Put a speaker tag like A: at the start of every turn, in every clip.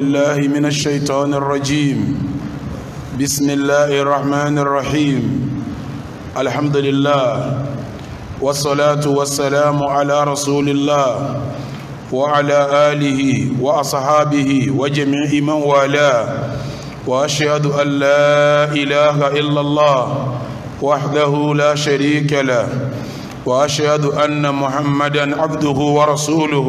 A: الله من الشيطان الرجيم بسم الله الرحمن الرحيم الحمد لله والصلاة والسلام على رسول الله وعلى آله وأصحابه وجميع من والاه وأشهد أن لا إله إلا الله وحده لا شريك له وأشهد أن محمدا عبده ورسوله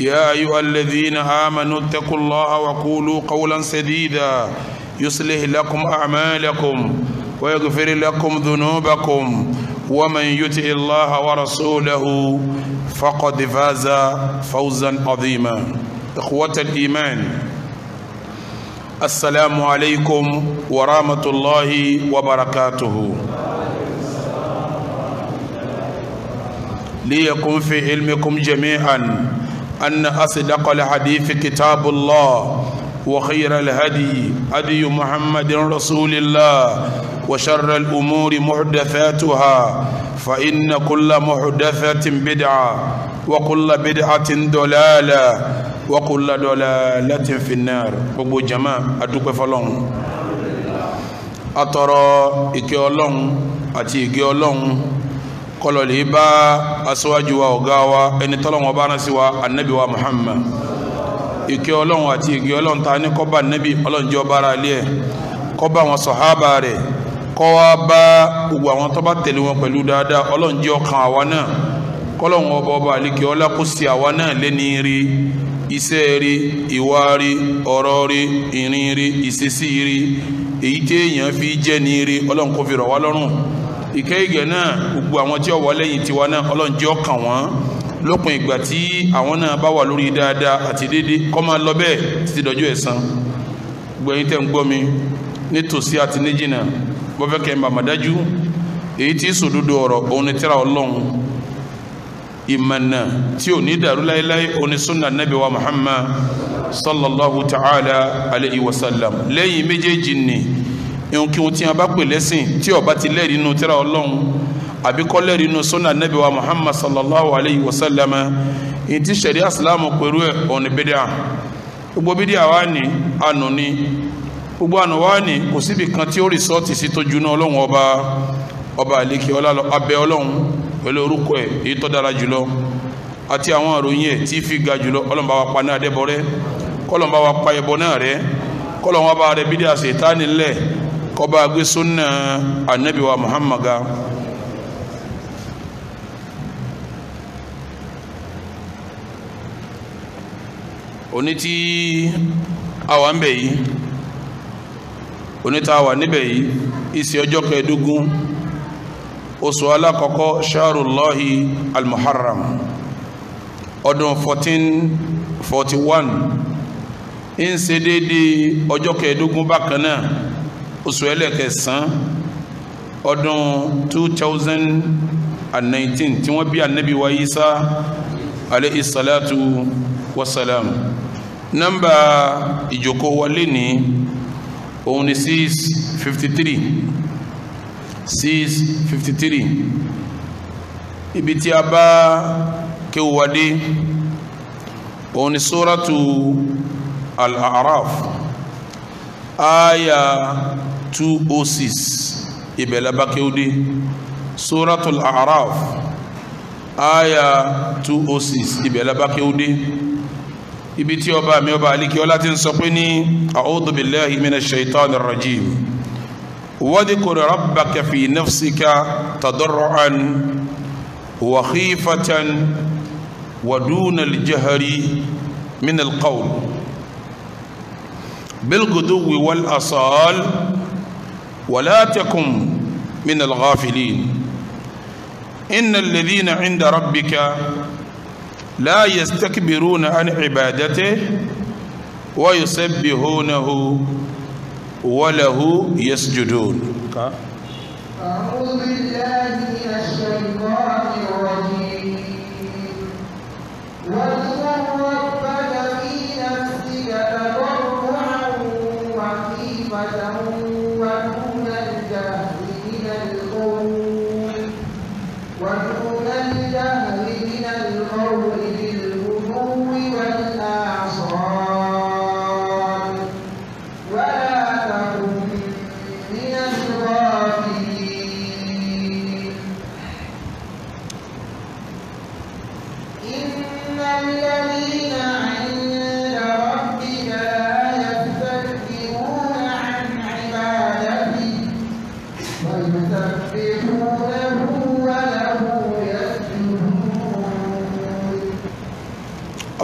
A: يا أيها الذين آمنوا اتقوا الله وقولوا قولا سديدا يصلح لكم أعمالكم ويغفر لكم ذنوبكم ومن يطع الله ورسوله فقد فاز فوزا عظيما إخوة الإيمان السلام عليكم ورحمة الله وبركاته ليكن في علمكم جميعا أن أصدق الحديث كتاب الله وخير الهدي هدي محمد رسول الله وشر الأمور محدثاتها فإن كل محدثة بدعة وكل بدعة دلالة وكل دلالة في النار أبو جماعة أدوك فلون أترى إكي أتي إكي kọlọ̀lì bá aṣíwájú wa ọ̀gá wa ẹni tọ́lọ̀wọ̀ bá rán sí wa annabi wa muhammad ìkẹ́ ọlọ́run àti ìgẹ́ ọlọ́run ta ní kó bá annabi ọlọ́run jẹ́ ọba ara ilé ẹ̀ kó bá wọn sọ̀hábà rẹ̀ kó wá bá gbogbo àwọn tó bá tẹ̀lé wọn pẹ̀lú dáadáa ọlọ́run jẹ́ ọkàn àwa náà kọ́lọ̀wọ̀n ọba ọba àlekè ọlá kó sí àwa náà lẹ́ni rí iṣẹ́ rí ìwà rí èyí tí èèyàn fi jẹ́ ni rí ọlọ́run kó fi ìkẹ́ ìgẹ̀ náà gbogbo àwọn tí ó wọ lẹ́yìn tiwa náà ọlọ́run jẹ́ ọkàn wọn lópin ìgbà tí àwọn náà bá wà lórí dáadáa àti déédéé kọ́ máa lọ bẹ́ẹ̀ títí dọjọ́ ẹ̀san gbẹ̀yìn tẹ̀ ń gbọ́ mi nítòsí àti níjìnà bọ́fẹ́ kẹ́ ń bà màdájú èyí tí sòdodo ọ̀rọ̀ òun ni tírà ọlọ́run ìmọ̀nà tí ò ní dàrú láéláé òun sunna nabi wa muhammad sallallahu ta'ala alayhi wa sallam lẹ́yìn méjèèjì ni ìhun kí wọn tí wọn bá pè lẹ́sìn tí ó bá ti lẹ́rìí inú tírà ọlọ́run àbí kò lẹ́rìí inú sunna nabi wa muhammad sallallahu alayhi wa sallam ìtì sẹ̀ríà islam pẹ̀lú ẹ̀ ọ̀nà bídíà gbogbo bídíà wa ni ànú ni gbogbo ànú wa ni kò síbi kan tí ó rìsọ́ọ̀tì sí tójú náà ọlọ́run ọba ọba àlekè abẹ ọlọ́run pẹ̀lú orúkọ ẹ̀ èyí tó dára jùlọ àti àwọn àròyìn ẹ̀ tí fi ga jùlọ ọlọ́run bá wa pa kọba agbe sunna anabi wa muhammaga oni tí a wà ń bẹ̀ yìí oni tá a wà níbẹ̀ yìí ìsì ọjọ́ kẹẹ̀ẹ́dógún oṣù alákọ̀ọ́kọ́ sharullahi almuharram ọdún 1441 ń ṣe déédéé ọjọ́ kẹẹ̀ẹ́dógún bákan náà oṣù ẹlẹ́kẹsàn ọdún 2019. thousand and nineteen tí wọ́n bí anabi wa Isa alayhi salatu wa salam nọ́mbà ìjòkó wa lẹ́ni òun ni six fifty three six fifty three ibi tí a bá kéwàdé òun ni sóràtú al-A'raf aya. two oh six ibẹ̀ la bá kéwú dé suratul a'raf aya two oh six ibẹ̀ la bá kéwú dé ibi tí ọba mi ọba alikí ọlá ti ń sọ pé ní a'udhu billahi minash shaitani rajim wadhkur rabbaka fi nafsika tadarru'an wa khifatan wa dunal jahri minal qawl بالغدو والأصال ولا تكن من الغافلين إن الذين عند ربك لا يستكبرون عن عبادته ويسبحونه وله يسجدون
B: أعوذ بالله من الشيطان الرجيم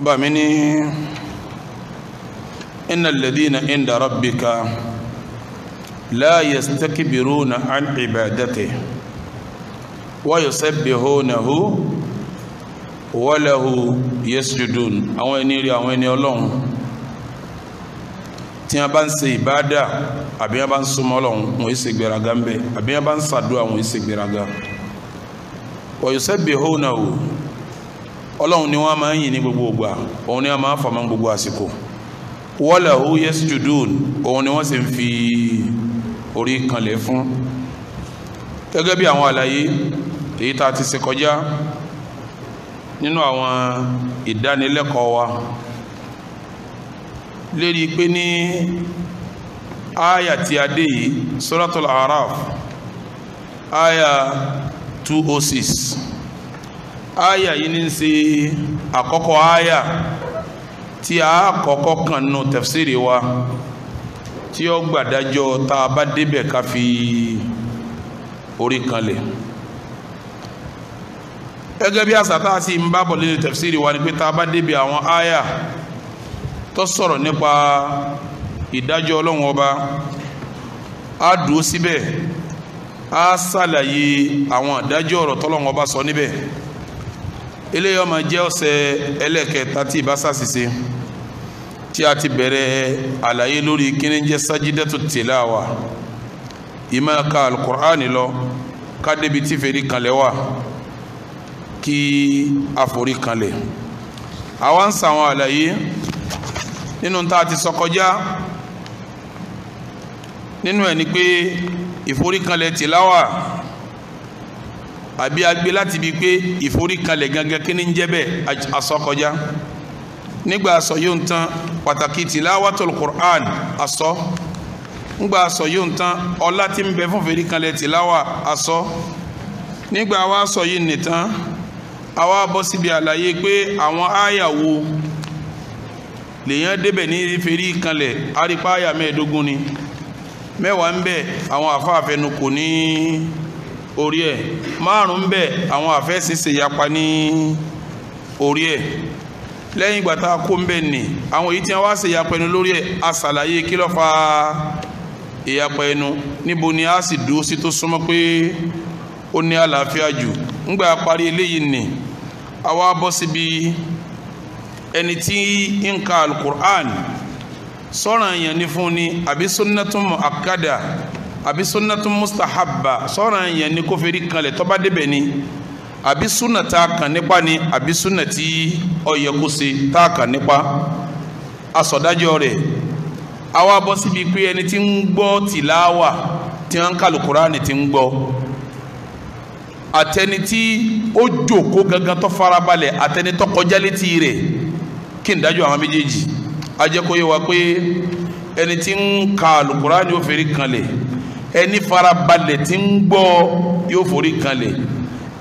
A: bà mí ní innal ladina inda rabbika la yastakbiruna an ibadatihi wa yusabbihunahu wa lahu yasjudun àwọn ẹni rí àwọn ẹni ọlọ́run tí a bá ń ṣe ìbáadà àbí a bá ń súnmọ́ ọlọ́run wọn èsì gbéraga ń bẹ àbí a bá ń ṣàdúrà wọn èsì gbéraga wa yusabbihunahu ọlọ́run ni wọ́n máa ń yìn ní gbogbo ògbà òun ni wọ́n máa ń fàmọ́ gbogbo àsìkò walahu yasjudun òun ni wọ́n sì ń fi orí kanlẹ̀ fún gẹ́gẹ́ bí àwọn àlàyé èyí tá a ti ṣe kọjá nínú àwọn ìdánilẹ́kọ̀ọ́ wa lérí pé ní aya ti adé yìí suratul araf aya 206 aya yìí ní ṣe àkọ́kọ́ aya tí a kọ́kọ́ kàn nù tafsiri wa tí ó gbàdájọ́ tá a bá débẹ̀ ká fi orí kan lẹ̀ gẹ́gẹ́ bí àṣà tá a sì ń bá bọ̀ wa ni pé tá a bá débẹ̀ àwọn aya tó sọ̀rọ̀ nípa ìdájọ́ ọlọ́run ba á dúró síbẹ̀ á ṣàlàyé àwọn ìdájọ́ ọ̀rọ̀ tọ́lọ́run ọba sọ So eléyìí ọmọ jẹ́ ọ̀sẹ̀ ẹlẹ́kẹta tí ìbáṣà ṣiṣe tí a ti bẹ̀rẹ̀ àlàyé lórí kíni jẹ́ sájídẹ́tù tìláwà ìmọ̀ ká alukur'ani lọ ká débi tí fèrè kanlẹ̀ wà kí àforí kanlẹ̀ àwa ń sàwọn àlàyé nínú tá a ti sọ nínú ẹ̀ ni pé ìforíkanlẹ̀ tìláwà àbí agbé láti bi pé ìforíkalẹ̀ gangan kí ni ń jẹ́ bẹ́ẹ̀ asọ́kọjá nígbà asọ yóò ń tán pàtàkì tìláwàtul Qur'an asọ́ nígbà asọ yóò ń tán ọlá tí ń bẹ fún ìforíkalẹ̀ tìláwà asọ́ nígbà wa sọ yìí nìtán àwa bọ́ síbi àlàyé pé àwọn àyàwó lèèyàn débẹ̀ ní ìfèrí kanlẹ̀ arípa àyà mẹ́ẹ̀ẹ́dógún ni mẹ́wàá ń bẹ àwọn àfáàfẹnukò ní. Ni orí ẹ̀ márùn-ún bẹ́ẹ̀ àwọn àfẹ́sìn ṣe yapa ní orí ẹ̀ lẹ́yìn ìgbà tá a kó ń bẹ̀ nì àwọn èyí tí wọ́n wá ṣe yapa ẹnu lórí ẹ̀ a ṣàlàyé kí ló fa ìyapa ẹnu níbo ni a sì dúró sí tó súnmọ́ pé ó ní àlàáfíà jù ńgbà parí eléyìí nì àwa bọ́ síbi ẹni tí ń ka alukur'an sọ̀rọ̀ àyàn ní fún ni àbí sunnatun mu'akkada àbí sunnatun mustahabba sọ́ra yẹn ni kó feri kanlẹ̀ tọ́ba débẹ̀ ni àbí sunna tá a kàn nípa ni àbí sunna tí ó yẹ kó ṣe tá a kàn nípa asọ̀dájọ́ rẹ̀ àwa bọ́ síbi pé ẹni tí ń gbọ́ tìláwà tí wọ́n ń kàlù kúránì tí ń gbọ́ àtẹni tí ó jòkó gangan tó farabalẹ̀ àtẹni tó kọjá létí kí n dájú àwọn méjèèjì ajẹ́kọ̀ọ́ yẹ wa pé ẹni tí ń ka alukurani ó fèrè kanlẹ̀ ẹni farabalẹ̀ tí ń gbọ́ yóò forí kanlẹ̀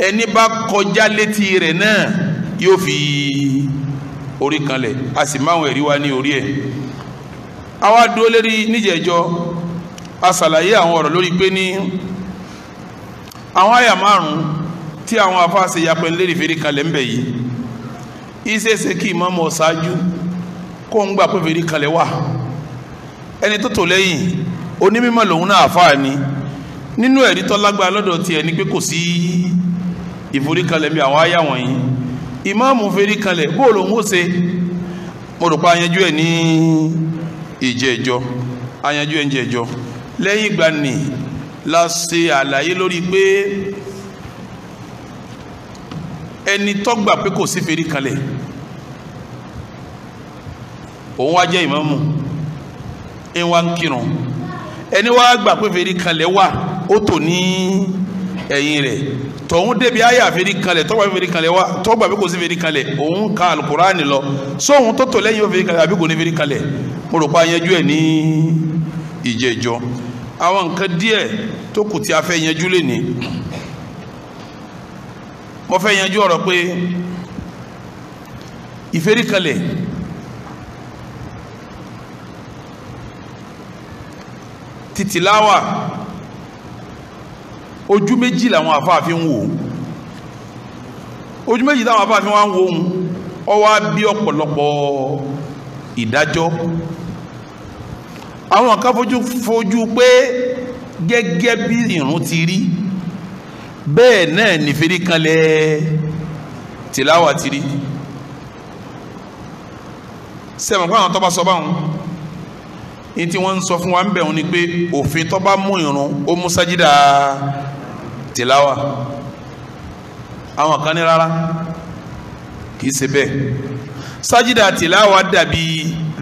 A: ẹni bá kọjá létí rẹ̀ náà yóò fi orí kanlẹ̀ a sì máa ń ẹ̀rí wa ní orí ẹ̀ àwa dúró lérí níjẹ̀jọ́ a ṣàlàyé àwọn ọ̀rọ̀ lórí pé ní àwọn àyà márùn tí àwọn afáàṣe yapẹ̀ lérí fèrè kanlẹ̀ ń bẹ̀ yìí ìṣeéṣe kí ìmáàmù ṣáájú kó ń gbà pé fèrè kanlẹ̀ wà ẹni tó tò lẹ́yìn onímọ̀ lòun náà àfáà ni nínú ẹ̀rí tó lọ́dọ̀ tiẹ̀ ni pé kò sí ìforíkalẹ̀ bí àwọn àyà wọ̀nyí ìmáàmù foríkalẹ̀ bó lòun ó ṣe mo rò pé ayanjú ẹ̀ ní ìjẹ́jọ́ ayanjú ẹ̀ ń jẹ́jọ́ lẹ́yìn ìgbà nì la ṣe àlàyé lórí pé ẹni tó pé kò sí foríkalẹ̀ òun wá jẹ́ ìmáàmù ń wá ń kírun ẹni wàá gbà pé fèrè kanlẹ̀ wà ó tò ní ẹ̀yìn rẹ̀ tọ̀hún débi ayé àfẹ́rí kanlẹ̀ tọ́gbà fẹ́rí kanlẹ̀ wa tọ́gbà bí kò sí fẹ́rí kanlẹ̀ òun ka alukuraani lọ sóhun tó tọ̀ lẹ́yìn fẹ́rí kanlẹ̀ àbí kò ní fẹ́rí kanlẹ̀ mo rò pa yanjú ẹ̀ ní ìjẹ́jọ́ àwọn nǹkan díẹ̀ tó kù tí a fẹ́ yanjú mo fẹ́ yanjú ọ̀rọ̀ pé ìfẹ́rí kanlẹ̀ tìtìláwà ojú méjì làwọn àfáàfin wò ojú méjì làwọn àfáàfin wà ń wò ń ọwọ́ bí ọ̀pọ̀lọpọ̀ ìdájọ́ àwọn kan fojú fojú pé gẹ́gẹ́ bí ìrún ti rí bẹ́ẹ̀ náà ní fèrè kanlẹ̀ tìláwà ti rí sẹ́wọ̀n kó àwọn tó bá sọ báwọn ní tí wọ́n ń sọ fún wa ń bẹ̀ wọ́n ni pé òfin tó bá mú irun ó mú sájídà tìláwà àwọn kan ní rárá kì í ṣe bẹ́ẹ̀ sájídà tìláwà dàbí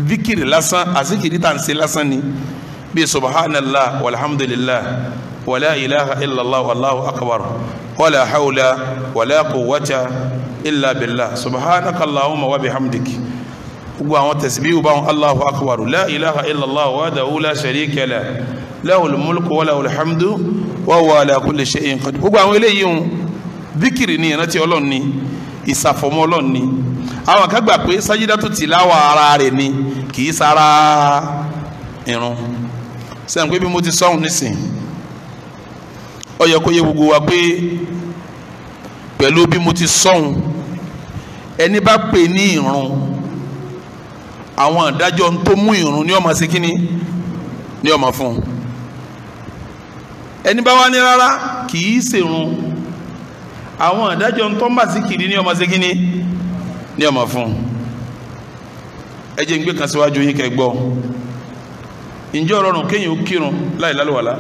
A: zikiri lásán àzikiri tà ń ṣe lásán ni bíi subhanallah walhamdulillah wàlá ilaha illallah wallahu akbar wàlá hawla wàlá quwwata illa billah subhanakallahumma wa bihamdik gbogbo àwọn tasbihu báwọn Allahu akbar la ilaha illallah wahdahu la sharika lah lahul mulku wa lahul hamdu wa huwa ala kulli shay'in qadir gbogbo àwọn eléyìí ń bíkìrì ní ìrántí ọlọ́run ni ìsàfọ̀mọ́ ọlọ́run ni àwọn kan gbà pé sájídátù tìláwà ara rẹ̀ ni kì í sara irun sẹ́yìn pé bí mo ti sọ́hun nísìn ó yẹ kó yé gbogbo wa pé pẹ̀lú bí mo ti sọ́hun ẹni bá pè ní ìrun àwọn àdájọ́ tó mú ìrun ní ọmọ sí kínní ní ọmọ fún un ẹni bá wá ní rárá kì í ṣèrun àwọn àdájọ́ tó ń bà sí kiri ní ọmọ sí kínní ní ọmọ fún un ẹ jẹ́ ń gbé kan síwájú yín kẹ́ gbọ́ ǹjẹ́ ọ̀rọ̀rùn ó kírun láì lálùwàlá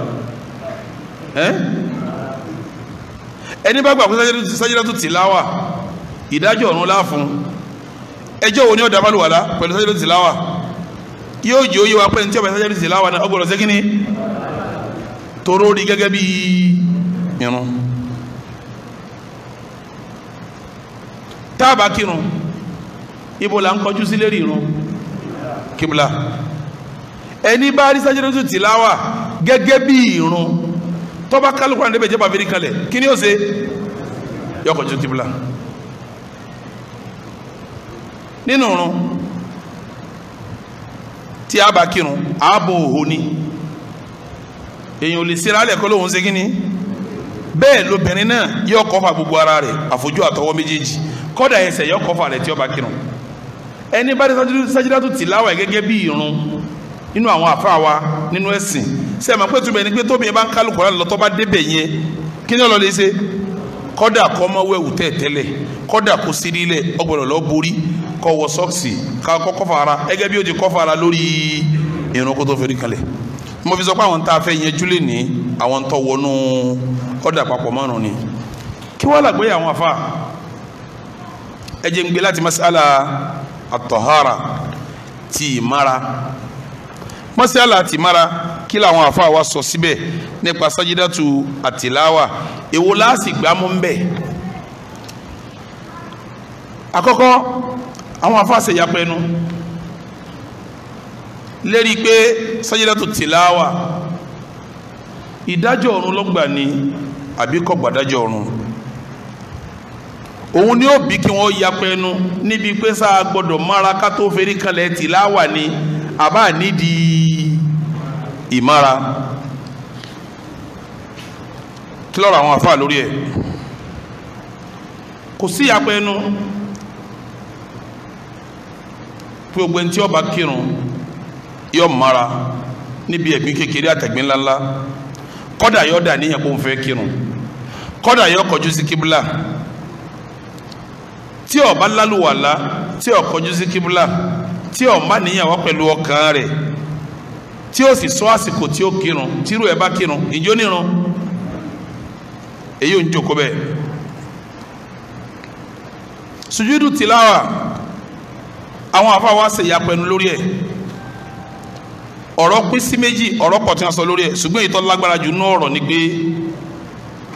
A: ẹni bá gbà pé sájẹ́dá tó tì láwà ìdájọ́ ọ̀run láàfún ẹjọ́ wo ni ó dabalu wàlá pẹ̀lú sájẹ́dù tìláwà yóò jẹ́ oyé wa pẹ̀lú tí ó bá sájẹ́dù tìláwà náà ọgbọ̀dọ̀ sí kíni toró rí gẹ́gẹ́ bí irun táàbà kírun ibo là ń kọjú sí lérí irun kíbla ẹni bá rí sájẹ́dù tìláwà gẹ́gẹ́ bí irun tọ́ba kálukú àndébẹ̀jẹ́ bàbá fèrè kalẹ̀ kí ni ó ṣe yọkọ̀jú kíbla nínú irun tí a bá kírun ààbò òhò ni èyàn ò lè ṣe rálẹ̀ kọ́ lóhun ṣe kí ni bẹ́ẹ̀ lóbìnrin náà yóò kọ́fà gbogbo ara rẹ̀ àfojú àtọwọ́ méjèèjì kọ́dà ẹsẹ̀ yóò kọ́fà rẹ̀ tí ó kírun ẹni bá dé sájúdátù tì láwà gẹ́gẹ́ bí irun nínú àwọn àfa wa nínú ẹ̀sìn ṣe é máa pẹ́ túbẹ̀ ni pé tóbi yẹn bá ń kálukú rẹ̀ lọ́tọ́ bá débẹ̀ yẹn kí ni ó lọ lè ṣe kọ́dà kọ́ mọ́ wẹ̀wù tẹ́ẹ̀tẹ́lẹ̀ kọ́dà kó sírí lẹ̀ ọgbọ̀dọ̀ lọ borí kó wọ sọ́ọ̀sì ká kọ́ kọ́fàrà ẹgẹ́ bí o ti kọ́fàrà lórí irun kó tó fẹ́rí mo fi sọ pé àwọn tá a fẹ́ yẹn júlẹ̀ ní àwọn tó wọnú ọ̀dà papọ̀ márùn ni kí wọ́n làgbé àwọn afa ẹ ń gbé láti masala àtọ̀hárà ti ìmára masala ti ìmára kí làwọn afa wa sọ síbẹ̀ nípa sájídàtú àtìláwà èwo láàsì gbámú ń bẹ̀ àkọ́kọ́ àwọn afáàsẹ yapa ẹnu lérí pé sajidatu tìláwà ìdájọ́ ọ̀run lọ́gbà ni àbí kò ọ̀run òun ni ó bí kí wọ́n yapa ẹnu níbi pé sáà gbọ́dọ̀ mára ká tó ferí kanlẹ̀ tìláwà ni àbá nídìí ìmára kí lọ́rọ̀ àwọn afáà lórí ẹ̀ kò sí yapa pé gbogbo ẹni tí ó bá kírun yóò mara níbi ẹ̀gbin kékeré àtẹ̀gbin ńláńlá kọ́dà yóò dà níyàn kó ń fẹ́ kírun kọ́dà yóò kọjú sí kíbla tí ó bá lálùwàlá tí ó kọjú sí kíbla tí ó má níyàn wá pẹ̀lú ọkàn rẹ̀ tí ó sì sọ àsìkò tí ó kírun tírú ẹ̀ bá kírun ìjó nírun èyí ò ń jókòó bẹ́ẹ̀ sùjúdù tìláwà àwọn àfa wa ṣe ìyapọ̀ ẹnu lórí ẹ̀ ọ̀rọ̀ pín sí méjì ọ̀rọ̀ pọ̀ tí wọ́n sọ lórí ẹ̀ ṣùgbọ́n èyí tó lágbára jù nú ọ̀rọ̀ ni pé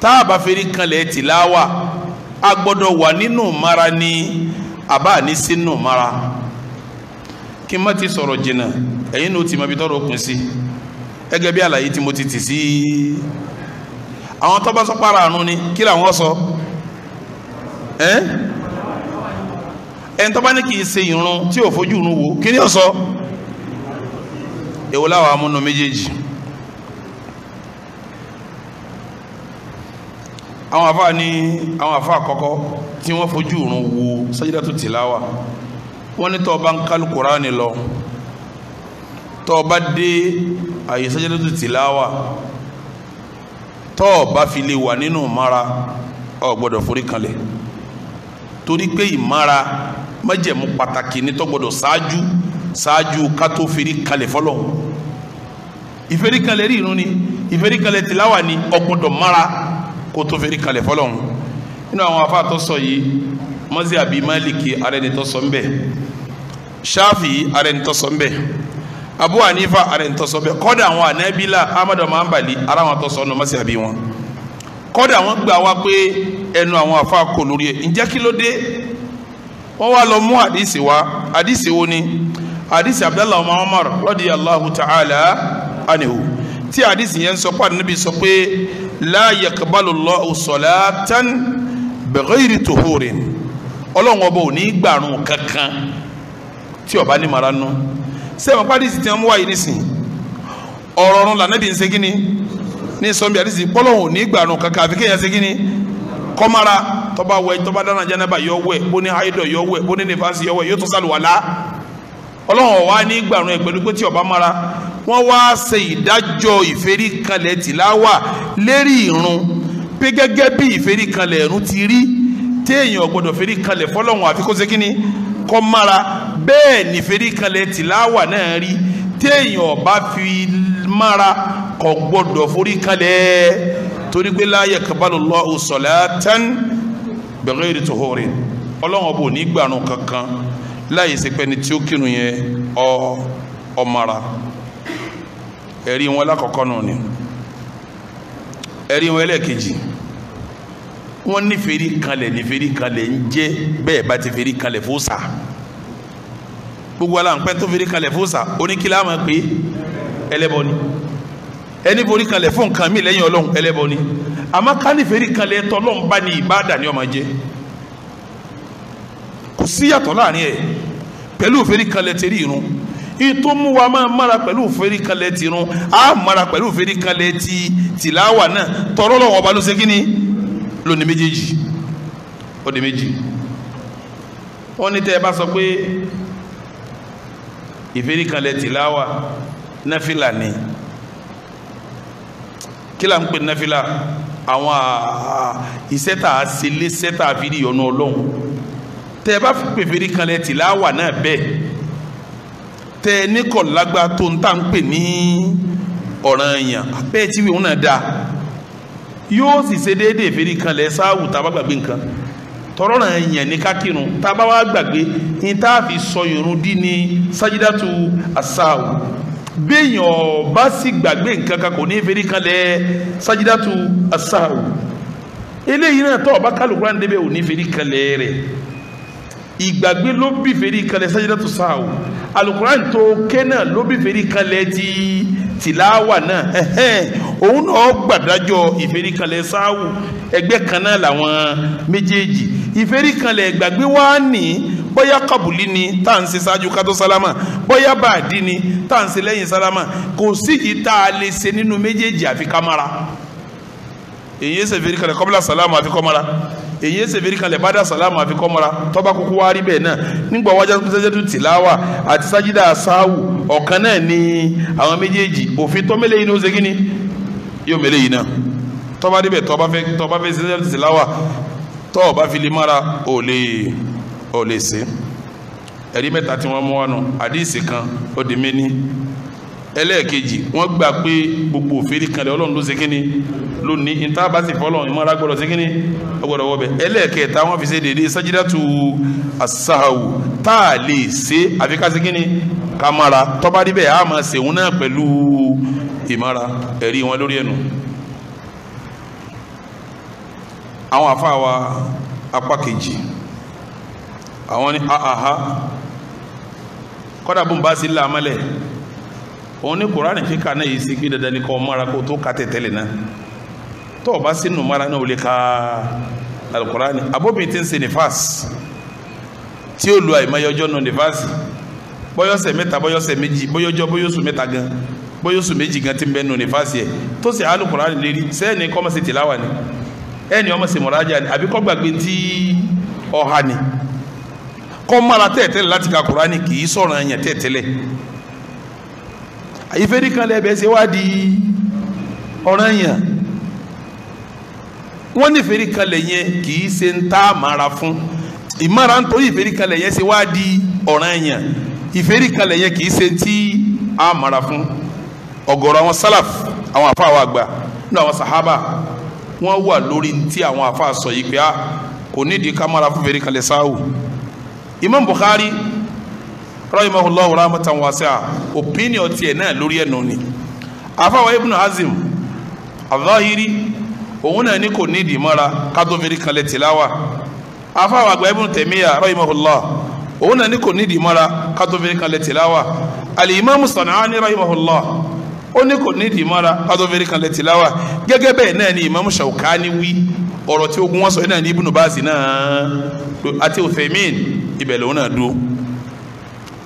A: tá a bá feri kanlẹ̀ tìláwà a gbọ́dọ̀ wà nínú mara ni àbá ní sínú mara kí n má ti sọ̀rọ̀ jìnnà ẹ̀yin ló ti mọ ibi tọ́rọ òkun sí gẹ́gẹ́ bí àlàyé tí mo ti tì sí àwọn tó bá sọ para àrùn ni kí làwọn sọ ẹ́ eh? ẹni tó bá ní kì í ṣe irun tí ò fojú irun wo kí ni ó sọ èwo láwọn amúnú méjèèjì àwọn afa ní àwọn afa àkọ́kọ́ tí wọ́n fojú irun wo sajidatu tilawa wọ́n ní tó bá ń kálù kúránì lọ tó bá dé àyè sajidatu tilawa tó bá fi lè wà nínú mara o gbọ́dọ̀ forí kanlẹ̀ torí pé ìmára májẹ̀mú pàtàkì ní tó gbọ́dọ̀ ṣáájú ṣáájú ká tó feri kalẹ̀ fọlọ́ ìferi kalẹ̀ rí irun ni ìferi kalẹ̀ tìláwà ni ọgbọ́dọ̀ mara kó tó feri kalẹ̀ fọlọ́ nínú àwọn afá tó sọ yìí mọ́sí àbí máàlìkì arẹni sọ ń ṣáfì arẹni sọ ń abu hanifa arẹni tó sọ ń bẹ̀ kọ́dà àwọn anabila amadu mahambali ara wọn tó sọ ọ́nà mọ́sí àbí wọn kọ́dà àwọn gbà wá pé ẹnu àwọn afá lórí ẹ̀ ǹjẹ́ kí ló dé wọ́n wá lọ mú àdìsí wá àdìsí wo ni àdìsí abdullahi ọmọ Umar radiyallahu ta'ala anhu tí àdìsí yẹn sọ pé ànábì sọ pé la yaqbalu Allahu salatan bighayri tuhurin ọlọ́run ọba ò ní gbàrún kankan tí ó bá ní mara nù sẹ́wọ̀n pé àdìsí tí wọ́n mú wáyé nísìnyí ọ̀rọ̀ ọ̀run lànàbì ń ṣe ní sọ́nbi àdìsí pọ́lọ́run ò ní gbàrún kankan àfi kéèyàn ṣe kí kọ́mara tọ́ba wẹ̀ tọ́ba dáná jẹ́nẹ́bà yọ wẹ̀ bó ní haidọ̀ yọ wẹ̀ bó ní nífàsì yọ wẹ̀ yóò tún sàlùwàlá ọlọ́run ọ̀wá ní gbàrún ẹ̀ pẹ̀lú pé tí ọba mara wọ́n wá ṣe ìdájọ́ ìfẹ́rí kanlẹ̀ tìláwà lérí ìrun pé gẹ́gẹ́ bí ìfẹ́rí kanlẹ̀ ìrun ti rí téèyàn gbọ́dọ̀ fẹ́rí kanlẹ̀ fọlọ́run àfi kó ṣe ni kọ́ mara bẹ́ẹ̀ ni ìfẹ́rí kanlẹ̀ tìláwà náà rí téèyàn bá fi mara kò gbọ́dọ̀ forí kanlẹ̀ torí pé la yakbalu Allahu salatan bẹ̀rẹ̀ tòhóre ọlọ́run bò ní gbàrún kankan láyé ṣe pẹ́ni tí ó kírun yẹn ọ ọmọra ẹ̀rí wọn lákọ̀ọ́kọ́ náà ni ẹ̀rí wọn ẹlẹ́ẹ̀kejì wọ́n ní fèrí kanlẹ̀ ní fèrí kanlẹ̀ ń jẹ́ bẹ́ẹ̀ bá ti fèrí kanlẹ̀ fóòsà gbogbo ala ń pẹ́ tó fèrí kanlẹ̀ fóòsà oníkìlá máa pé ẹlẹ́bọ ni ẹni forí kanlẹ̀ fún nǹkan mi lẹ́yìn ọlọ́run ẹlẹ́bọ ni àmọ́ kánífèrí kalẹ̀ tọ́lọ́n bá ní ìbáàdà ni ọmọ jẹ́ kò síyàtọ̀ láàrin ẹ̀ pẹ̀lú òfèrí kalẹ̀ tẹ̀rí irun ìtò mú wa máa mara pẹ̀lú òfèrí kalẹ̀ ti irun a mara pẹ̀lú òfèrí kalẹ̀ ti tìláwà náà tọrọ lọ́wọ́ ọba ló ṣe kí ni lónìí méjèèjì ọdẹ méjì wọ́n ní tẹ́ ẹ bá sọ pé ìfèrí kalẹ̀ tìláwà náfìlà ni kí là ń pè náfìlà àwọn iṣẹ́ tá a ṣe léṣẹ́ tá a fi rí ọ̀nà ọlọ́run tẹ́ ẹ bá fi pèfèrè kanlẹ̀ tì láwà náà bẹ́ẹ̀ tẹ́ ẹ ní kọ̀ lágbá tó ń tà ń pè ní ọ̀ràn èèyàn bẹ́ẹ̀ tí wíwọ́n náà dáa yóò sì ṣe déédéé fèrè kanlẹ̀ sáàwù tá a bá gbàgbé nǹkan tọrọ náà èèyàn ní kákìrún tá a bá wá gbàgbé ní tá a fi sọ ìrún dín ní sájídàtú àsáàwù béèyàn ọba sì gbàgbé nǹkan kan kò ní fèrè kalẹ̀ sajidatu asahu eléyìí náà tọ́ ọba kálukú rán débẹ̀ ò ní fèrè kalẹ̀ rẹ̀ ìgbàgbé ló bí fèrè kalẹ̀ sájúdátù sáà o alukuran tó ké náà ló bí fèrè kalẹ̀ ti tìláwà náà òun náà gbàdájọ́ ìfèrè kalẹ̀ sáà o ẹgbẹ́ kan náà làwọn méjèèjì ìfèrè kalẹ̀ ìgbàgbé wá ní bóyá kabuli ni tá à ń ṣe ṣáájú kátó sálámà bóyá bàdí ni tá à ń ṣe lẹ́yìn sálámà kò síyìí tá a lè ṣe nínú méjèèjì àfi kámára èyí ṣe fèrè kalẹ̀ kọ́bílà sálámà àfi kọ́mára èyí ẹsẹ̀ fèrè kalẹ̀ bá dà sàlámù àfi kọ́mọ́ra tọ́ba kúkú wá rí bẹ́ẹ̀ náà nígbà wájà sẹ́jẹ́tù tìláwà àti sájídà sáwù ọ̀kan náà ni àwọn méjèèjì òfin tọ́mẹ́lẹ́ yìí ní ó ṣe kí ni yóò mẹ́lẹ́ yìí náà tọ́ba rí bẹ́ẹ̀ tọ́ba fẹ́ tọ́ba fẹ́ sẹ́jẹ́tù tìláwà tọ́ọ̀bá fi lè ò lè ò lè ṣe ẹ̀rí mẹ́ta tí wọ́n mú wánu àdìsí kan ó di méní ẹlẹ́ẹ̀kejì wọ́n gbà pé gbogbo òfin kanlẹ̀ ọlọ́run ló ṣe kínní lónìí níta bá sì fọlọ́run ìmọ̀ra gbọ́dọ̀ ṣe kínní ọgbọ́dọ̀ wọ́bẹ̀ ẹlẹ́ẹ̀kẹta wọ́n fi ṣe dédé sájídàtú asahawu tá a lè ṣe àfi ká ṣe kínní ká mara tọ́ba níbẹ̀ a máa ṣèwọ́n náà pẹ̀lú ìmọ̀ra ẹ̀rí wọn lórí ẹnu. àwọn àfa wa apá kejì àwọn ni ahaha kọ́dà bó ń sí ilé amálẹ̀ òun ní kuraani kíkà náà yìí sí pé dandan ni kò mara kó tó ka tẹ̀tẹ̀lẹ̀ náà tó o bá sí nù mara náà o lè ka alukuraani abóbi ti ń ṣe nifas tí ó lu àìmọyọjọ nù nifas bọ́yọ̀sẹ̀ mẹ́ta bọ́yọ̀sẹ̀ méjì bọ́yọ̀jọ bọ́yọ̀sù mẹ́ta gan bọ́yọ̀sù méjì gan ti ń bẹ́ nù nifas yẹ tó sì alukuraani lérí sẹ́ni kọ́mọ̀ sí tìláwà ni ẹni ọmọ sí mọ̀rájà ni àbí kọ́ gbàgbé tí ọ̀hà kọ́ mara tẹ̀tẹ̀lẹ̀ láti ka kuraani kì í sọ̀rọ̀ ẹ̀yàn tẹ̀tẹ̀lẹ̀ ìfẹ́rí kan lẹ́bẹ̀ẹ́ ṣe wá di ọ̀ranyàn wọ́n ní ìfẹ́rí kan lẹ̀ yẹn kì í ṣe ń tá àmàrà fún ìmára ń torí ìfẹ́rí kan lẹ̀ yẹn ṣe wá di ọ̀ranyàn ìfẹ́rí kan lẹ̀ yẹn kì í ṣe tí àmàrà fún ọ̀gọ̀rọ̀ àwọn sálàf àwọn àfa àwọn àgbà nínú àwọn sàhábà wọ́n wà lórí ti àwọn àfa sọ yìí pé a ah, kò nídìí ká mára fún ìfẹ́rí kan lẹ̀ sáà wò Imam Bukhari rahimahullahu rahmatan wasi'a opinion tiẹ̀ náà lórí ẹ̀ nù ni àfàwọn ibn hazim azahiri òun náà ni kò ní ìdí mọ́ra kátó fi kanlẹ̀ tìláwà àfàwọn àgbà ibn tẹ̀míyà rahimahullah òun náà ní kò ní ìdí mọ́ra kátó fi kanlẹ̀ tìláwà alimami sanani rahimahullah ó ní kò ní ìdí mọ́ra kátó fi kanlẹ̀ tìláwà gẹ́gẹ́ bẹ́ẹ̀ náà ni imam shaukani wí ọ̀rọ̀ tí ogun wọn sọ náà ní ibn bazi náà ati uthaymin ibẹ̀ lòun náà dúró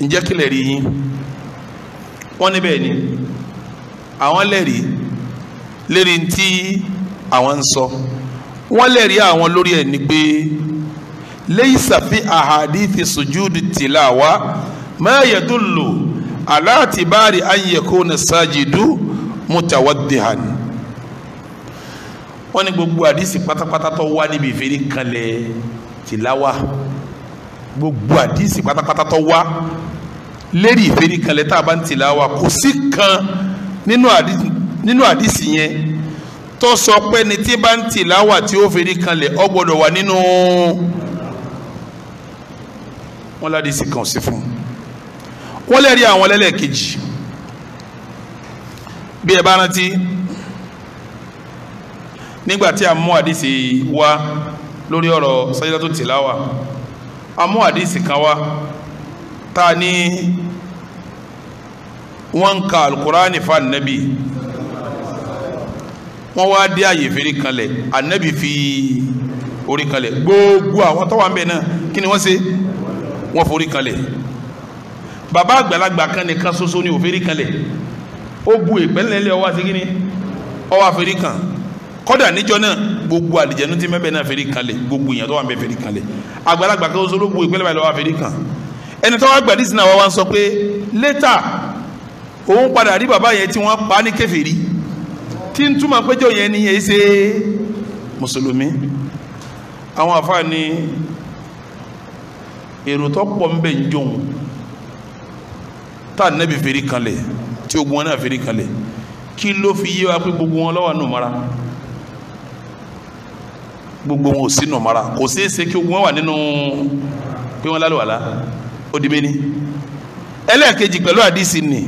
A: ǹjẹ́ kí lè rí yín wọ́n ní bẹ́ẹ̀ ni àwọn lẹ́rìí lérí tí àwọn ń sọ wọ́n lẹ́rìí àwọn lórí ẹ̀ ni pé laysa fi ahadithi sujudi tilawa ma yadullu ala i'tibari an yakuna sajidu mutawaddihan wọ́n ní gbogbo àdìsí pátápátá tó wá níbi ìfèrè kanlẹ̀ tìláwà gbogbo àdìsí pátápátá tó wá lérí ìfẹ́ríkanlẹ̀ tá a bá ń tilawa kò sí kan nínú àdìsí yẹn tó sọ pé ni tí bá ń tilawa tí ó fẹ́ríkanlẹ̀ ó gbọ́dọ̀ wà nínú wọn ládìsí kan sí fún wọn lẹ́rìí àwọn lẹ́lẹ́kejì bí ẹ bá rántí nígbà tí a mú àdìsí wá lórí ọ̀rọ̀ sajdatu tilawa a mú àdìsí kan wá. Tani ni wọ́n ka alukurani fa nabi wọ́n wá dé àyè fèrè kanlẹ̀ anabi fi orí kanlẹ̀ gbogbo àwọn tó wà ń bẹ̀ náà kí ni wọ́n ṣe wọ́n forí kanlẹ̀ bàbá àgbàlagbà kan nìkan ṣoṣo ni ò fèrè kanlẹ̀ ó bu ìpẹ́lẹ́lẹ́ ọwọ́ àti kí ni ọwọ́ àfèrè kan kọ́dà níjọ náà gbogbo àlìjẹ́nu ti mẹ́bẹ̀ẹ́ náà fèrè kanlẹ̀ gbogbo èèyàn tó wà ń bẹ̀ fèrè kanlẹ̀ àgbàlagbà kan ṣoṣo ló bu ìpẹ́lẹ́ báyìí lọ́wọ́ àfèrè kan ẹni tó wá gbàdí sí náà wá wá sọ pé létà òun padà rí bàbá yẹn tí wọ́n pa ní kèfèrí tí ń túmọ̀ péjọ yẹn ni yẹn ṣe mùsùlùmí àwọn àfa ni èrò tó pọ̀ ń bẹ̀ ń jòun tá nẹ́bí fèrè kanlẹ̀ tí ogun wọn náà fèrè kanlẹ̀ kí ló fi yé wa pé gbogbo wọn lọ́wọ́ nù mara gbogbo wọn ò sí nù mara kò ṣeé ṣe kí ogun wọn wà nínú pé wọn lálẹ́ wà odimeni ẹlẹ́ẹ̀kejì pẹ̀lú àdìsí ni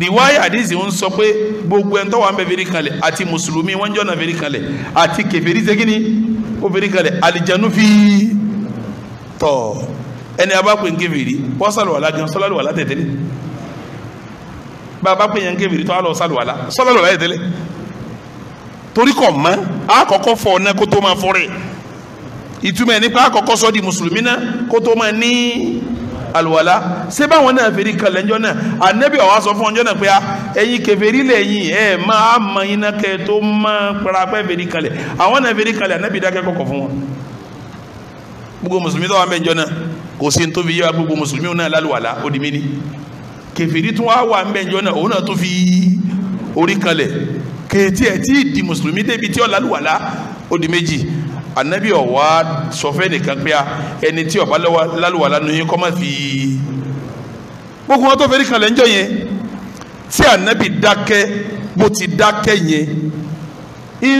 A: riwaya àdìsí ń sọ pé gbogbo ẹni tó wà ń bẹ fèrè kalẹ̀ àti mùsùlùmí wọ́n jọ́ na fèrè kalẹ̀ àti kẹfẹ́rí segini ó fèrè kalẹ̀ àlìjánu fi tọ̀ ẹni abápè ń kẹfẹ́rí wọ́n sàlùwàlá gan sọ́làlùwàlá tẹ̀tẹ̀lẹ̀ bàbá pè yẹn ń kẹfẹ́rí tó sàlùwàlá sọ́làlùwàlá tẹ̀tẹ̀lẹ̀ torí kọ̀ mọ́ àkọ́kọ́ fọ́ rẹ̀ ìtumọ̀ ẹ̀ nípa àkọ́kọ́ sọ́ di mùsùlùmí náà kó tó máa ní àlùwàlá ṣé báwọn náà fèrè kalẹ̀ ńjọ́ náà ànẹ́bí ọ̀wá sọ fún ọjọ́ náà pé ẹ̀yin kẹfẹ́rí lẹ́yìn ẹ̀ máa mọ iná kẹ tó máa parapẹ́ fèrè kalẹ̀ àwọn náà fèrè kalẹ̀ ànẹ́bí dákẹ́ kọ̀kọ̀ fún wọn. gbogbo mùsùlùmí tó wà mẹ́jọ náà kò sí tó fi yé gbogbo mùsùlùmí náà lálùwàlá ó di mí kẹfẹ́rí tó wà wà mẹ́jọ náà òun náà tó fi orí kalẹ̀ kẹtí ẹ̀ tí ì anabi ọ̀wá sọfẹ́ nìkan pé a ẹni tí ọba lálùwàlá nu yín kọ́ máa fi gbogbo wọn tó fẹ́ rí kan lẹ́ ń jọ yẹn tí anabi dákẹ́ bó ti dákẹ́ yẹn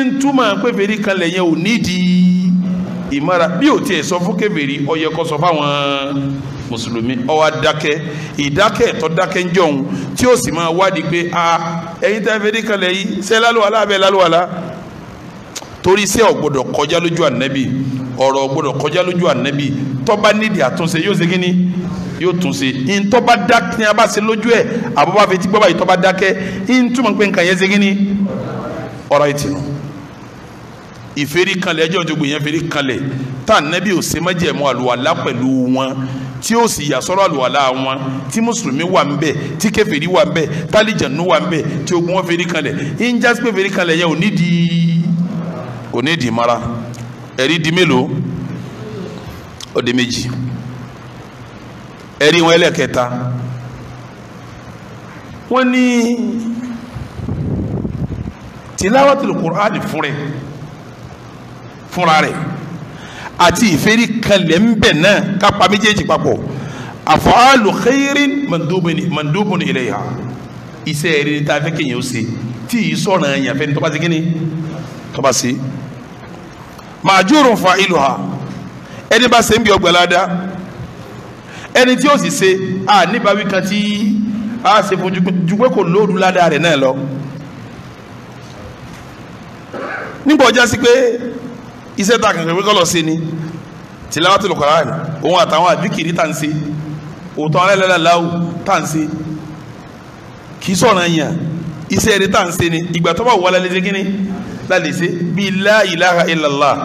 A: ntúmọ̀ pé fèrè kan lẹ̀ yẹn ò nídìí ìmọ̀ra bí ò tiẹ̀ sọ fún kèfèrí ó yẹ kó sọ fáwọn mùsùlùmí ó wá dákẹ́ ìdákẹ́ ẹ̀tọ́ dákẹ́ tí ó sì máa wádìí pé a ẹ̀yin tẹ́ fèrè kan lẹ̀ yìí ṣé lálùwàlá abẹ́ lálùwàlá torí iṣẹ́ ọ̀gbọ́dọ̀ kọjá lójú ànábì ọ̀rọ̀ ọ̀gbọ́dọ̀ kọjá lójú ànábì tọ́ba nídìí àtúnṣe yóò ṣe kíni yóò túnṣe ntọ́ba dákẹ́ ní abáṣe lójú ẹ̀ àbúrò àfẹ́tí gbọ́ba yìí tọ́ba dákẹ́ ntúmọ̀ pé nǹkan yẹn ṣe kíni ọ̀rọ̀ ìtìrù ìfẹ́rí kanlẹ̀ ẹjọ́ ìjọba yẹn fẹ́rí kanlẹ̀ tá ànábì ò ṣe májẹ̀mú àlùwàlá pẹ̀lú wọn tí ó sì yà sọ́rọ̀ àlùwàlá wọn tí mùsùlùmí wà ń bẹ̀ tí kèfèrí wà ń bẹ̀ tálíjànú wà ń bẹ̀ tí ogun wọn fẹ́rí kanlẹ̀ ìjà sí pé fẹ́rí kanlẹ̀ yẹn ò nídìí kò ní ìdí mara ẹ̀rí di mélòó ó di méjì ẹ̀rí wọn ẹlẹ́kẹta wọ́n ní tilawatul Qur'ani fúnra fúnra rẹ̀ àti ìfẹ́rí kalẹ̀ ń bẹ̀ náà kápá méjèèjì papọ̀ àfọ́àlù khairin mandubun ilayha iṣẹ́ ẹ̀rí ni tá a fẹ́ kéèyàn ó ṣe tí ì sọ̀rọ̀ ẹ̀yàn fẹ́ni tó bá kíni tó bá màjúrùn fa ìlú ha ẹni bá se, ń bí ọgbàládá ẹni tí ó sì ṣe à níbàwí kan tí a ṣe fún jùpẹ́ kò lóòdù ládàá rẹ̀ náà lọ nígbà ọjà sí pé iṣẹ́ ta kankan wíkọ́ lọ sí ni tilawatul Qur'an òun àtàwọn àdìkìrí tà ń ṣe òótọ́ alẹ́lẹ́láwù tà ń ṣe kì í sọ̀rọ̀ yàn iṣẹ́ rẹ̀ tà ń ṣe ni ìgbà tó bá wọlé lédè kínní láti ṣe bíi la ilaha illallah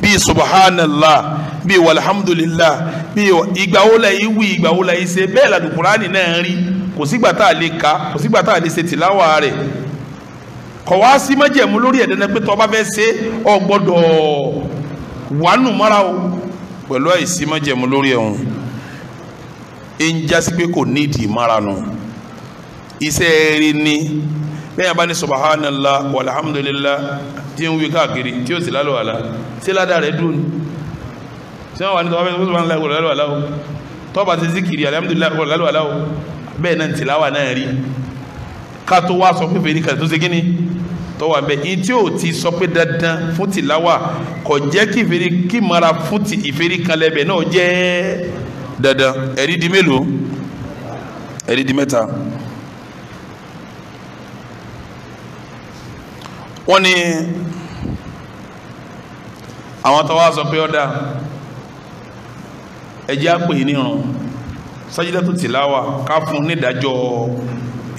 A: bíi subhanallah bíi walhamdulillah bíi ìgbàwọlẹ̀ ìwì ìgbàwọlẹ̀ ìṣe bẹ́ẹ̀ làdùkúránì náà rí kò sígbà tá a lè ka kò sígbà tá a lè ṣe tìláwà rẹ̀ kọ̀ wá sí májẹ̀mú lórí ẹ̀dẹ́nẹ́ pé tọ́ba fẹ́ ṣe ọ gbọ́dọ̀ wánú mọ́ra o pẹ̀lú àìsí májẹ̀mú lórí ẹ̀hún ń jásí pé kò nídìí mọ́ra nù iṣẹ́ rí ni bẹ́ẹ̀ yà bá ní subhanallah walhamdulillah tí ń wí káàkiri tí ó sì lálọ́ àlá sí ládàá rẹ̀ dùn tí wọ́n wà ní tọ́wọ́ bẹ́ẹ̀ subhanallah wọ̀ lálọ́ àlá o tọ́ba ti zikiri alhamdulillah wọ̀ lálọ́ àlá o bẹ́ẹ̀ náà tìláwà náà rí ká tó wá sọ pé fèrè kàtó ṣe kíni tọ́wọ́ abẹ́ yìí tí o ti sọ pé dandan fún tìláwà kò jẹ́ kí ìfèrè kí mara fún ti ìfèrè kan lẹ́bẹ̀ náà jẹ́ dandan ẹ̀rí di mélòó ẹ̀rí di mẹ́ta. wọ́n ní àwọn tó wá sọ pé ọ̀dà ẹjẹ́ àpè nírun sájídàtú tìláwà ká fún nídàájọ́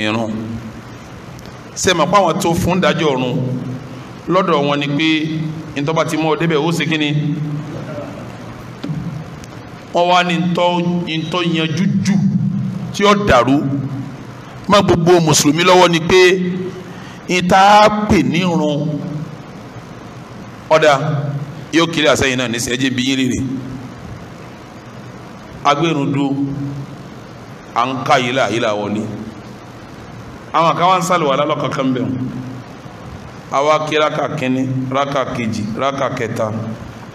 A: ìrun ṣe mọ̀ pé àwọn tó fún dájọ́ ọ̀run lọ́dọ̀ wọn ni pé ntọ́ba ti mọ́ ọ débẹ̀ ó ṣe kí ni wọ́n wá ní ntọ́ yanjú jù tí ó dàrú má gbogbo mùsùlùmí lọ́wọ́ ni pé ìta pè ní irun ọ̀dà yóò kiri àsẹ́yìn náà nísìnyí ẹjẹ́ bí yín rírì agbẹ́rúndú à ń ká yìí là yìí là wọlé àwọn àkàwọn sálùwà lálọ́kọ̀ọ́kan bẹ̀rù àwa kí raka kínní raka kejì raka kẹta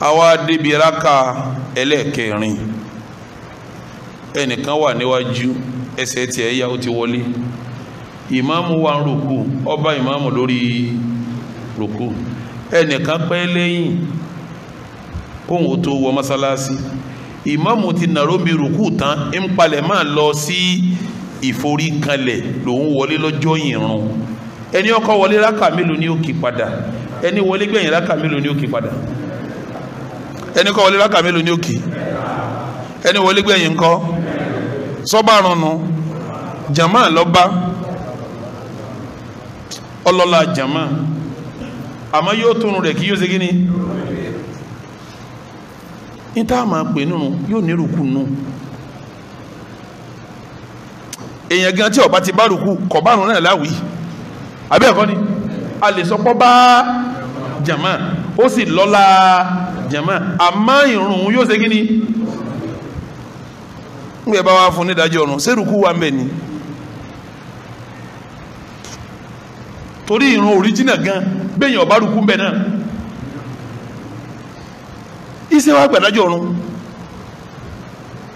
A: àwa débi raka ẹlẹ́ẹ̀kẹrin ẹnìkan wà níwájú ẹsẹ̀ tiẹ̀ yá ó ti wọlé ìmáàmù wa ń rùkú ọba ìmáàmù lórí rùkú ẹnìkan pẹ́ lẹ́yìn kóhùn tó wọ masalasi ìmáàmù ti nàró mi taa tán ń palẹ̀ lọ sí ìforíkanlẹ̀ lòun wọlé lọ́jọ́ ìrun ẹni ọkọ wọlé rákà mélòó ni ó kì padà ẹni wọlé gbẹ̀yìn rákà mélòó ni ó kì padà ẹni kọ́ wọlé rákà mélòó ni ó kì ẹni wọlé ọlọ́lá jama àmọ́ yóò tónu rẹ̀ kí yóò segí ni ní tá a máa pè nínú yóò ní rùkú nù èèyàn gan tí ọba ti bá rùkú kọ̀ bá rùn náà láwì àbí ẹ̀kọ́ ni a lè sọ bá jama ó sì lọ́lá jama àmọ́ ìrùn yóò segí ni ń gbé bá wa fún nídàájọ́ ọ̀run sẹ́rùkú wa ń torí ìran oríjìnà gan bẹ́yìn ọ̀bá rúkú náà iṣẹ́ wa gbàdájọ́ ọ̀run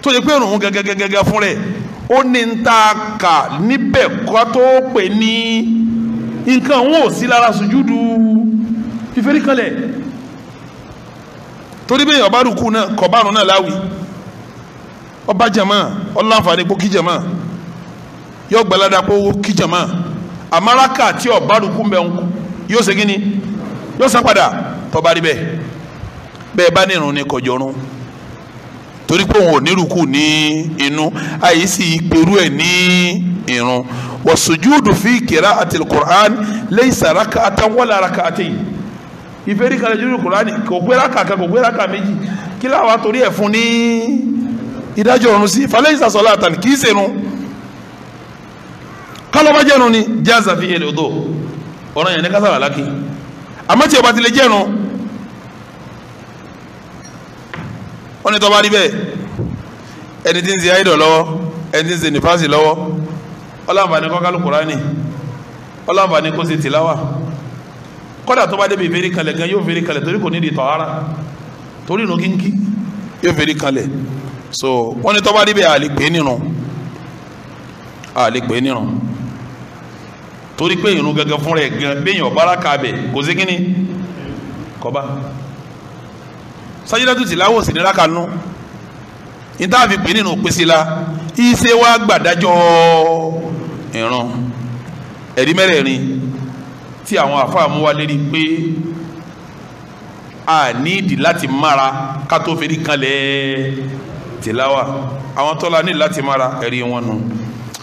A: tó yẹ pé òrùn gẹ́gẹ́gẹ́gẹ́ fún rẹ̀ ó ní ń ta kà níbẹ̀ kó tó pè ní nǹkan ò sí lára fífẹ́rí ọba jama ọláǹfààní kí gbalada jama. amaraka tí ọba rúkú mẹ́wọ́n yóò ṣe kíni yóò san padà tọ́ba rí bẹ́ẹ̀ bẹ́ẹ̀ bá nírun ni kọjọ́rún torí pé òun ò nírúkú ní inú àyè sì perú ẹ̀ ní irun wasujudu fi qira'ati quran laysa rak'atan wala rak'atayn ìfẹ́rí kan lójú kùránì kò pé rákà kan kò pé rákà méjì kí láwa torí ẹ̀ fún ní ìdájọ́ ọ̀run sí falẹ́ ìsàsọ́lá àtàlì kì í ṣèrun kálọ́bá jẹ́nu ni jáza fi èlò odò ọ̀rọ̀ yẹn ní kására lákì àmọ́ tí o bá ti lè jẹ́nu wọ́n ní tọ́ba rí bẹ́ẹ̀ ẹni tí ń ṣe àìdọ̀ lọ́wọ́ ẹni tí ń ṣe nífàsì lọ́wọ́ ọlọ́mọbaní kọ́ kálù kúránì ọlọ́mọbaní kó ṣe tìláwà kọ́dà tó débi ìfẹ́rí kalẹ̀ gan yóò fẹ́rí kalẹ̀ torí kò nídìí tọ̀hárà torí inú kínkí yóò fẹ́rí kalẹ̀ so wọ́n ní tọ́ba rí bẹ́ẹ̀ àlè pé nìrun àlè pé nìrun torí pé irun gangan fúnra ẹ̀ gan béèyàn bára kaabẹ̀ kò sí kínní kọba sájídátù tìláwò sí ní rákanú ìtàfi pè nínú pèsè la ìṣe wa gbàdájọ́ ìran ẹ̀rí mẹ́rẹ̀ẹ̀rin tí àwọn àfáà mú wa lérí pé a nídìí láti mára ká tó feri kanlẹ̀ tìláwà àwọn tọ́lá ní láti mára ẹ̀rí wọn nù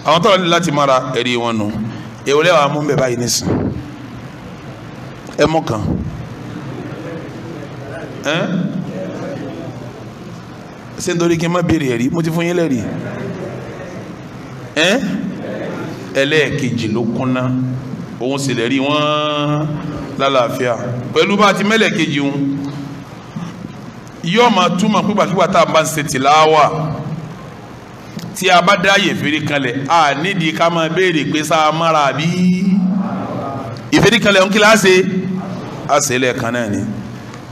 A: àwọn tọ́lá ní láti mára ẹ̀rí wọn nù èwo lẹ́wàá mú bẹ̀ báyìí nísìn ẹ mú kan ṣé nítorí kí n má béèrè ẹ̀rí mo ti fún yín lẹ́rìí ẹlẹ́ẹ̀kejì ló kúnná òun sì lẹ́rí wọ́n lálàáfíà pẹ̀lú bá ti mẹ́lẹ̀kejì òun yóò máa túmọ̀ pípàkípà tá a bá ń ṣe tìláwà tí a bá dá yèfèrè kanlẹ̀ a nídìí ká máa béèrè pé sá a mára bí ìfèrè kanlẹ̀ ń kí láṣẹ a ṣe lẹ́ẹ̀kan náà ni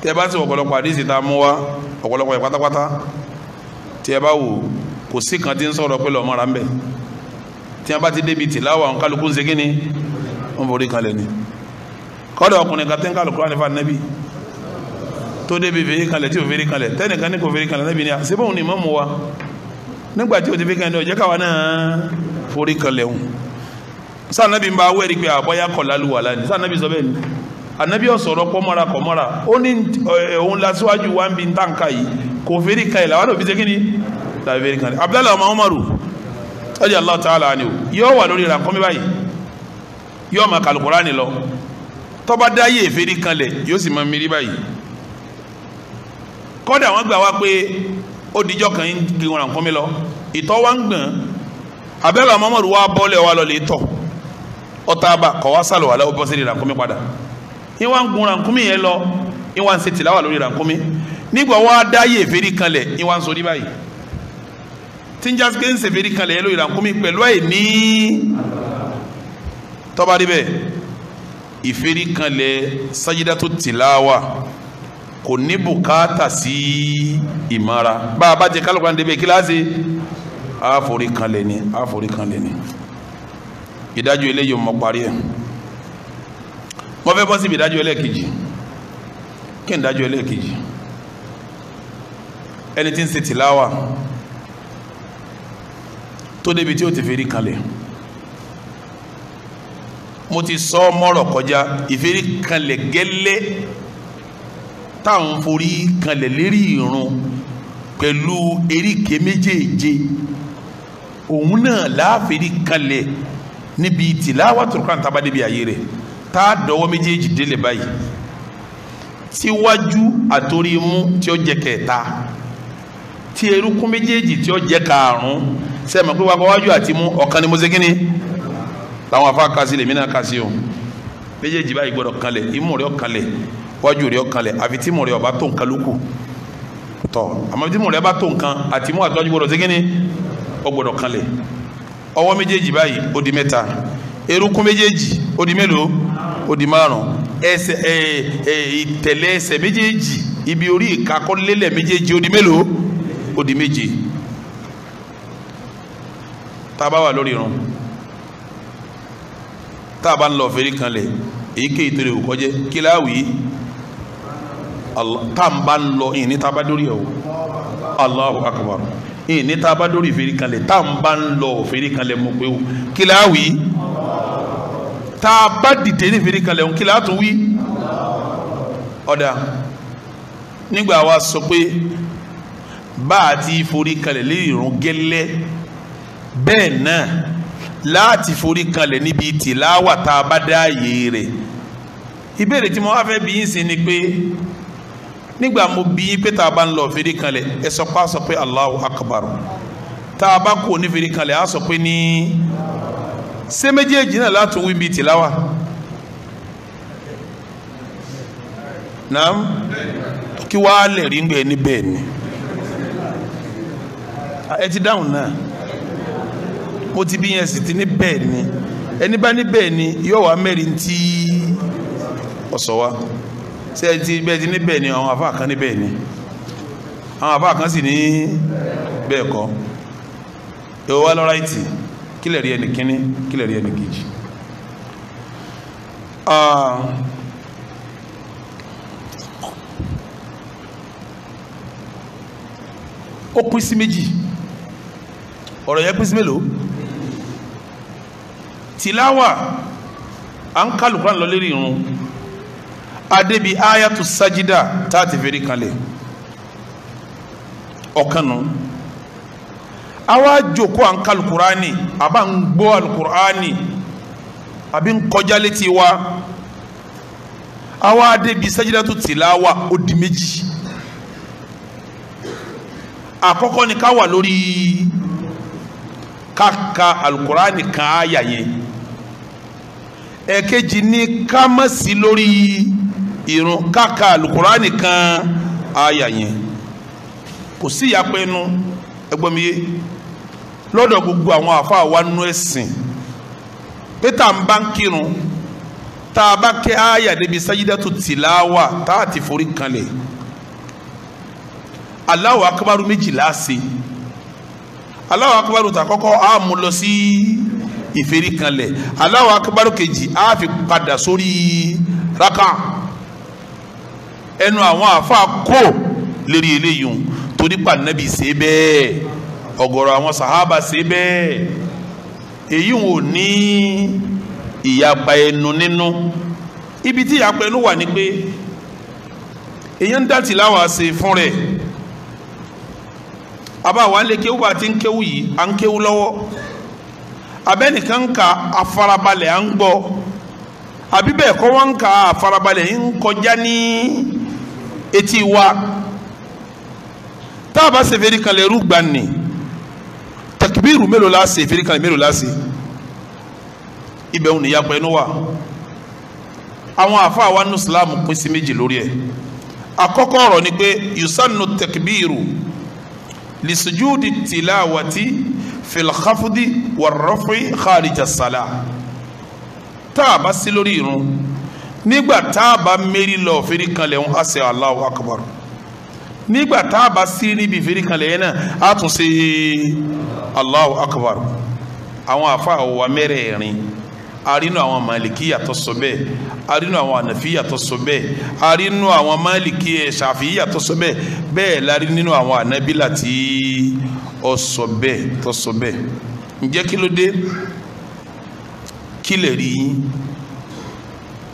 A: tẹ́ bá ti ọ̀pọ̀lọpọ̀ àdìsí tá a mú wa ọ̀pọ̀lọpọ̀ ẹ̀ pátápátá tẹ́ bá wò kò sí kan tí ń sọ̀rọ̀ pé lọ́ọ́ mọ́ra ń bẹ̀ tí wọ́n bá ti débi tìláwà ń kálukú ń segin ni wọ́n forí kanlẹ̀ ni kọ́dọ̀ ọkùnrin kan tẹ́ ń kálukú ànífà nẹ́bí tó débi fèrè kanlẹ̀ tí ò fèrè kanlẹ̀ tẹ́nìkan ní kò fèrè kanlẹ̀ nẹ́bí ni àṣebọ́n ni mọ́ wa nígbà tí o ti fi kàn ní ọjọ́ káwa náà forí kan lẹ́hùn sànàbí ń bá wẹ́rí pé àbọ̀yá kọ̀ lálùwà lánìí sànàbí sọ bẹ́ẹ̀ ni ànàbí ọ̀sọ̀rọ̀ kọ́mọ́ra kọ́mọ́ra ó ní òun lásìwájú wa ń bi ń tàǹkà yìí kò fèrè kan yìí làwọn àdó fi ṣe kíni làwọn fèrè kan yìí abdullahi ọmọ umaru ọjà allah ta'ala ni o yóò wà lórí ràkúnmí báyìí yóò máa ka Al-Kùránì lọ tó bá dáyé fèrè kan lẹ̀ yóò sì máa mìírí báyìí kọ́dà wọ́n gbà wá pé ó dijọ́ kan yín kí wọn kún mi lọ ìtọ́ wa ń gbọ̀n abẹ́lẹ̀ mamadu wa bọ́lẹ̀ wa lọ lè tọ̀ ọ̀tá bá kọ́ wa sálọ̀ wà láwọ́ bọ́sẹ̀ lè rànkúnmi padà yín wa ń gun rànkúnmi yẹn lọ yín wa ń ṣe tìláwà lórí rànkúnmi nígbà wa dá yé èfèrí kan lẹ̀ yín wa ń sori báyìí tíjà ké ń sèfèrí kan lẹ̀ yẹn lórí rànkúnmi pẹ̀lú ẹ̀ ní tọ́ba dé bẹ́ẹ̀ ìfèrí kan lẹ̀ sajidatu tìláwà kò ní bùkátà sí ìmọ̀ra bá a bá ti kálukú àti débẹ̀ kíláàsì àforí kan lè ní àforí kan lè ní ìdájọ́ eléyìí mo parí ẹ̀ mo fẹ́ bọ́ síbi ìdájọ́ ẹlẹ́ẹ̀kejì kí n dájọ́ ẹlẹ́ẹ̀kejì ẹni tí ń ṣe tìláwà tó débi tí ó ti fèrí kanlẹ̀ mo ti sọ mọ́rọ̀ kọjá ìfèrí kanlẹ̀ gẹ́lẹ́ táwọn forí kanlẹ̀ lérí ìrun pẹ̀lú eríkè méjèèje òun náà láàfẹ́rí kanlẹ̀ níbi tìláwà turukan tábà débi àyè rẹ̀ tá a dọwọ́ méjèèjì délẹ̀ báyìí tíwájú àtòrí mú tí ó jẹ kẹta tí erukun méjèèjì tí ó jẹ karùn sẹ́mi pé wákọ̀ wájú àti mú ọ̀kan ni mo ṣe kí ni làwọn afa kasi lèmi náà kasi o méjèèjì báyìí gbọ́dọ̀ kanlẹ̀ imú rẹ̀ kanlẹ̀ wájú rẹ̀ ọkànlẹ̀ àfi tí mò rẹ̀ ọba tó nǹkan lókù tọ́ àmọ́ tí mò rẹ̀ bá tó nǹkan àti mú àtọ́jú gbọ́dọ̀ ségin ni ó gbọ́dọ̀ kanlẹ̀ ọwọ́ méjèèjì báyìí ó di mẹ́ta eruku méjèèjì ó di mélòó ó di márùn ẹsẹ̀ ẹ ẹ ìtẹ̀lẹ̀ ẹsẹ̀ méjèèjì ibi orí ìkakọ́lélẹ̀ méjèèjì ó di mélòó ó di méje tá a bá wà lórí irun tá a bá ń lọ fèrè kanlẹ̀ èyíkéyìí tó lè wù kọjẹ́ kí láwìí tá n bá ń lọ ìní tá dórí ẹ̀ o Allahu akbar ìní tá a bá dórí ìfèrí kan lẹ̀ tá n bá ń lọ ìfèrí kan lẹ̀ mọ̀ pé o kí la wí tá a bá dìde ní ìfèrí kan o kí la tún wí ọ̀dà nígbà wa sọ pé bá a ti forí kalẹ̀ lé ìrun gẹ́lẹ́ bẹ́ẹ̀ náà láti forí kalẹ̀ níbi tìláwà tá dá ààyè rẹ̀ ìbéèrè tí mo wá fẹ́ bí yín sí ni pé nígbà mo bí yín pé tá a bá ń lọ fèrè kanlẹ̀ ẹ sọ pé a sọ pé Allahu Akbar tá a bá kú ní fèrè kanlẹ̀ a sọ pé ní ṣé méjèèjì náà látún wí bíi tìláwà naam kí wàá lè rí gbẹ ní bẹ́ẹ̀ ni ẹ ti dáhùn náà mo ti bí yẹn sì ti ní bẹ́ẹ̀ ni ẹni bá ní bẹ́ẹ̀ ni yóò wá mẹ́rin tí ọ̀sọ̀ wa ṣe é ti bẹ́ẹ̀ ti níbẹ̀ ni àwọn àfáà kan níbẹ̀ ni àwọn àfáà kan sì ní bẹ́ẹ̀ kọ́ èwo wá lọ́ra ìtì kílẹ̀ rí ẹni kíní kílẹ̀ rí ẹni kejì ó pín sí méjì ọ̀rọ̀ yẹn pín sí mélòó tìláwà à ń kálùkù à ń lọ lérí irun adébi ayatu sajida tá a ti fèrè kanlẹ̀ ọ̀kan nù àwa jòkó à alukurani àbá ń gbọ́ alukurani àbí ń kọjá létí wa àwa adébi sajida tó tì láwa ó di méjì àkọ́kọ́ ni ká wà lórí ká alukurani kan àyà yẹn ẹ̀kejì ni ká má sí lórí irun káka alukurani kan aya yẹn kò sí ìyapẹ́ inú ẹgbọ́miyé lọ́dọ̀ gbogbo àwọn àfáà wa nú ẹ̀sìn pé tá à ń bá ń kírun tá a bá kẹ́ aya débi sájídátù tìláwà tá a ti forí kanlẹ̀ Allahu akbaru méjìlá sí Allahu akbaru tàkọ́kọ́ a mú lọ sí ìfẹ́rí kanlẹ̀ Allahu akbaru kejì a fi padà sórí rákà ẹnu àwọn àfa kò lérí eléyìí torí pa nàbì ṣe bẹ́ẹ̀ ọ̀gọ̀rọ̀ àwọn sàhábà ṣe bẹ́ẹ̀ èyí wò ní ìyapa ẹnu nínú ibi tí ìyapa ẹnu wà ni pé èyàn ń dá tìláwà ṣe fún rẹ̀ àbá wa lè kéwù àti ń kéwù yìí à ń kéwù lọ́wọ́ abẹ́nìkan ń ka afarabalẹ̀ à ń gbọ́ àbí bẹ́ẹ̀ kọ́ wọ́n ń ka afarabalẹ̀ ń kọjá ní. Ni etí wa tá a bá ṣe fèrè kan lè rú gbanì takibiru mélòó la ṣe fèrè kan lè mélòó la ṣe ibẹ̀ òun nìyàpọ̀ ẹnu wa àwọn àfa àwa nù Islam pín sí méjì lórí ẹ̀ àkọ́kọ́ ọ̀rọ̀ ni pé yusannu takibiru lisujudi tilawati filkhafudi warrafi kharija tá a bá sí lórí irun. nígbà tá a bá mérí lọ fèrè kanlẹ̀ ń a ṣe Allahu nígbà tá a bá sí níbi fèrè kanlẹ̀ yẹn náà a tún ṣe Allahu akbar àwọn àfa wa mẹ́rẹ̀ẹ̀rin arínú àwọn malikiya tó arínú àwọn arínú àwọn malikiya eh, ṣàfiya tó sọ bẹ́ẹ̀ bẹ́ẹ̀ nínú àwọn ànábìlà tí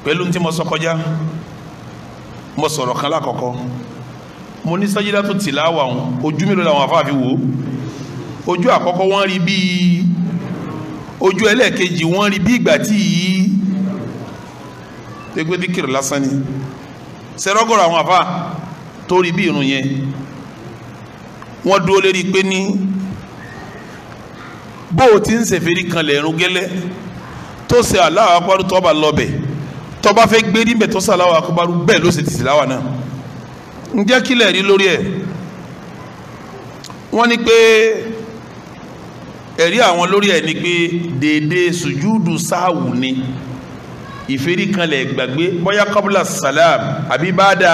A: pẹ̀lú tí mo sọ kọjá mo sọ̀rọ̀ kan lákọ̀ọ́kọ́ mo ní sájídá tó tì láwà òun ojú mélòó làwọn afáàfi wò ojú àkọ́kọ́ wọ́n rí bíi ojú ẹlẹ́ẹ̀kejì wọ́n rí bí ìgbà tí yìí pépé díkìrì lásán ni sẹ́rọ́gọ̀rọ̀ àwọn àfa tó rí bí irun yẹn wọ́n dúró lérí pé ní bó o ń ṣèfèrí kan lẹ́rùn gẹ́lẹ́ tó ṣe aláwọ̀ apárútọ́ bá lọ́bẹ̀ẹ́ tọba fẹ́ gbé níbẹ̀ tó sàláwà akọbarú bẹ́ẹ̀ ló sì ti sàláwà náà ń jẹ́ kílẹ̀ rí lórí ẹ̀ wọ́n ní pé ẹ̀rí àwọn lórí ẹ̀ ni pé déédéé sùjúdù sáàwù ni ìfẹ́ríkanlẹ̀ gbàgbé bóyá kọ́bùlà salam àbí bá da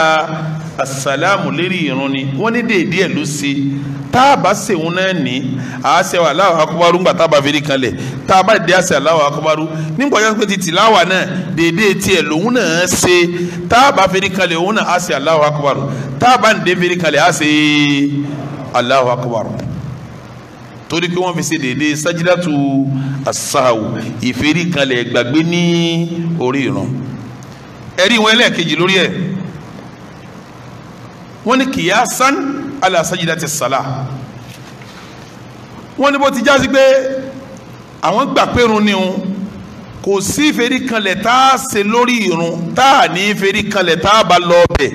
A: asalamu lérí irun ni wọ́n ní dèédé ẹ̀ ló ṣe tá a bá ṣèwọ́n náà ní àṣẹ Allahu akọ́bárú ńgbà tá a bá fẹ́ríkanlẹ̀ tá a bá dé àṣẹ Allahu akọ́bárú nígbà yẹn pé ti tìláwà náà dèédé tiẹ̀ lòun náà ṣe tá a bá fẹ́ríkanlẹ̀ òun náà àṣẹ Allahu akọ́bárú tá a bá ń dé fẹ́ríkanlẹ̀ àṣẹ Allahu akọ́bárú torí pé wọ́n fi ṣe dédé sájídàtú asáwò ìfèrí kalẹ̀ gbàgbé ní orí ìrun ẹ̀rí wọn ẹlẹ́ẹ̀kejì lórí ẹ̀ wọ́n ní kìyàsán ala sájídàtú sàlá wọ́n ní bó ti já sí pé àwọn gbà pérun ni òun kò sí ìfèrí kanlẹ̀ tá a ṣe lórí ìrun tá a ní ìfèrí kanlẹ̀ tá a bá lọ ọbẹ̀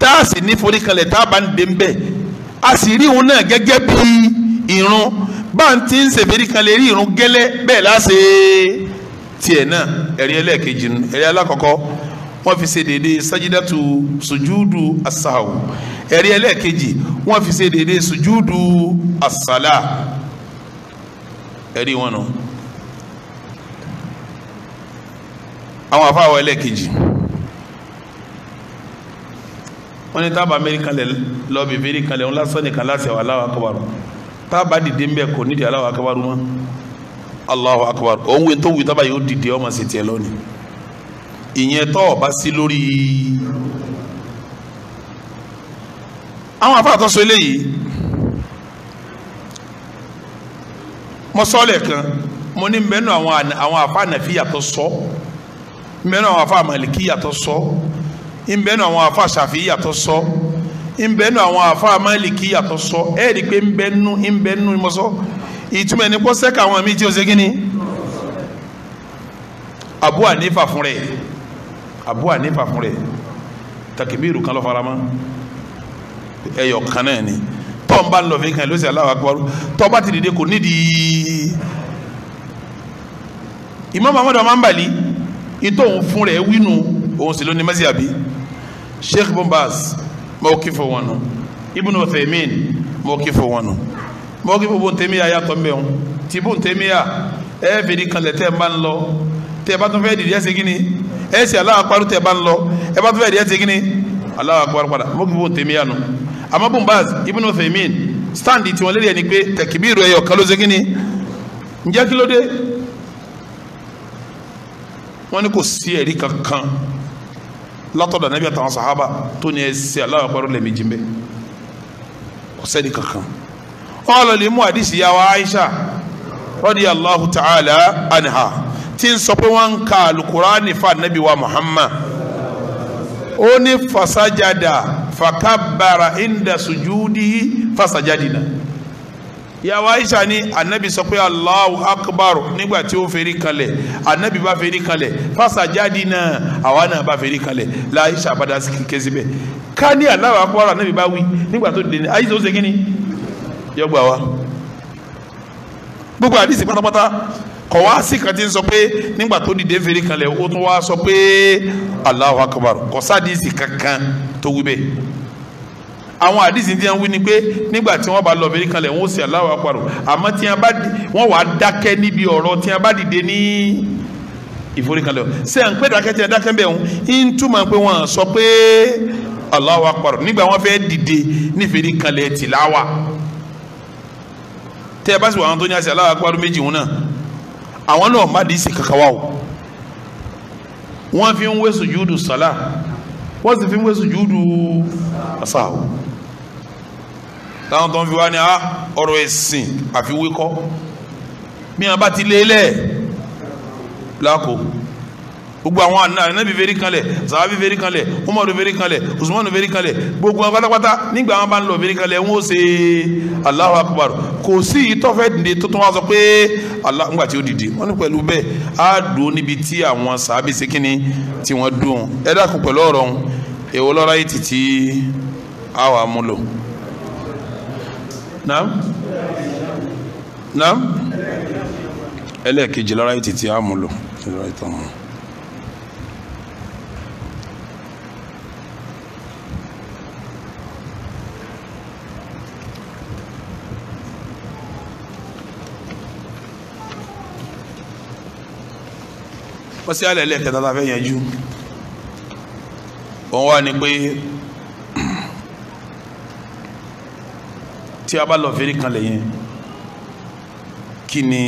A: tá a sì ní ìfèrí kanlẹ̀ tá a bá ń dé ń bẹ̀ a sì rí òun náà gẹ́gẹ́ bí ìrun bá ń ti ń sèbérí kan lè rí irun gẹ́lẹ́ bẹ́ẹ̀ láṣẹ tiẹ̀ náà ẹ̀rí ẹlẹ́ẹ̀kejì ẹ̀rí alákọ̀ọ́kọ́ wọ́n fi ṣe dédé sajidatu sujudu asahu ẹ̀rí ẹlẹ́ẹ̀kejì wọ́n fi ṣe dédé sujudu asala ẹ̀rí wọn nù àwọn afáwọ̀ ẹlẹ́ẹ̀kejì wọ́n ní tábà mẹ́rin kan lẹ̀ lọ́ọ́ bìbẹ́rin kan lẹ̀ ńlá sọ́nìkan láti àwọn aláwọ̀ akọ́bàrún. tá a bá dìde ko bẹ kò nídìí Allahu akabaru mọ́ Allahu akabaru òun wí tó wí tábà yóò dìde ọmọ sì tiẹ̀ lónìí ìyẹn tó bá sí lórí àwọn afáàtọ́ sọ eléyìí mo sọ lẹ́ẹ̀kan mo ní mbẹ́nu àwọn afáànàfi yàtọ̀ sọ mbẹ́nu àwọn afáàmàlìkì yàtọ̀ sọ mbẹ́nu àwọn afáàṣàfi yàtọ̀ sọ. So nbẹnu àwọn àfáà Málíkì yàtọ̀ sọ ẹ rí i pé nbẹnu nbẹnu mọsọ ìtumọ̀ ẹni pọ́ sẹ́ka àwọn míì tí o ṣe kí ni Abu Hanifa fún rẹ̀ Abu Hanifa fún rẹ̀ takibiru kan ló fara mọ́ ẹyọ kan náà ni tọ́ ń bá kan ló sì Allahu Akbar tọ́ ti dìde kò nídìí Imam Ahmad Hanbali ìtòhun fún rẹ̀ wínú òun sì ló mẹ́sì àbí Sheikh Bombaz mawkifuhun ibnu uthaymin mawkifuhun mawkifu ibnu taymiya yàtọ̀ ya ti ibnu taymiya ẹ fìdí kanlẹ̀ tẹ́ ẹ bá ń lọ tẹ́ ẹ bá tún fẹ́ dìde ẹ segin gini ẹ sì Allahu akbar tẹ́ ẹ bá ń lọ ẹ bá tún fẹ́ dìde ẹ segin ni Allahu stand won pe kan látọ̀dọ̀ Ànábì àtàwọn sàhábà tó ní ẹsẹ̀ aláwọ̀ pẹ̀lú lẹ́ẹ̀mejì ń bẹ̀ ọ̀sẹ́ni kankan wọn lọ lè mú àdìsí yà wá Aisha radiyallahu ta'ala anha tí ń sọ pé wọ́n ń ka alukurani fa Ànábì wa Muhammad ó ní fasajada fakabara inda sujudi fasajadina yàwá aisha ni anabi sọ pé allahu akbar nígbà tí ó feri kalẹ̀ anabi bá feri kalẹ̀ fasajadi náà àwa náà bá feri kalẹ̀ la aisha padà kéésì bẹ́ẹ̀ ká ní allahu akbar anabi bá wí nígbà tó dé ní aisha ó ṣe kí ni yọgbà wa gbogbo àdìsí pátápátá kọ̀ wá sí kan sọ pé nígbà tó dìde fèrè kan ó tún wá sọ pé Allahu Akbar kọ̀ sádìsí kankan tó wí bẹ́ẹ̀ àwọn àdìsí tí wọ́n wí ni pé nígbà tí wọ́n bá lọ bẹ̀rẹ̀ kan lẹ̀ wọ́n ó sì Allahu Akbar àmọ́ tí wọ́n wà á dákẹ́ níbi ọ̀rọ̀ tí wọ́n bá dìde ní ìforíkanlẹ̀ ṣé à ń pè dákẹ́ tí wọ́n dákẹ́ bẹ́ẹ̀ ń túmọ̀ pé wọ́n sọ pé Allahu Akbar nígbà wọ́n fẹ́ dìde níforíkanlẹ̀ tìláwà tẹ́ ẹ bá sì wà àwọn tó ní àṣẹ Allahu Akbar méjì wọn náà àwọn náà má dìísì kankan o wọ́n fi ń wé sùjúdù sálà wọ́n sì fi ń wé sùjúdù asáwò táwọn tó ń fi wá ní ah, ọ̀rọ̀ ẹ̀sìn àfiwé kọ́ bí wọn bá ti lé lẹ̀ lákò gbogbo àwọn anabi feri kanlẹ̀ zahabi feri kanlẹ̀ umaru feri kanlẹ̀ usmanu feri kanlẹ̀ gbogbo àwọn pátápátá nígbà wọn bá ń lọ feri kanlẹ̀ ń wò ṣe Allahu akbar kò sí ìtọ́fẹ́ dìde tó tún sọ pé Allah ńgbà tí ó dìde wọn ní pẹ̀lú bẹ́ẹ̀ á dùn níbi tí àwọn sàábì sékìní tí wọ́n dùn ẹ dákun pẹ̀lú ọ̀rọ̀ ń lọ́ra yìí títí àwọn amúlò naam naam ẹlẹ́ẹ̀kejì lára ìtìtì àmúlò lára ìtàmù wọ́n sí alẹ́ ẹlẹ́ẹ̀kẹta tá a fẹ́ yanjú òun wá ní pé tí a bá lọ fèrè kan lè yẹn kí ni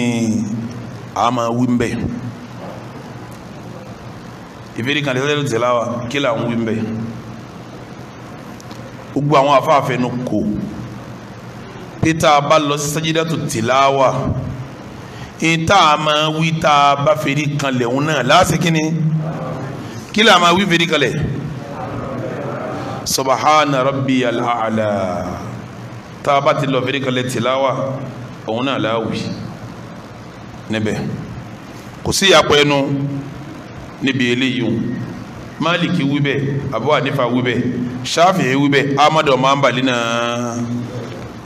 A: a máa wí mbẹ ìfèrè kan lè yẹn lọ́dún tẹ̀lá wa kí là ń wí mbẹ gbogbo àwọn afáfẹ́ nu kò pé tá a bá lọ sí sájídàtù tẹ̀lá wa ìta ma wí ta bá feri kanlẹ̀ òun náà lásìkíní kí la ma wí feri kanlẹ̀ subahana rabbi al'ala tá a bá ti lọ fèrè kalẹ̀ tìláwà òun náà láwì níbẹ̀ kò sí ìyàpọ̀ ẹnu níbi eléyìí o Málìkì wí bẹ́ẹ̀ Abu Hanifa wí bẹ́ẹ̀ Shafi'i wí bẹ́ẹ̀ Ahmadu mambali náà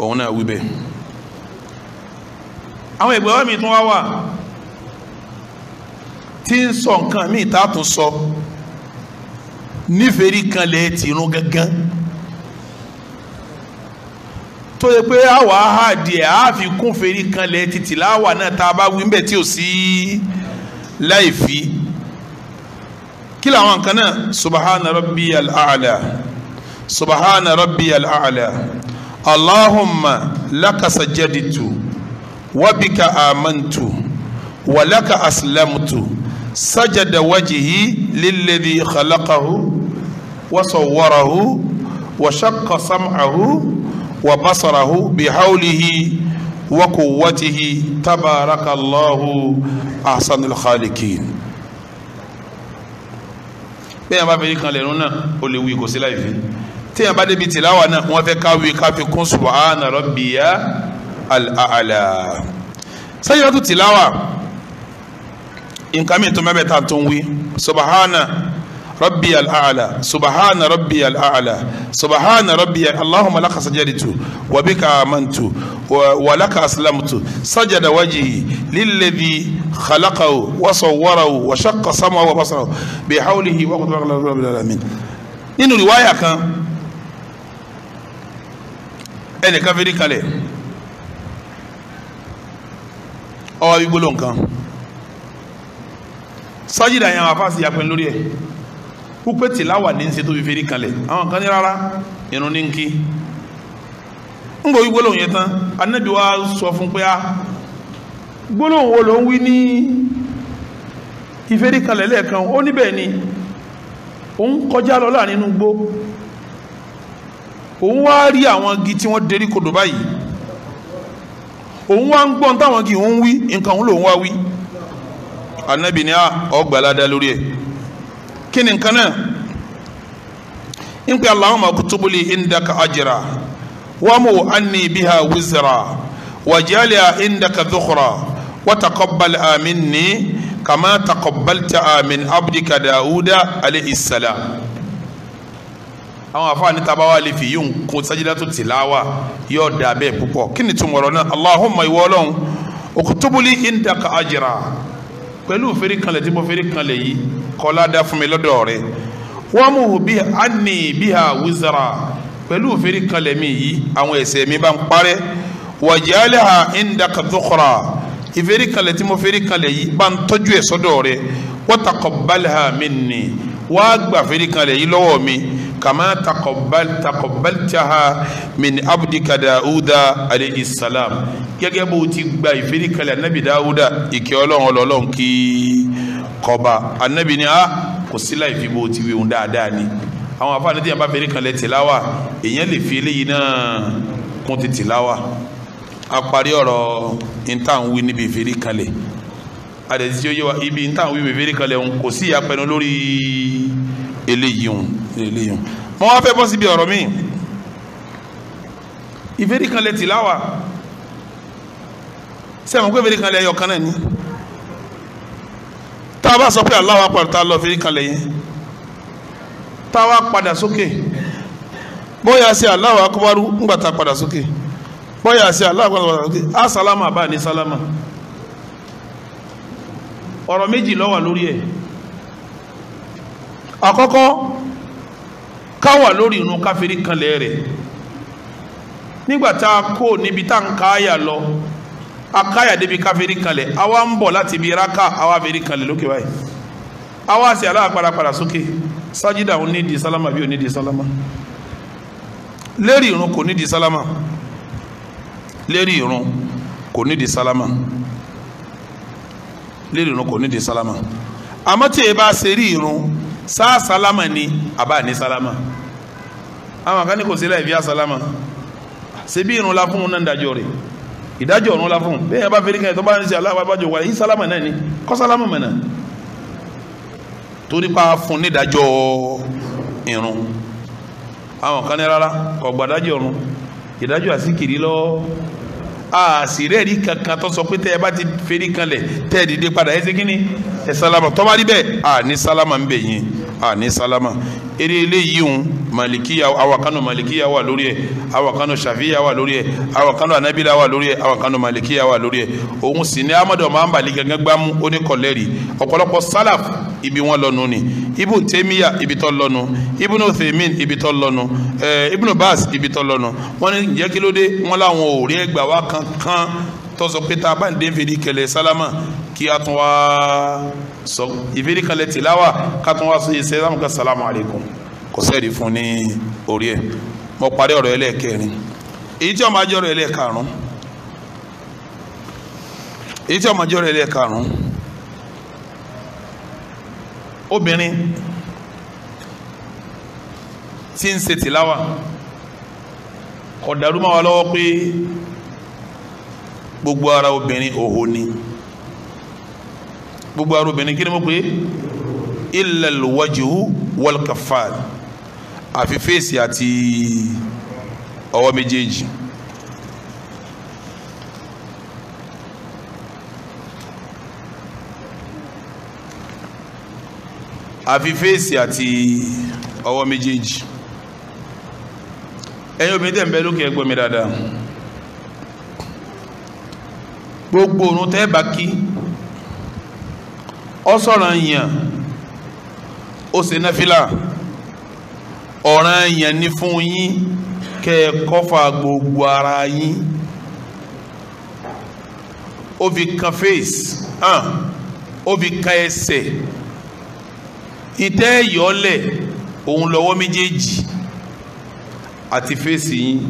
A: òun náà wí bẹ́ẹ̀ àwọn ẹgbẹ́ wa mi tún wá wà tí ń sọ nǹkan míì tá tún sọ nífẹ̀ẹ́ rí kan tìrún gángan tó yẹ pé àwa àdìẹ àfi kún fèrè kanlẹ̀ títí láwà náà tá a bá wí mbẹ tí ò sí láì fi kí làwọn kan náà subahana rabbi al'ala subahana rabbi al'ala allahumma laka sajaditu wabika amantu walaka aslamtu sajada wajihi lilladhi khalaqahu wasawwarahu وشق سمعه wa basarahu bihawlihi wa quwwatihi tabarakallahu ahsanul bẹ́ẹ̀ bá fẹ́ẹ́ kan lẹ́nu náà o lè wí kò sí láì fi téèyàn bá débi tìláwà náà wọ́n fẹ́ káwé káfí kún subhana rabbiya al sẹ́yìn wọ́n tún tìláwà nǹkan mìíràn tó mẹ́bẹ̀ẹ́ta tó ń wí subhana. ربي الأعلى سبحان ربي الأعلى سبحان ربي اللهم لك سجدت وبك آمنت ولك أسلمت سجد وجهي للذي خلقه وصوره وشق سمعه وبصره بحوله وقدره رب العالمين nínú riwaya kan ẹnìkan fẹ́rí kalẹ̀ ọwọ́ gbígbóló nǹkan sájídà yẹn àwọn afáàsì yàpẹ́ lórí ẹ̀ wípé tìláwà ní ṣe tó fi fèrè kalẹ̀ àwọn kan ní rárá irun ní nkí ń gbọ́ gbólóhùn yẹn tán anábì wa sọ fún pé a ah, gbólóhùn wo ló ń wí ní ìfèrè kalẹ̀ lẹ́ẹ̀kan ó níbẹ̀ ni òun kọjá lọ láàrin inú gbó òun wá rí àwọn igi tí wọ́n derí kodò báyìí òun wá ń gbọ́n táwọn igi òun wí nǹkan òun lòun wá wí anábì ni a ah, ọgbàládá lórí ẹ̀ kí ni nǹkan náà ń pè Allahumma kutubuli indaka ajra wamu anni biha wizra wajaliha indaka dhukhra wataqabbal minni kama taqabbalta min abdika Dawuda alayhi salam àwọn afaani tabawa le fi yóò sajidatu tilawa yóò da bẹ́ẹ̀ púpọ̀ kí ni tún náà Allahumma iwọlọ́n okutubuli indaka ajra pẹ̀lú òfèrè kanlẹ̀ tí mo fèrè kanlẹ̀ yìí kọ́lá dá fún mi lọ́dọ̀ rẹ̀ wọ́n mú bí ani bí ha wizara pẹ̀lú òfèrè kanlẹ̀ mi yìí àwọn ẹ̀ṣẹ̀ mi bá ń parẹ́ wàjálẹ̀ ha indaka dhukra ìfèrè kanlẹ̀ tí mo fèrè kanlẹ̀ yìí bá ń tọ́jú ẹ̀ sọ́dọ̀ rẹ̀ wa taqabbalaha minni wàá gbà fèrè kanlẹ̀ yìí lọ́wọ́ mi kama takọbal takọbaltaha min abdika dawuda aleyhi salam gẹ́gẹ́ bó ti gba ìfiri kalẹ̀ anabi dawuda ìkẹ́ Ọlọ́run Ọlọ́run kí kọba anabi ni a ah, kò sí láì fi bó ti wíwun dáadáa ni àwọn afa anadi yaba fèrè kalẹ̀ tìlawa èèyàn lè fi eléyìí náà kún ti tìlawa a parí ọ̀rọ̀ ntànwí níbi ìfiri kalẹ̀ tí ó yẹ wa ibi ntànwí níbi ìfiri kalẹ̀ kò sí ìyapẹnu lórí. eléyìí hùn wá fẹ́ bọ́ síbi ọ̀rọ̀ mi ìfẹ́rí kan lè tìláwà sẹ́wọ̀n pé kan ni tá a bá sọ pé Allahu Akbar tá a lọ ìfẹ́rí kan lè yẹn tá a wá padà sókè bóyá sí Allahu Akbar ńgbà padà sókè bóyá sí Allahu Akbar padà sókè á àkọ́kọ́ káwà lórí irun káfírí kanlẹ̀ rẹ̀ nígbà tá a kó níbi tá à ń káyà lọ akáyà débi káfírí kanlẹ̀ àwa ń bọ̀ láti ibi raka àwa fèrí kanlẹ̀ lókè báyìí àwa sì aláàpàràpàrà sókè sájídà òun nídìí sálámà bí òun nídìí sálámà lérí irun kò nídìí sálámà lérí irun kò nídìí sálámà lérí irun kò nídìí sálámà àmọ́ tí e bá ṣe rí irun sáà sálámà ni àbá ní sálámà àwọn kan ní kò sí láì fi àsálámà ṣe bí irun la fún un náà dájọ́ rẹ̀ ìdájọ́ ọ̀run la fún un bí ẹ bá fẹ́rí kẹ́yìn tó bá ń ṣe alábàbájọ wà yìí sálámà náà ni kọ́ sálámà mọ̀ náà torí pa fún ní ìdájọ́ irun àwọn kan ní rárá kò gbàdájọ́ ọ̀run ìdájọ́ àsìkiri lọ́ọ́ àṣìrẹ́ẹ̀rí kankan tó sọ pé tẹ́ ẹ bá ti ferí kanlẹ̀ tẹ́ ẹ dìde padà ẹ ṣe kí ni ẹ sálámà tó rí bẹ́ẹ̀ àní sálámà ń bẹ̀ yín àní sálámà eré eléyìí ń malikiya awakanu malikiya wà lórí ẹ awakanu shafiya wà lórí ẹ awakanu anabila wa lórí ẹ awakanu malikiya wà lórí ẹ òun sì ní amadu ọmọ anbali gẹ́gẹ́ gbámú ó ní salaf ibi wọn lọnu ni ibu temiya ibi tọ lọnu ibu no themin ibi tọ lọnu ẹẹ ibu no baas ibi tọ lọnu wọn ní jẹkilode wọn làwọn ò rí ẹgbàá wa kankan tó sọ pé tá a bá ń dé fèrè kẹlẹ sálámà kí a tún wá sọ ìbéèrè kan lẹ tìláwà kátó wá sí ṣe sáàmù ká sàlámù alaykum kò sẹ́ẹ̀rì fún ní orí ẹ̀ mo parí ọ̀rọ̀ ẹlẹ́ẹ̀kẹrin èyí tí ọmọ ajọ́ ọ̀rọ̀ ẹlẹ́ẹ̀karùn èyí tí ọmọ ajọ́ ọ̀rọ̀ ẹlẹ́ẹ̀karùn obìnrin tí ń ṣe tìláwà kọ̀dàrú máa wà lọ́wọ́ pé gbogbo ara obìnrin òhò ni gbogbo ara obìnrin kí ni mo pè é illal wajhu wal kaffan àfi fèsì àti ọwọ́ méjèèjì. àfi fèsì àti ọwọ́ méjèèjì ẹ̀yin obìnrin tẹ̀ ń bẹ lókè ẹgbẹ́ mi dáadáa gbogbo òrùn tẹ́ bá kí ọsọ̀ràn yàn ó ṣe náfìlà ọ̀ràn yàn ni fún yín kẹ́ ẹ kọ́fà gbogbo ara yín ó fi kan face hàn ó fi kan ẹsẹ̀ ìtẹ́ ìyọ́lẹ̀ òun lọ́wọ́ méjèèjì àti fèsì yín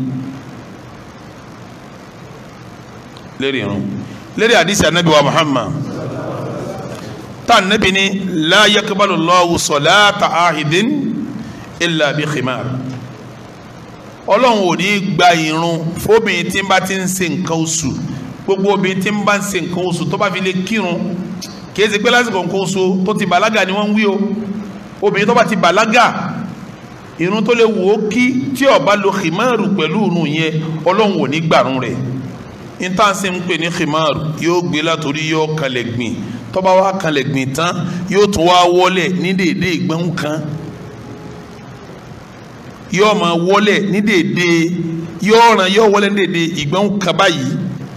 A: lérí irun lérí àdìsí anábìwá Muhammad tá ànábì ní la yaqbalu Allahu salata ahidin illa bi khimar ọlọ́run ò ní gba irun fóbìnrin tí ń bá ti ń ṣe nǹkan oṣù gbogbo obìnrin tí ń bá ń ṣe nǹkan oṣù tó bá fi lè kírun kìí ṣe pé lásìkò nǹkan oṣù tó ti bàlágà ni wọ́n ń o obìnrin tó ti bàlágà irun tó lè wò ó kí tí ó lo khimaru pẹ̀lú irun yẹn ọlọ́run ò ní gbàrún rẹ̀ níta ṣe ń pè ní khimaru yóò gbé látòrí yóò kalẹ̀ gbìn tó wa wá kanlẹ̀ gbìn tán yóò tún wá wọlé ní déédé ìgbọ́n kan yóò máa wọlé ní déédé yóò ràn yóò wọlé ní déédé ìgbọ́n kan báyìí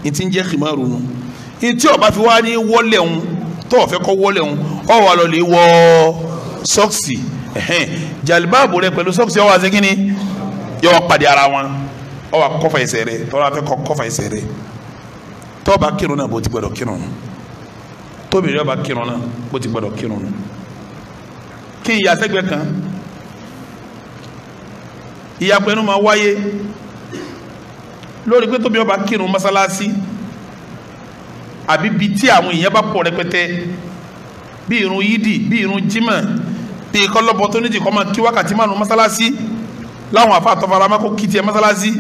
A: ní ti ń jẹ́ kìmáàrú nu ní tí ó bá fi wá ní wọlé òun tó ọ̀fẹ́ kọ́ wọlé òun ọ̀ wà lọ́ọ́ lè wọ sọ́ọ̀sì jàlibáàbò rẹ pẹ̀lú sọ́ọ̀sì ọ̀wà ṣe kínní yóò pàdé ara wọn ọ̀wà kọfà ẹsẹ̀ rẹ tọ́lá fẹ́ kọfà ẹsẹ̀ rẹ tọ́ọ̀bà kírun náà bó ti gbọ́dọ̀ kírun tóbìnrin ọba kírun náà bó ti gbọdọ̀ kírun nù kí ìyá sẹ́gbẹ́ kan ìyapẹnu máa wáyé lórí pé tóbìnrin ọba kírun mọ́sálásí àbí bíi tí àwọn èèyàn bá pọ̀ rẹpẹtẹ bí irun yídì bí irun jímọ̀ bí kọ́lọ́bọ tó níjì kọ́ máa kí wákàtí márùn-ún mọ́sálásí láwọn àfa àtọ́fara máa kó kìtì ẹ̀ mọ́sálásí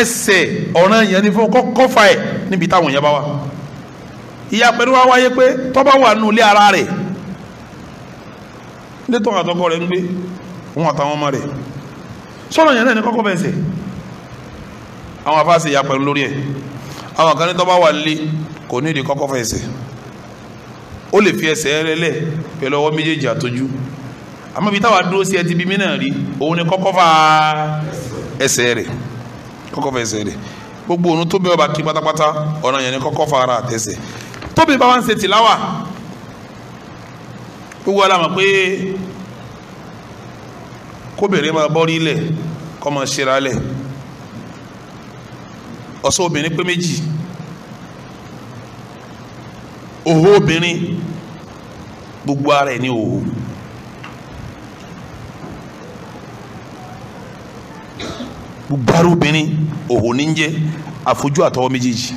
A: ẹsẹ̀ ọ̀ràn yẹn ni fún kọ́kọ́ fa ẹ̀ níbi táwọn yẹn bá wà ìyá pẹ̀lú wa wáyé pé tọ́ba wà nù ilé ara rẹ̀ létọ́ àtọkọ rẹ̀ ń gbé wọn àtàwọn ọmọ rẹ̀ sọ̀rọ̀ yẹn náà ni kọ́kọ́ bẹ̀ẹ̀sẹ̀ àwọn afáàsì ìyá pẹ̀lú lórí ẹ̀ àwọn kan ní tọ́ba wà nílé kò ní ìdí kọ́kọ́ fẹ̀sẹ̀ ó lè fi ẹsẹ̀ ẹlẹ́lẹ̀ pẹ̀lú ọwọ́ méjèèjì àtọ́jú àmọ́ ibi táwa dúró sí ẹ ti bí mí náà rí òun ni kọ́kọ́ fa ẹsẹ̀ rẹ̀ kọ́kọ́ fẹsẹ̀ rẹ̀ gbogbo òun tóbi ọba kí pátápátá ọ̀nà yẹn ni kọ́kọ́ fara àtẹsẹ̀ tóbi bá wà ń ṣe tìláwà gbogbo alamọ̀ pé kóbìnrin máa bọ́rí lẹ̀ kọ́ máa ṣera lẹ̀ ọ̀ṣọ́ obìnrin pé méjì òhó obìnrin gbogbo ara ẹ̀ ní òhó. gbogbo ara obìnrin òhò ní jẹ́ àfojú àtọwọ́ méjèèjì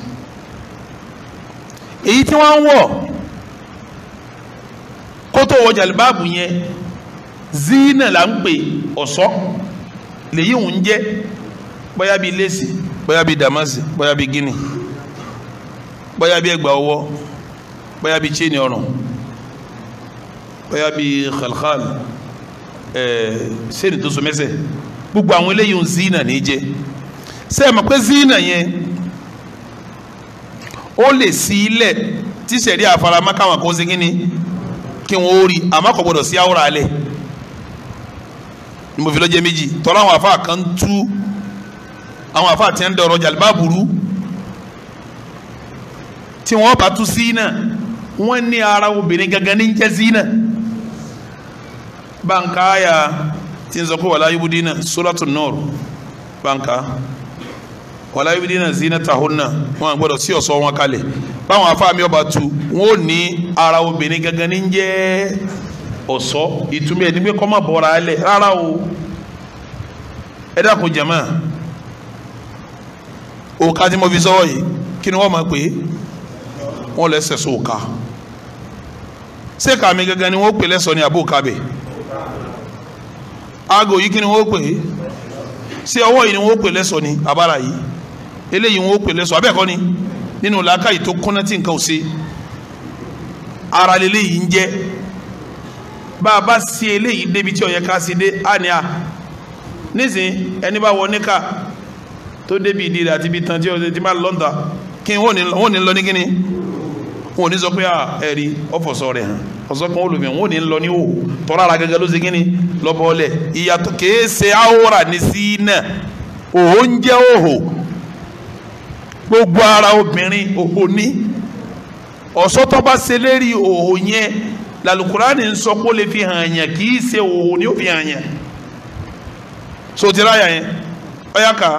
A: èyí tí wọ́n ń wọ̀ kótó wọ jàlibáàbù yẹn zina là ń pè ọ̀ṣọ́ lèyí ń jẹ́ bóyá bíi lẹ́sì bóyá bíi dàmásì bóyá bíi gíní bóyá bíi ẹgbà ọwọ́ bóyá bíi chain ọrùn bóyá bíi khalkhal ẹ̀ẹ́ eh, sẹ́ni tó so mẹ́sẹ̀ gbogbo àwọn eléyìí ń zina ní jẹ ṣé ẹ mọ̀ pé zina yẹn ó lè sí ilẹ̀ tí sẹ̀rí àfaramọ́ káwọn kò sí kíni kí wọ́n ó rí àmọ́ kò gbọdọ̀ sí àwòrán alẹ̀ ni mo fi lọ́jẹ́ méjì tọ́lá àwọn afa kan tú àwọn afa tí ń dọ̀rọ̀ jàlùbá burú tí wọ́n bá tú zina wọ́n ní ara obìnrin gangan ní jẹ́ zina báńkáyà. tí ń sọ pé wàlá yubudina suratul nur banka wàlá yubudina zinatahunna wọn gbọ́dọ̀ sí ọ̀ṣọ́ wọn kalẹ̀ báwọn afáàmì ọba tu wọn ò ní ara obìnrin gangan ní jẹ́ ọ̀ṣọ́ ìtumọ̀ ẹni pé kó má bọ́ra ẹ lẹ̀ rárá o ẹ dákun jama òkà tí mo fi sọ́wọ́ yìí kí ni wọ́n máa pè é wọ́n lẹ́sẹ̀ sọ òkà ṣé kàmi gangan ni ni aago yìí kí ni wọ́n pè é ṣé ọwọ́ yìí ni nwoke pè lẹ́sọ̀ ni abala yìí eléyìí wọ́n pè lẹ́sọ̀ abẹ́ẹ̀kọ́ ni nínú làákàyè tó kúnná ara lele ń jẹ́ bá a bá ṣe eléyìí débi tí ó a ẹni bá wọ níkà tó débi ìdí rẹ̀ àti ibi tán tí ó ti máa lọ́ńdà kí lọ ní wọn ò ní sọ pé ẹ̀rí ọ̀fọ̀sọ rẹ̀ hàn ọ̀sọ́ kan olùmí wọn ò ní lọ ní o tọ́ra ara gẹ́gẹ́ ló ṣe kí ni lọ́bọ̀ọ́lẹ̀ ìyàtọ̀ kìí ṣe àwòrán ní sí náà òhò ń jẹ́ òhò gbogbo ara obìnrin òhò ní ọ̀sọ́ tó bá ṣe lérí òhò yẹn làlùkùránì ń sọ pé ó lè fi hàn yàn kìí ṣe òhò ní ó fi hàn yàn so ti ráyà yẹn ọ̀yà kà.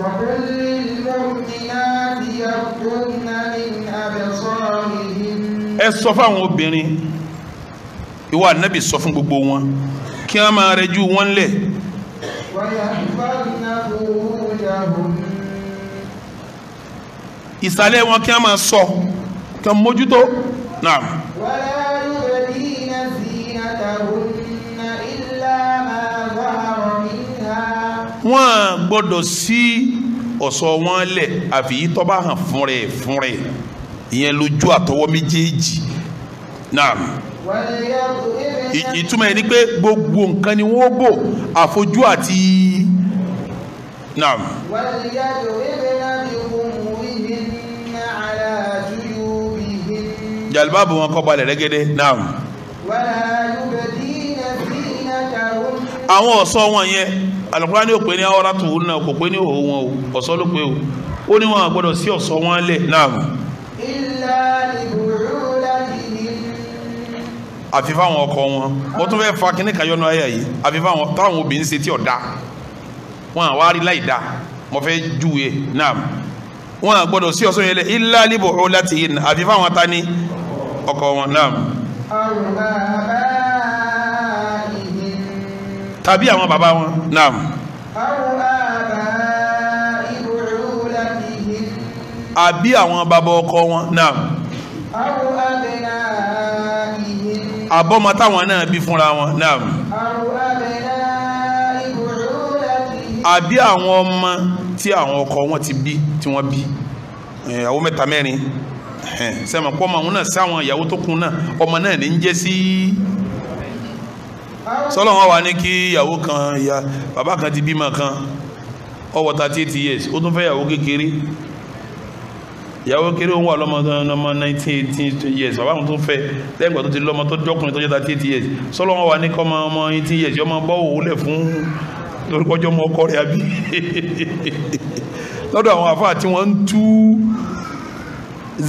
B: wàhálà ìlú ìlànà náà ni
A: ẹ sọ fáwọn obìnrin ìwà ànábì sọ fún gbogbo wọn kí wọ́n máa rẹjú wọn lẹ̀ ìsàlẹ̀ wọn kí wọ́n máa sọ kí wọ́n mójútó náà. wọ́n gbọ́dọ̀ sí ọ̀ṣọ́ wọn lẹ̀ àfi yìí tó hàn fún rẹ̀ ìyẹn lójú àtọwọ́ méjèèjì náà ìtumọ̀ yẹn ni pé gbogbo nǹkan ni wọ́n bò àfojú àti náà. jàlùbá bò wọn kọ́ balẹ̀ rẹ́gẹ́dẹ́ náà. àwọn ọ̀ṣọ́ wọn yẹn alùpùpù ni ó pè ní awọ́rátù náà kò pè ní òun wọn o ló pè o ó ní wọn àgbọ́dọ̀ sí ọ̀ṣọ́ wọn lẹ̀ náà àfi fáwọn ọkọ wọn wọn tún fẹ́ẹ́ fa kínní kan yọnu ayé yìí àfi fáwọn táwọn obìnrin ṣe tí ò da wọn àwa rí láì da mo fẹ́ júwe náà wọn à gbọ́dọ̀ sí ọsọ yẹn lẹ ilá libo ọ láti yìí nà àfi fáwọn ta ni ọkọ wọn náà. tàbí àwọn bàbá wọn náà. àbí àwọn bàbá ọkọ wọn náà.
B: àwọn abẹ́nà
A: ìhìn. àbọ̀mọ táwọn náà bí fúnra wọn náà. àwọn abẹ́nà ìbùrúdàtì. àbí àwọn ọmọ tí àwọn ọkọ wọn ti bí tí wọ́n bí ìyàwó mẹ́ta mẹ́rin sẹ́mi pọ́ ọmọ òun náà sí àwọn ìyàwó tó kún náà ọmọ náà ní ń jẹ́ sí sọ́lọ́ wọn wà ní kí ìyàwó kan ìyá bàbá kan ti bímọ kan ọwọ́ thirty years ó tún fẹ́ ìyàwó kékeré ìyàwó kéré ń wà lọ́mọ ọmọ nineteen eighteen years bàbá àwọn tó fẹ́ lẹ́yìn ìgbà tó ti lọ́mọ tó jọkùnrin tó jẹ́ thirty eight years sọ́lọ́ wọn wà ní kọ́ ọmọ eighteen years yọmọ bọ́ òwúlẹ̀ fún lórúkọjọ́ ọmọ ọkọ rẹ̀ àbí lọ́dọ̀ àwọn àfáà tí wọ́n ń tú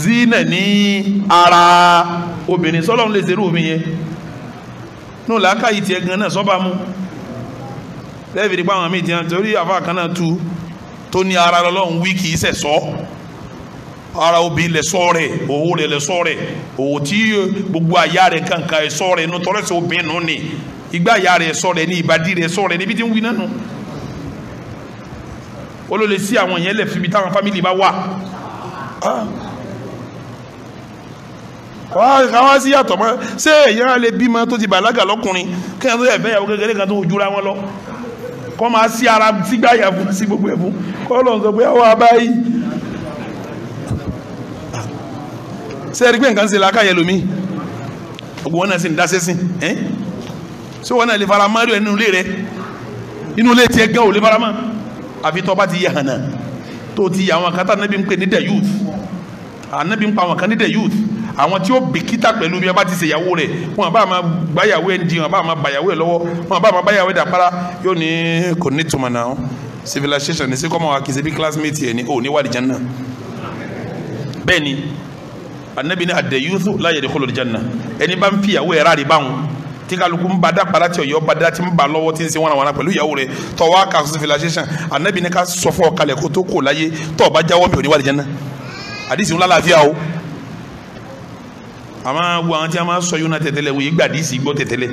A: zina ní ara obìnrin sọ́lọ́ ń lè ṣerú omi yẹn nù làákàyè tiẹ̀ gan náà sọ́ba mú lẹ́ẹ̀fì nípa àwọn míì tiẹ̀ ara lọ́lọ́run wí kì í ara obìnrin lẹ sọ̀rọ̀ owó rẹ lẹ sọ̀rọ̀ owó tí eh, gbogbo àyà rẹ kankan ẹ e sọ̀rọ̀ inú tọrẹsẹ obìnrin nù ni ìgbà àyà rẹ sọ̀rọ̀ ní ìbàdí rẹ sọ̀rọ̀ níbi tí ń wí nánu olóòlè sí àwọn yẹn lẹ fìbí táwọn fámìlì bá wà káwá sí yàtọ̀ mọ́ ṣé èyàn á lè bímọ tó ti bàlágà lọ́kùnrin kéèyàn tó yẹ fẹ́ yàwó kékeré kan tó ojúra wọn lọ kọ́ máa sí ara sígbà yàfún sí gbogbo ẹ̀fún e kọ́ lọ́n sọ pé àwọn abáyé sẹ́ẹ̀rí pé nǹkan ń ṣe làákàyè lómi ògbó wọn náà sì ń dá sẹ́sìn ẹ́ ṣé wọn náà lè fara mọ́ nínú ilé rẹ inú ilé tiẹ̀ gẹ́ ò lè fara mọ́ àfi tọ́ bá ti yẹ hànà tó ti yẹ àwọn kan tá ànábì ń pè ní the youth ànábì ń pa àwọn kan ní the youth àwọn tí ó bìkítà pẹ̀lú bí wọ́n bá ti ṣe ìyàwó rẹ̀ wọn bá máa gbáyàwó ẹ̀ ń di wọn bá máa bàyàwó ẹ̀ lọ́wọ́ wọn bá máa báyàwó ẹ̀ dàpárá yóò ní kò ní tuma náà civilization ní sí kọ́mọ wa kì í ṣe bí classmate ẹ̀ ní ò ní wà lìjẹ́ náà bẹ́ẹ̀ ni anabi ni adayusu la yadkhulu aljanna ẹni bá ń fi ìyàwó yẹrẹ àdìbá wọn tí kálukú ń ba dápàdà tí ọyọ ba dá tí ń ba lọ́wọ́ tí ń ṣe wọn àwọn pẹ̀lú ìyàwó rẹ̀ tọwọ ká civilization anabi ni ká sọfọ kalẹ̀ kó tó kó láyé tọ ọba jáwọ́ mi ò ní wà aljanna àdìsí ńlá làáfíà o àmọ́ wo àwọn tí a máa sọ yóò ná tẹ̀tẹ̀lẹ̀ wo yìí gbà àdìsí gbọ́ tẹ̀tẹ̀lẹ̀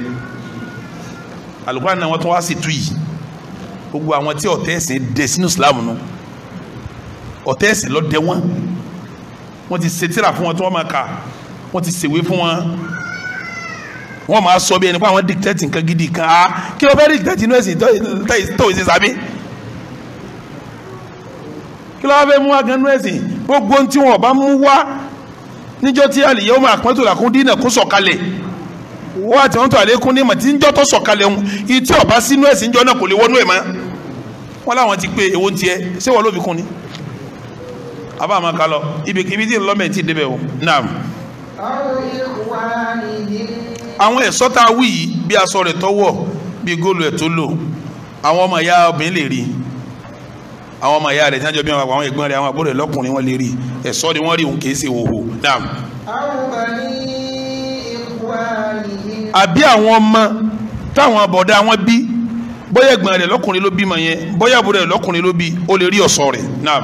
A: alukóra náà wọn gbogbo àwọn tí ọ̀tẹ́sìn dẹ̀ sínú Islam nù ọ̀tẹ́sìn ló dẹ̀ wọ́n wọ́n ti ṣe tírà fún wọn tí wọ́n máa kà wọ́n ti ṣèwé fún wọn wọ́n máa sọ bí ẹni pé àwọn dictate nǹkan gidi kan á ah, kí ló fẹ́ dictate inú ẹ̀sìn tó ìsìn sábẹ́ kí ló fẹ́ mú wá gan inú ẹ̀sìn gbogbo ohun tí wọn bá mú wá níjọ́ tí àlìyé wọn àpọ́ntò làkún dínà kó sọ̀kalẹ̀ wọ́n àti wọn tó àlékún ní màtí níjọ́ tó sọ̀kalẹ̀ ń ìtí ọ̀bá sínú ẹ̀sìn níjọ́ náà kò lè wọnú ẹ̀ mọ́ wọn láwọn ti pé èwo ń tiẹ̀ ṣé wọn ló kún ni abá àmọ́ ká lọ ibi ibi tí ń lọ mẹ́ẹ̀ tí débẹ̀ o naam. àwọn ẹ̀sọ́ tá a wí yìí bí aṣọ rẹ̀ tọ́wọ̀ bí góòlù ẹ̀ tó lò àwọn ọmọ ìyá obìnrin lè rí àwọn ọmọ ìyá rẹ̀ tí wọ́n jọ bí wọn àwọn ẹ̀gbọ́n rẹ̀ àwọn àbúrò lọ́kùnrin wọn lè rí ẹ̀sọ́ ni wọ́n rí òun kì í ṣe òhò naam. àbí àwọn ọmọ táwọn bọ̀dá wọn bí bóyá ẹ̀gbọ́n rẹ̀ lọ́kùnrin ló bímọ yẹn bóyá àbúrò rẹ̀ lọ́kùnrin ló bí ó lè rí ọ̀sọ́ rẹ̀ náà.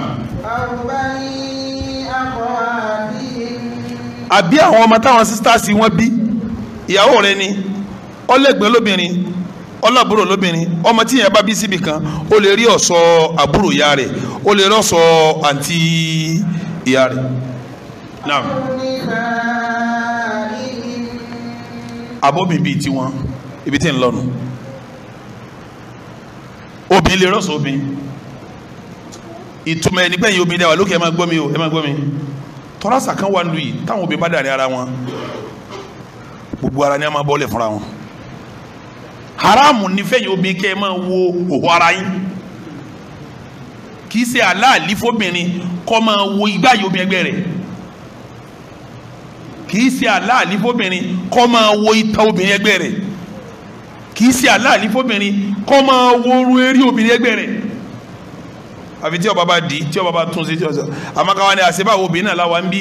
A: àbí àwọn ọmọ táwọn sisters wọn bí ìyàwó rẹ̀ ni ọlẹ́gbẹ́ lóbìnrin ọlọ́bùrò lóbìnrin ọmọ tí yẹn bá bí síbi kan ó lè rí ọ̀sọ́ àbúrò ìyá rẹ̀ ó lè rí ọ̀sọ́ àǹtí ìyá rẹ̀ náà. abómi bíi tiwọn ibi tí ń lọ́nu. Obi lè rọ́ọ̀sì obìnrin ìtumọ̀ ẹni gbẹ̀yìn obìnrin dẹ́wà lókè ẹ máa gbọ́ mi o ẹ máa gbọ́ mi tọ́lásà kan wà nílùú yìí táwọn obìnrin bá dàrí ara wọn gbogbo ara ni a máa bọ́ọ̀lẹ̀ fúnra wọn haramu nífẹ̀yìn obìnrin kẹ́ ẹ máa wo òhó ara yín kì í ṣe aláàlí fóbìnrin kọ́ máa wo igbá yìí obìnrin ẹgbẹ́ rẹ̀ kì í ṣe aláàlí kọ́ máa wo ìtàn obìnrin ẹgbẹ́ rẹ̀ kì í ṣe aláàlí fóbìnrin kọ́ máa wóoru eré obìnrin ẹgbẹ́ rẹ̀ àfi tí ọba bá di tí ọba bá tún sí tí ọba àmàkàwá ni àṣebáwo obìnrin náà láwa ń bí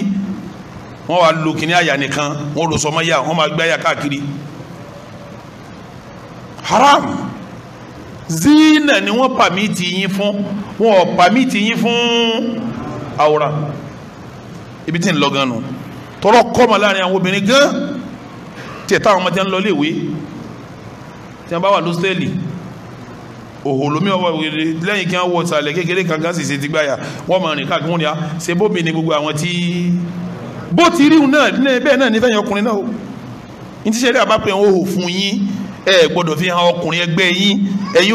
A: wọ́n wá lo kìnìún àyà nìkan wọ́n lò sọmọ yà wọ́n máa gbé àyà káàkiri haram zina ni wọ́n pàmìtì yín fún wọ́n pàmìtì yín fún àwòrán ibi tí ń lọ gan nù tọrọ kọ́ mọ́ láàrin àwọn obìnrin gan tiẹ̀ táwọn ọmọdé ń lọ léèwé tí wọ́n bá wà lóstẹ́ẹ̀lì òhò lómi ọwọ́ wèrè lẹ́yìn kí wọ́n wọ ìsàlẹ̀ kékeré ti gbáyà wọ́n máa rìn káàkiri wọn ni a ah, ṣe bóbi ni gbogbo àwọn tí bó ti rí náà bẹ́ẹ̀ náà nífẹ̀ẹ́ ọkùnrin náà o ní ti ṣe eré fún yín ẹ gbọ́dọ̀ fi hàn ọkùnrin ẹgbẹ́ yín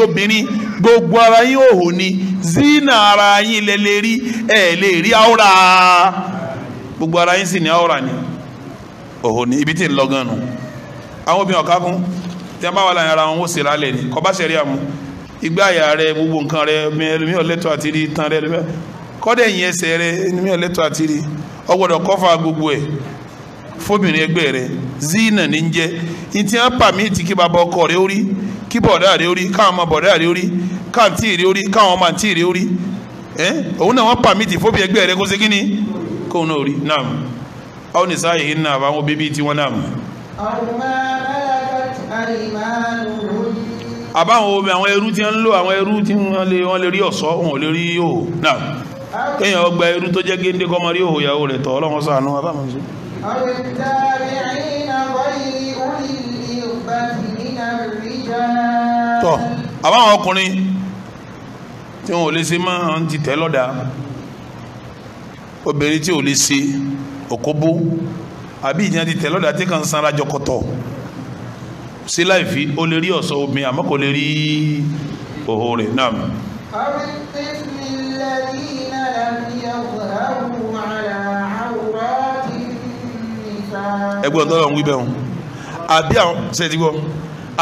A: obìnrin gbogbo ara yín òhò ni zina ara yín lẹ lè rí ẹ lè rí gbogbo ara yín sì ní ni òhò tí a bá wà láyìn ara wọn ó sì rálẹ̀ ni kọ́ bá rí àmú igbá àyà rẹ gbogbo nǹkan rẹ ẹlòmí àti rí tán rẹ ẹlòmí kọ́dẹ̀ yìí ẹsẹ̀ rẹ ẹlòmí àti rí ọgbọ́dọ̀ gbogbo fóbìnrin rẹ zina ní kí bàbá ọkọ rẹ orí kí rẹ orí káwọn ọmọ rẹ orí káàntì rẹ orí káwọn ọmọ àǹtì rẹ orí ẹ òun náà fóbìnrin rẹ kó ṣe kíni kóun àbáwọn omi àwọn ẹrú tí ń lò àwọn ẹrú tí wọ́n lè rí ọ̀ṣọ́ wọn ò lè rí yòó náà kéèyàn ọgbà ẹrú tó jẹ́ géńdé kọ́mọ rí òhò ìyàwó rẹ̀ tọ́ ọlọ́run ṣàánú abáwọn ṣe. tọ́ àbáwọn ọkùnrin tí wọn ò lè ṣe máa ń ti tẹ́ lọ́dà obìnrin tí ò lè ṣe òkóbó àbí ìjìnlẹ̀ ti tẹ́ lọ́dà tí kàn sanra jọkọtọ̀ sí láìfi ó lè rí ọ̀sọ́ omi àmọ́ kò lè rí òhò rẹ̀ náà. ẹgbẹ́ ọ̀dọ́ ọ̀hún wíbẹ̀ ọ̀hún àbí àwọn ṣe ti gbọ́.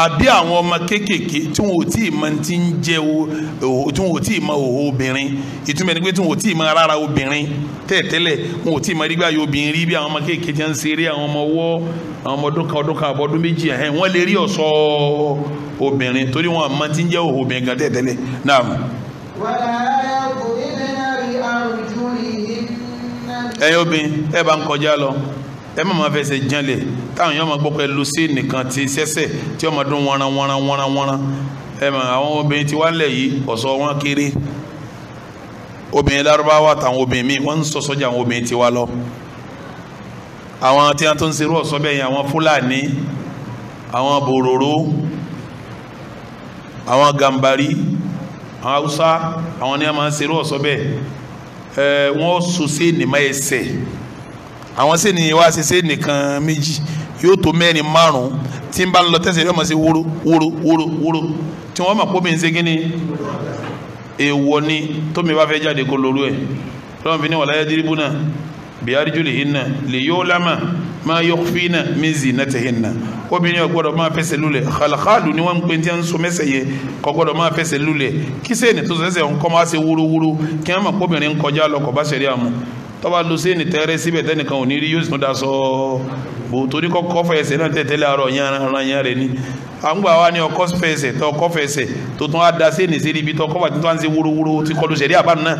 A: àbí àwọn ọmọ kéékèèké tí wọn ò tí ì mọ ti ń jẹ o tí wọn ò tí ì mọ òhò obìnrin ìtumọ̀ ẹni pé tí wọn ò tí ì mọ rárá obìnrin tẹ́ẹ̀tẹ́lẹ̀ wọn ò tí ì mọ rígbà yóò obìnrin rí bí àwọn ọmọ kéékèèké ti ń ṣeré àwọn ọmọ ọwọ́ àwọn ọmọ ọdún kan ọdún kan àbọ̀ ọdún méjì ẹ̀hẹ́n wọ́n lè rí ọ̀ṣọ́ obìnrin torí wọn mọ ti ń jẹ́ òhò obìnrin gan tẹ́ẹ̀tẹ́lẹ̀ náà. ẹ ẹ má máa fẹsẹ̀ janlẹ̀ táwọn yẹn máa gbọ́ pé lucy nìkan ti sẹ́sẹ̀ tí ọmọ dún wọ́nran wọ́nran wọ́nran wọ́nran ẹ mọ̀ àwọn obìnrin tí wọ́n lẹ̀ yìí ọ̀sọ́ wọn kéré obìnrin lárúbáwá àtàwọn obìnrin míì wọ́n ń sọ sọ́jà àwọn obìnrin tiwa lọ àwọn tí wọ́n tó ń serú ọ̀sọ́ bẹ́ẹ̀ yẹn àwọn fúlàní àwọn bòròró àwọn gàmbàrí àwọn haúsá àwọn ni wọ́n máa ń serú ọ̀sọ́ bẹ́ẹ̀ wọ́n sùn sí ìnìmọ̀ ẹsẹ̀ àwọn sẹ́ni wa ṣe sẹ́ni kan méjì yóò tó mẹ́rin márùn-ún tí n bá lọ tẹ̀sẹ̀ yóò mọ̀ sí wóró wóró wóró wóró tí wọ́n mọ̀ pé mi ń ṣe kíni èèwọ̀ ni tómi bá fẹ́ jáde kó lóru ẹ̀ lọ́wọ́n fi ní wàlá yadiribu náà bíyáríjú lè hinna lè yóò lámà máa yọ fínà mí zinatihinna obìnrin ò gbọ́dọ̀ máa fẹsẹ̀ lulẹ̀ xalxalu ni wọ́n ń pè tí wọ́n ń so mẹ́sẹ̀ yẹ kò gbọ́dọ̀ máa fẹsẹ̀ lulẹ̀ kíṣe ní tó sẹ́sẹ̀ ń kọ́ máa ṣe wúrúwúrú kí wọ́n mọ̀ kóbìnrin kọjá lọ kọ̀ bá ṣẹ̀rí tọ́ba lu ni nìtẹ́rẹ́ síbẹ̀ tẹ́nìkan ò rí yóò da sọ bò torí kọ́kọ́ fẹsẹ̀ náà tẹ̀tẹ́lẹ̀ yan ara yan rẹ̀ ni àǹgbà wa ni ọkọ́ fẹsẹ̀ tọ́ ọkọ́ fẹsẹ̀ tó tún á da séènì sí ibi tọ́ kọ́fà tí wọ́n ti wúrowúro ti kọlu sẹ̀rí àbánu náà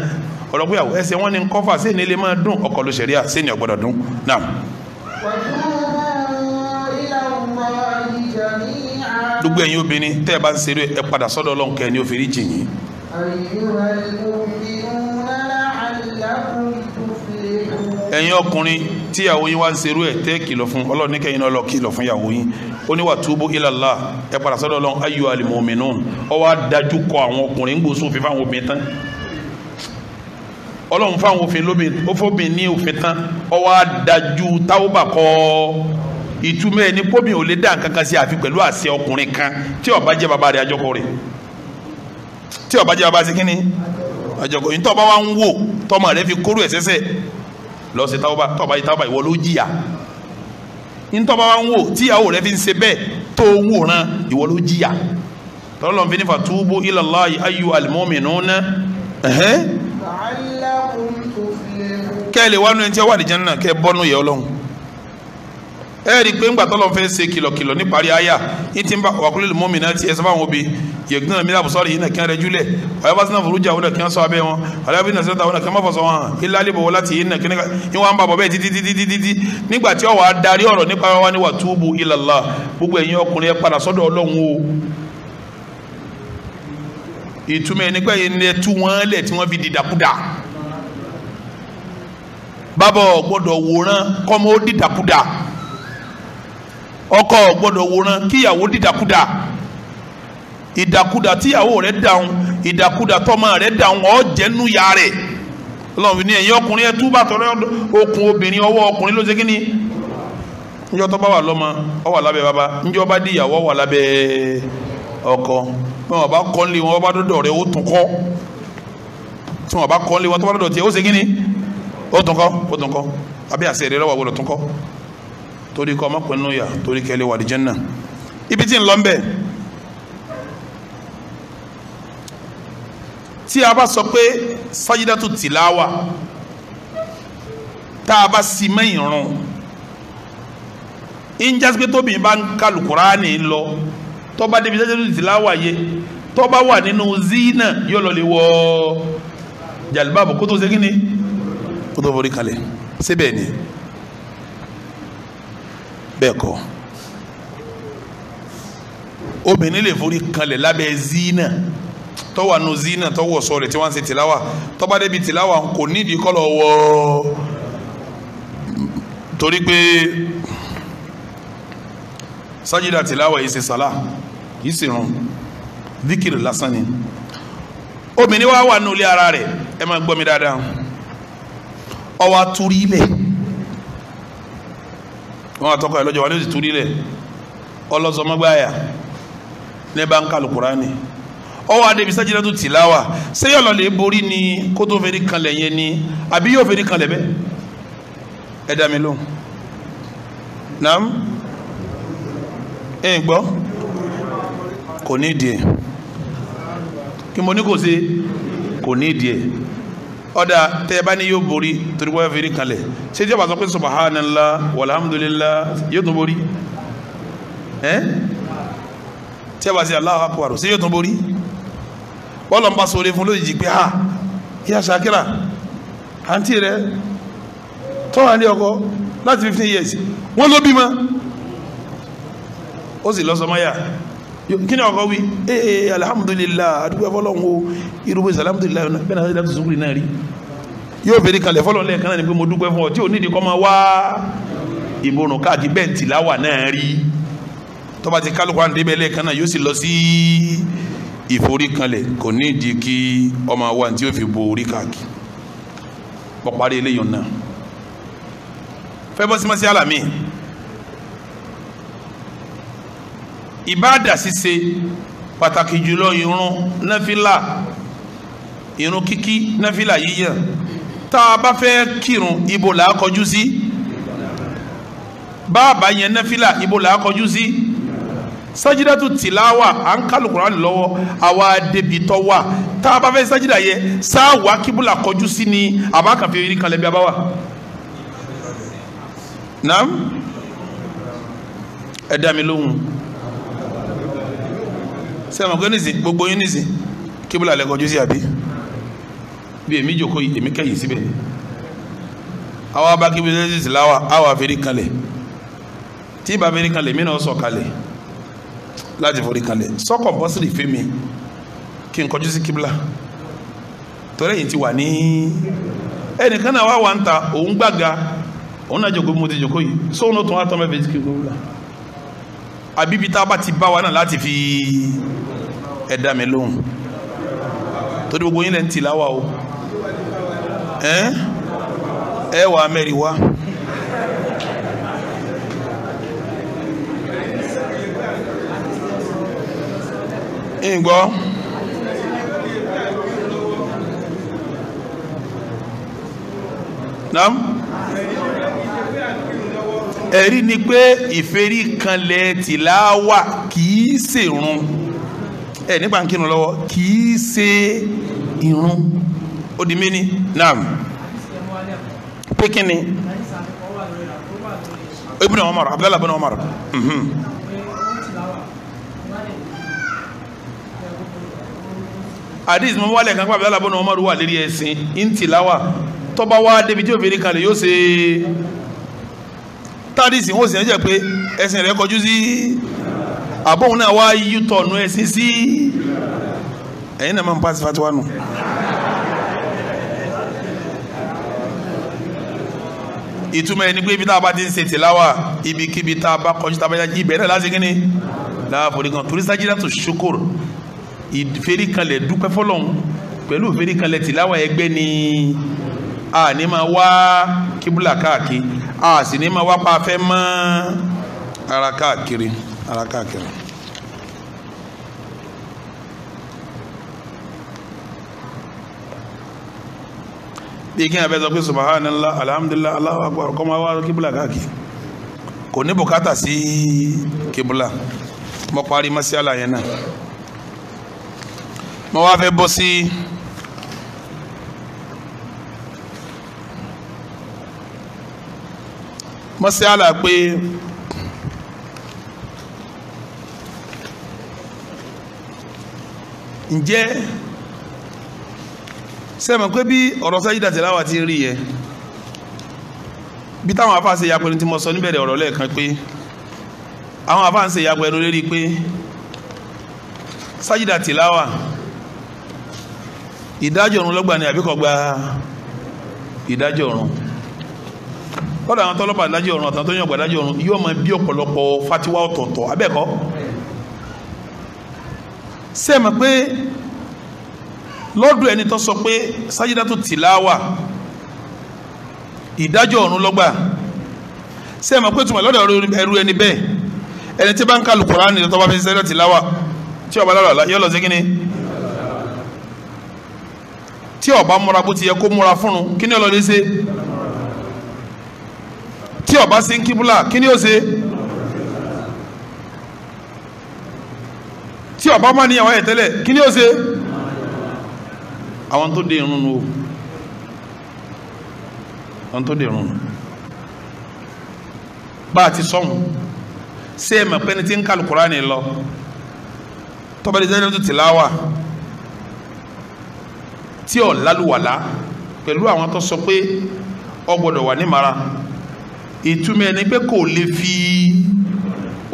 A: ọ̀rọ̀gbéyàwó ẹsẹ̀ wọn ni kọ́fà séènì lè máa dùn ọkọlu sẹ̀rí à séènì ọ̀gbọ́dọ̀ dùn náà. gbogbo ẹ̀yin obìnrin tẹ́ ẹ bá ń ṣeré ẹ padà sọ́dọ̀ Ọlọ́run kẹ́ ẹ ní òfin jìyìn.
B: àyùwẹ̀ ló ń bínú
A: ẹ̀yin ọkùnrin tí ìyàwó yín wá ń serú ẹ̀ tẹ́ kìlọ̀ fún ọlọ́run ní kẹ́yìn náà lọ kìlọ̀ fún ìyàwó yín ó ní wà túbú ilàlá ẹ padà sọ́dọ̀ ọlọ́run ayyu al-mu'minun ó wá dájú kọ àwọn ọkùnrin ń gbòòsùn òfin fáwọn obìnrin tán ọlọ́run fáwọn òfin lóbìn ó fóbìn ní òfin tán ó wá dájú táwọ́bà kọ́ ìtumọ̀ ẹni pómi ò lè dá nǹkan kan sí àfi pẹ̀lú àṣẹ ọkùnrin kan tí ó jẹ́ bàbá rẹ̀ àjọkọ rẹ̀ tí ó jẹ́ bàbá sí kínní àjọkọ yìí tó bá ń wò tọmọ rẹ̀ fi kóró ẹ̀ sẹ́sẹ́ lọ sí tawọ́ba tọ́ba yìí tawọ́ba ìwọ ló jìyà ntọ́ba wa ń wò tíyàwó rẹ fi ń ṣe bẹ́ẹ̀ tó ń wòran ìwọ ló jìyà tọ́lọ́n fi ní fàtúbù ilallahi ayyu al-mu'minuna kẹ́ẹ̀lẹ̀ wánú ẹni tí wà ní Janna kẹ́ẹ̀ bọ́nú yẹ ọlọ́run ẹ rí i pé ńgbà tọ́lọ́ fẹ́ ṣe kìlọ̀kìlọ̀ níparí àyà ní ti ń bá wàkúlẹ̀ lùmọ́mì náà ti ẹ̀ sábà wọn bi yẹ̀gbọ́n náà mílíọ̀nù sọ́ọ̀rì yìí náà kí wọ́n rẹ júlẹ̀ ọ̀yọ́ bá sinna furuja wọn náà kí wọ́n sọ abẹ́ wọn ọ̀yọ́ bí nàṣẹ́ ta wọn náà kí wọ́n fọ̀sọ̀ wọn ilé alẹ́ bọ̀wọ́ láti yìí náà kí wọ́n bá bọ̀ bẹ́ẹ̀ títítítítí nígbà tí ọwọ́ adarí ọ̀rọ̀ nípa wa ni wà túbú ilallah gbogbo ẹ̀yin ọkùnrin ẹ padà sọ́dọ̀ ọlọ́run o ìtumọ̀ ẹni pé ẹni ẹ tú wọn lẹ̀ tí wọ́n fi dìdàkudà bábọ̀ gbọ́dọ̀ wòran kọ́mọ́ ó dìdàkudà ọkọ gbọ́dọ̀ wòran kíyàwó dìdàkúdà ìdàkúdà tíyàwó rẹ̀ dàhùn ìdàkudà tọmọ rẹ̀ dàhùn ọ jẹnu ya rẹ̀ Ọlọ́run ní ẹ̀yin ọkùnrin ẹ túbà tọrẹ okùn obìnrin ọwọ́ ọkùnrin ló ṣe kí ni bá wà ọ wà bàbá di ìyàwó wà ọkọ bí wọn bá kọ́ nílé wọn bá ó tún kọ́ tí wọn bá kọ́ nílé wọn tó bá ó ṣe kí ni ó tún kọ́ ó tún kọ́ àṣẹ torí kọ́ ọmọkùnrin yà torí kẹ́lẹ́ wà àlìjẹ́nà ibi tí ń lọ bẹ́ẹ̀ tí a bá sọ pé sajidatu tìláwà tá a bá si mẹ́yìn rún injásí pé tóbi bá ń ka lùkùránì lọ tó bá débi sajidatu tìláwà yẹ tó wà nínú zina yóò lọ lè wọ jàlúbàbù kó tó ni kó forí kalẹ̀ síbẹ̀ ni bẹ́ẹ̀ kọ́ obìnrin lè forí kanlẹ̀ lábẹ́ zina tọ́wà nù zina tọ́wọ́ sọ̀rọ̀ tí wọ́n ń ṣe tìláwà tọ́ba débi tìláwà kò nídìí kọ́lọ̀ wọ́ torí pé sájídà tìláwà yìí ṣe sàlá yìí sì rún díkìrì lásán ni obìnrin wa wà nù ilé ara rẹ̀ ẹ máa gbọ́ mi dáadáa ọwọ́ atúrí ilẹ̀ wọn àtọ́kọ̀ ẹ̀lọ́jọ́ wa ní òsì túrílẹ̀ ọlọ́sọmọgbáyà ní bá ń kàlù kùránì ọwọ́ adébi sájìlá tó tì láwà ṣé yọ̀ lọ́lẹ̀ borí ni kó tó fẹ́rí kanlẹ̀ yẹn ni àbí yóò fẹ́rí kanlẹ̀ bẹ́ ẹ dá mi lóhùn naam ẹ ń gbọ́ kò ní ìdí kí mo ní kò sí kò ní ìdí ọ̀dà tẹ́ ẹ bá ní yóò borí torí wọ́n fi rí kanlẹ̀ ṣé jẹ́ wàá sọ pé subhanallah walhamdulillah yóò tún borí ẹ́ tẹ́ wàá sí Allahu akbar ṣé yóò tún borí bọ́ọ̀lù ń bá sọ̀rọ̀ fún lójijì pé ha yíyá ṣakira àǹtí rẹ tọ́wọ́ àlẹ́ ọkọ láti fifteen years wọ́n ló bímọ ó sì lọ́sọmọ́yà kí ni ọkọ wí ee eh, eh, alhamdulillah adúgbò fọlọ́n o irúgbó sẹ alhamdulillah bẹ́ẹ̀ náà láti sùkúrì náà nari. yóò fèrè kalẹ̀ fọlọ́n lẹ́ẹ̀kan náà ni pé mo dúpẹ́ fún ọ tí ò nídìí kọ́ máa wá ìmọ̀ràn káàdì bẹ́ẹ̀ tìláwà náà rí tọ́ba ti kálukú àwọn débẹ̀ lẹ́ẹ̀kan náà yóò sì lọ sí ìforíkanlẹ̀ kò nídìí kí ọmọ wa tí ó fi bo orí káàkiri pọ̀ parí eléyìí náà fẹ́ bọ́ sí ìbáàdà ṣíṣe pàtàkì jùlọ irun náfìlà irun kíkí náfìlà yíyàn tá a bá fẹ́ kírun ibo là á kọjú sí bá a bá yẹn náfìlà ibo là á kọjú sí sajidatu tilawa à ń kálu kuran lọ́wọ́ àwa débi wa tá a bá fẹ́ sajida yẹ sáà wá kọjú sí ni àbá kàn fi yiri kalẹ̀ bí a bá wà. naam ẹ dá mi lóhùn sẹ́yìn ọ̀gá nìsín gbogbo yín nìsín kíbùlà lẹ́kọ̀ọ́ jósì àbí bí èmi jòkó yìí èmi kẹ́yìn síbẹ̀ àwa bá kíbùlà lẹ́sìn láwa àwa fèrè kanlẹ̀ tí ìbá fèrè kanlẹ̀ mí náà sọ̀ kalẹ̀ láti forí kanlẹ̀ sọ́kọ̀ bọ́sìlì fẹ́mi kí n kọjú sí kíbùlà torí èyí ti wà ní ẹnìkan náà wà wà ń ta òun gbàga òun náà jòkó mo ti jòkó yìí sóun náà tún wà tán mẹ́fẹ̀ẹ́ sí kíbùlà àbíbi tá a bá ti bá wa náà láti fi ẹ dá mi lóhùn torí gbogbo yín lẹ́ ń tìláwà o ẹ wà mẹ́rin wá. ìgbọ́ naam ẹ̀rí ni pé ìfẹ́rí kanlẹ̀ tìláwà kì í ṣe irun ẹ̀ nígbà ń kírun lọ́wọ́ kì í ṣe irun ó di mí ní naam pé kí ni ibn Umar abdallah ibn Umar. Mm-hmm. hadith mọ wálẹ̀ kan pàbí alábọ́nà Umar wà lérí ẹ̀sìn ń tìláwà tọ́ba débi tí òfin kan lè yóò ṣe tádìsì wọn ò sì ní jẹ́ pé ẹsìn rẹ̀ kọjú sí àbóhun náà wá yútọ̀nù ẹsìn sí ẹ̀yin náà máa ń pàṣẹ fatiwa nù. ìtumọ̀ ẹni pé ibi tá a bá ti ń ṣe tìláwà ibikíbi tá a bá kọjú tá a bá yájú ibẹ̀ náà láti kíni láàbòrí kan torí sájídà tó ṣokòr ìfẹ́rí kanlẹ̀ dúpẹ́ fọlọ́n pẹ̀lú ìfẹ́rí kanlẹ̀ tìláwà ẹgbẹ́ ni a ní máa wá kíbùlà káàkiri a sì ní máa wá pa afẹ́ mọ́ ara káàkiri ara káàkiri. bí kí n abẹ́ sọ pé subhanallah alhamdulillah Allahu akbar kọ́ máa wá kíbùlà káàkiri kò ní bùkátà sí kíbùlà mo parí mọ́sí àlàyé náà mo wá fẹ́ bọ́ sí. Si, mọ́sálà pé ǹjẹ́ sẹ́mọ̀ pé bí ọ̀rọ̀ sájídà tìláwà ti rí yẹ bí táwọn afáàṣe yapẹnu tí mo sọ níbẹ̀rẹ̀ ọ̀rọ̀ lẹ́ẹ̀kan pé àwọn afáàṣe yapẹnu lérí pé sájídà tìláwà ìdájọ́ ọ̀run lọ́gbà ni àbíkọ̀ gba ìdájọ́ kọ́dà àwọn tọ́lọ́pàá adájọ́ ọ̀run àtàwọn tó yàn gbàdájọ́ ọ̀run yóò máa bí ọ̀pọ̀lọpọ̀ fatiwa ọ̀tọ̀ọ̀tọ̀ abẹ́ẹ̀kọ́ ṣé ẹ mọ̀ pé lọ́dọ̀ ẹni tó sọ pé sájídátù tìláwà ìdájọ́ ọ̀run lọ́gbà ṣé ẹ mọ̀ pé tùmọ̀ lọ́dọ̀ ẹrú ẹni bẹ́ẹ̀ ẹni tí bá ń kálù Kùránì tó bá fi sájídátù tìláwà tí ọba lọ́rọ̀ yọ lọ sí kínní tí ọba múra bó ti yẹ kí ni ọlọ́dẹ tí ó bá sí ń kíbúlà kí ni ó ṣe tí ó bá níyàwó ẹ̀ tẹ́lẹ̀ kí ni ó ṣe àwọn tó dé irun nu o àwọn tó dé irun nu bá a ti sọ̀hún ṣé ẹ mọ̀ pé ní ti ń kálukú rání lọ tọ́ba ní sẹ́yìn tó ti láwà tí ọ̀ lálùwàlá pẹ̀lú àwọn tó sọ pé ọ gbọ́dọ̀ wà ní mara. ìtumọ̀ ẹni pé kò lè fi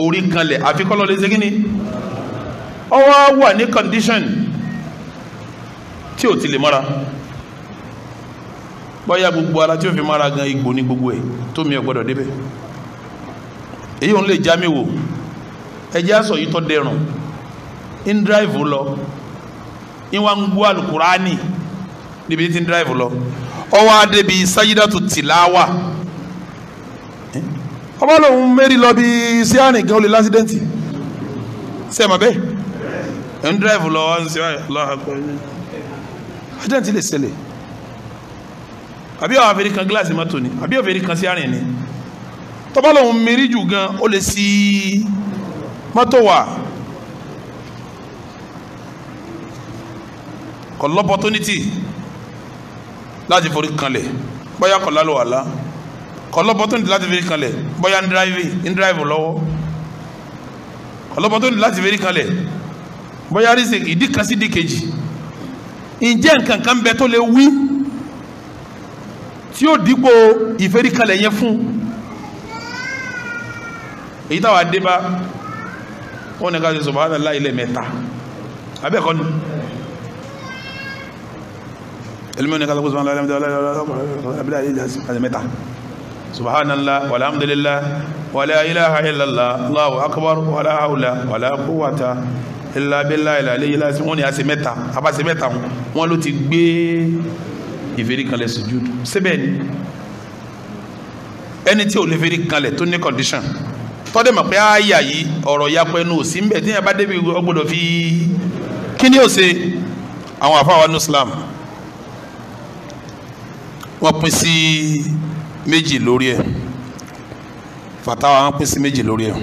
A: orí kanlẹ̀ àfi kọ́ lọ lè segin ni ọ wà ní condition tí ò ti lè mọ́ra bóyá gbogbo ara tí ó fi mọ́ra gan igbó ní gbogbo ẹ̀ tó mi ò gbọ́dọ̀ débẹ̀ èyí òun lè já mi wò ẹjẹ́ àsọ yìí tọ́ dẹrùn ń drive lọ ń wá ń gbọ́ alukurani níbi tí ń drive lọ ọ wá débi sayidatu tìláwà. ọba lòun mẹ́rin lọ bí sí àrìn gan olè lásìdẹ́ǹtì sí ẹ̀ mọ̀ bẹ́ẹ̀ ẹ̀ ń dírẹ́fù lọ wá ń sí ọlọ́ọ̀kọ́ àdẹ́ǹtì lè ṣẹlẹ̀ àbí àwọn afẹ́rí kan gíláàsì mọ́tò ni àbí àfẹ́rí kan sí àrìn ni tọ́ba lòun mẹ́rin jù gan ó lè sí mọ́tò wà kọ̀ lọ́pọ̀tónítì láti forí kanlẹ̀ bóyá kọ̀ lálọ́ lá kọlọ́bọ tó ní láti fèrè kanlẹ̀ bóyá ń dráìvì ń dráìvì lọ́wọ́ kọlọ́bọ tó ní láti fèrè kanlẹ̀ bóyá rísè ìdí kan sí ìdí kejì ǹjẹ́ nǹkan kan bẹ tó lè wí tí ó dípò ìfèrè kanlẹ̀ yẹn fún èyí táwa dé bá wọn ní ká ṣe subhanallahi lẹ́ẹ̀mẹ́ta abẹ́ẹ̀kọ́ ni ẹlẹ́mẹ́ta ní ká ṣe subhanallahi lẹ́ẹ̀mẹ́ta subhanallah walhamdulillah wala ilaha illallah allahu akbar wala hawla wala quwwata illa billahi ìlàlẹ́ ilá sí wọ́n ni a ṣe mẹ́ta a bá ṣe mẹ́ta wọn ló ti gbé ìfèrí kanlẹ̀ sùjúdù síbẹ̀ ni ẹni tí ò lè fèrí kanlẹ̀ tó ní condition tọ́dẹ̀ mọ̀ pé àyà yìí ọ̀rọ̀ yapẹ́ nù sí ń bẹ̀ tí yẹn bá débi ọgbọ́dọ̀ fi kí ni ó àwọn àfáwọn islam wọ́n pín sí méjì lórí ẹ̀ fatawa wọn pín sí méjì lórí ẹ̀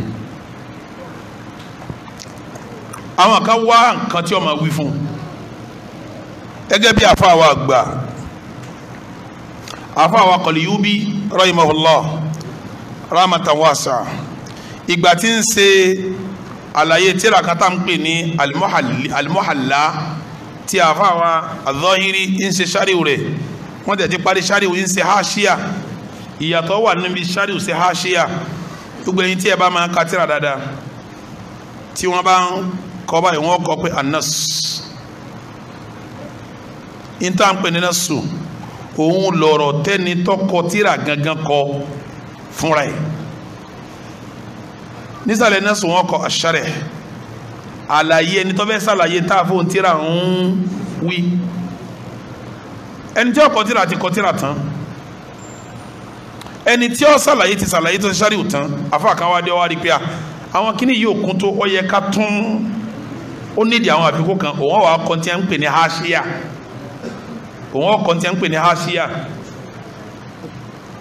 A: àwọn kan wá nǹkan tí wọ́n máa wí fún gẹ́gẹ́ bí àfa wa gbà àfa wa Qalyubi rahimahullah rahmatan wasa ìgbà tí ń ṣe àlàyé tíra kan ń pè ní al tí àfa wa adh ń ṣe ṣáríwò rẹ̀ wọ́n tẹ̀ ti parí ṣáríwò ń ṣe háṣíà ìyàtọ̀ wà níbi ṣáàdì ṣe háṣíà gbogbo ẹyin tí ẹ bá máa ka tíra dáadáa tí wọ́n bá ń kọ báyìí wọ́n kọ pé anas níta ń pè ní nasu òun lọ̀rọ̀ tẹ́ni tọkọ tíra gangan kọ fúnra ẹ̀ nísàlẹ̀ nasu wọ́n kọ àṣàrẹ̀ àlàyé ẹni tó fẹ́ sàlàyé tá tíra ń wí ẹni tí ọkọ tíra ti kọ tíra tán ẹni tí ó ṣàlàyé ti ṣàlàyé tó ti sáré òtán àfa kan wá dé wá rí pé àwọn kíní yìí ò kún tó ó yẹ ká tún ó nídìí àwọn àfikún kan òun àwọn akọ̀ntì à ń pè ní haṣíà òun ọkọ̀ntì à ń pè ní haṣíà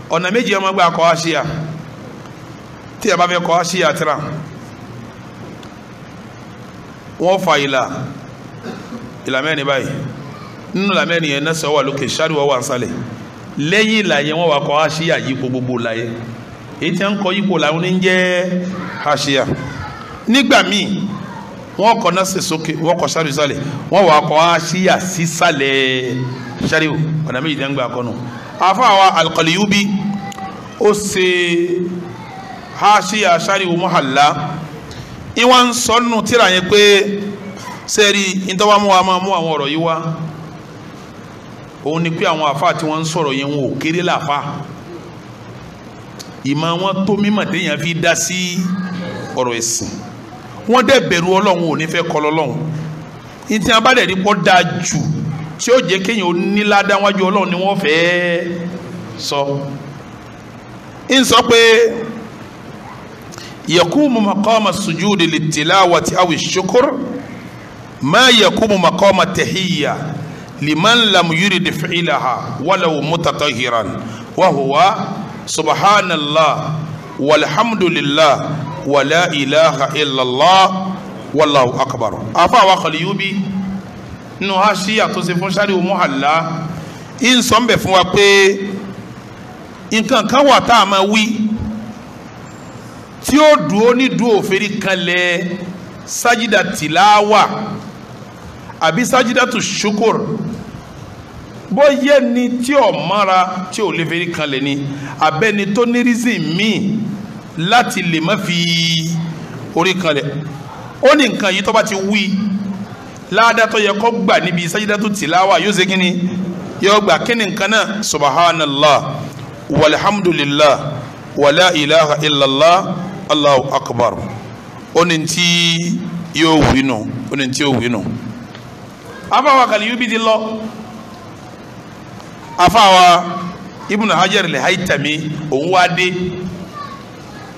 A: ọ̀nà méjì ọmọ ẹgbẹ́ akọ̀ haṣíà tí a bá fẹ́ kọ́ haṣíà tíra wọ́n fa ìlà ìlà mẹ́rin báyìí nínú ìlà mẹ́rin yẹn náà sọ wà lókè ṣáàrì wọ́n wà ń sálẹ̀ lẹ́yìn ìlàyé wọn wà kọ́ àṣìyà yípo gbogbo láyé èyí tí wọ́n ń kọ́ yípo làwọn ní jẹ́ àṣìyà nígbà míì wọ́n kọ́ náà sè sókè wọ́n kọ́ sáré sálẹ̀ wọ́n wà kọ́ àṣìyà sí sálẹ̀ sáré o ọ̀nà méjì dẹ́ngbà kọ́nù àfọwọ́ Al-Qalyubi ó ṣe àṣìyà sáré o mọ́hàlá ìwọ̀n sọ́nù tíra yẹn pé sẹ́ẹ̀rì ìtọ́wámú máa mú àwọn ọ̀rọ̀ yìí wá òun ni pé àwọn àfáà tí wọ́n ń sọ̀rọ̀ yẹn wọn ò kéré làfà ìmọ̀ wọn tó mímọ̀ téèyàn fi dá sí ọ̀rọ̀ ẹ̀sìn wọ́n dẹ̀ bẹ̀rù ọlọ́run ò ní fẹ́ kọ́ lọ́lọ́run ìtì abádẹ́rì pọ̀ dáa jù tí ó jẹ́ kéèyàn ó ní ládáwájú ọlọ́run ni wọ́n fẹ́ sọ ń sọ pé yakumu maqama sujudi litilawati awi shukur ma yakumu maqama tahiyya liman lam yurid fi'laha walaw mutatahiran wa huwa subhanallah walhamdulillah wala ilaha illallah wallahu akbar afa wa khaliyubi nu hashiya tó ṣe fún shari muhalla in so nbe fún wa pé nǹkan kan wà tá ma wí tí ó dúró ní dúró feri kan le sajida tilawa àbí sájídàtù ṣukur bóyá ni tí ò Mara, tí ò lè fi kan lè ní abẹ́ni tó ní rízì míì láti lè má fi orí kan lẹ̀ ó ní nǹkan yìí tó bá ti wí láàdá tó yẹ kó gbà níbi sájídàtù tìláwà yóò ṣe kíni yóò gbà kíni nǹkan náà subhanallah walhamdulillah wala ilaha illallah allahu akbar ó ní tí yóò wí nù ó ní tí yóò wí nù afáwa kàlíyúbí ti lọ afáwa ibùnà hajar lè haitami òun wá dé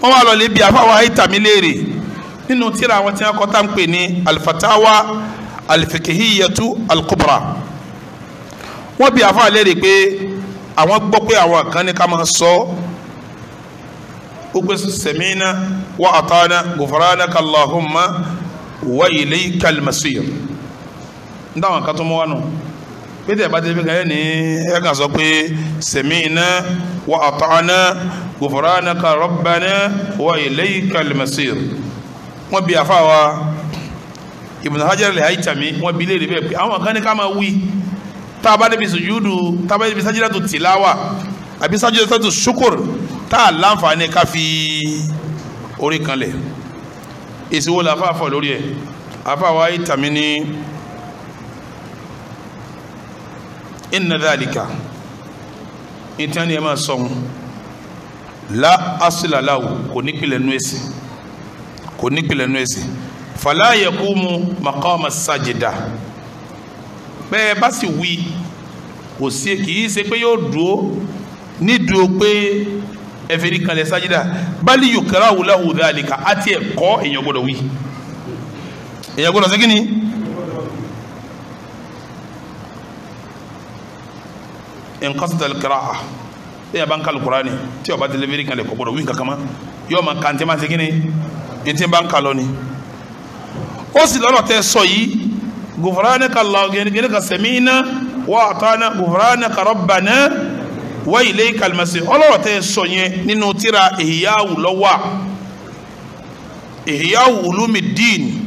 A: wọn wá lọ lè bi afáwa haitami léèrè nínú tíra àwọn tí wọn kọ tá ní alifatawa alifikihiyatu alikubra wọn bi afáwa léèrè pé àwọn gbọ́ pé àwọn kan ní ká máa sọ ó pé sẹ̀mínà wà àtàna gòfàránà kàlàhùnmá wà ilayka almasir n táwọn kan tó mú wá nù pété ìbá tẹ́lẹ̀ kan yẹn ní ẹ kàn sọ pé sami'na wa ata'na ghufranaka rabbana wa ilaykal masir wọ́n bi àfa wa Ibn Hajar al-Haytami wọ́n bi léèrè bẹ́ẹ̀ pé àwọn kan ní ká máa wí tá a bá débi sùjúdù tá a bá débi sajidatu tìláwà àbí sajidatu ṣukur tá a láǹfààní ká fi orí kan lẹ̀ èsì wo la fa àfọ̀ lórí ẹ̀ àfa wa Haytami ni. inna dhalika ìtàn ni ẹ máa la asilalahu kò ní pilẹ̀ nú ẹ̀sìn kò ní fala yaqumu maqama sajida bẹ́ẹ̀ bá sì wí kò sí kì í ṣe pé yóò dúró ní dúró pé ẹ̀fẹ̀rí kanlẹ̀ sájídà bali yukrahu lahu dhalika ati e èèyàn gbọ́dọ̀ wí èèyàn gbọ́dọ̀ ṣe kí ni. nkɔsitɛli kira a e yɛ ban kali kurani tí o bá tẹlɛ biri kan lè kɔkɔrɔ wí kankama yóò ma kan tẹ́má segin ni e ti ban kalɔ ni o sì lọ́rọ̀ tẹ sọ yìí gufurani ka lọ gẹ́gẹ́ ka sẹ́mìnà wà á tọ́nà gufurani ka rọ́bànà wà ilé kalimasi ọlọ́rọ̀ tẹ sọ yẹn nínú tírà ìhìyàwó lọ́wọ́ ulumi dín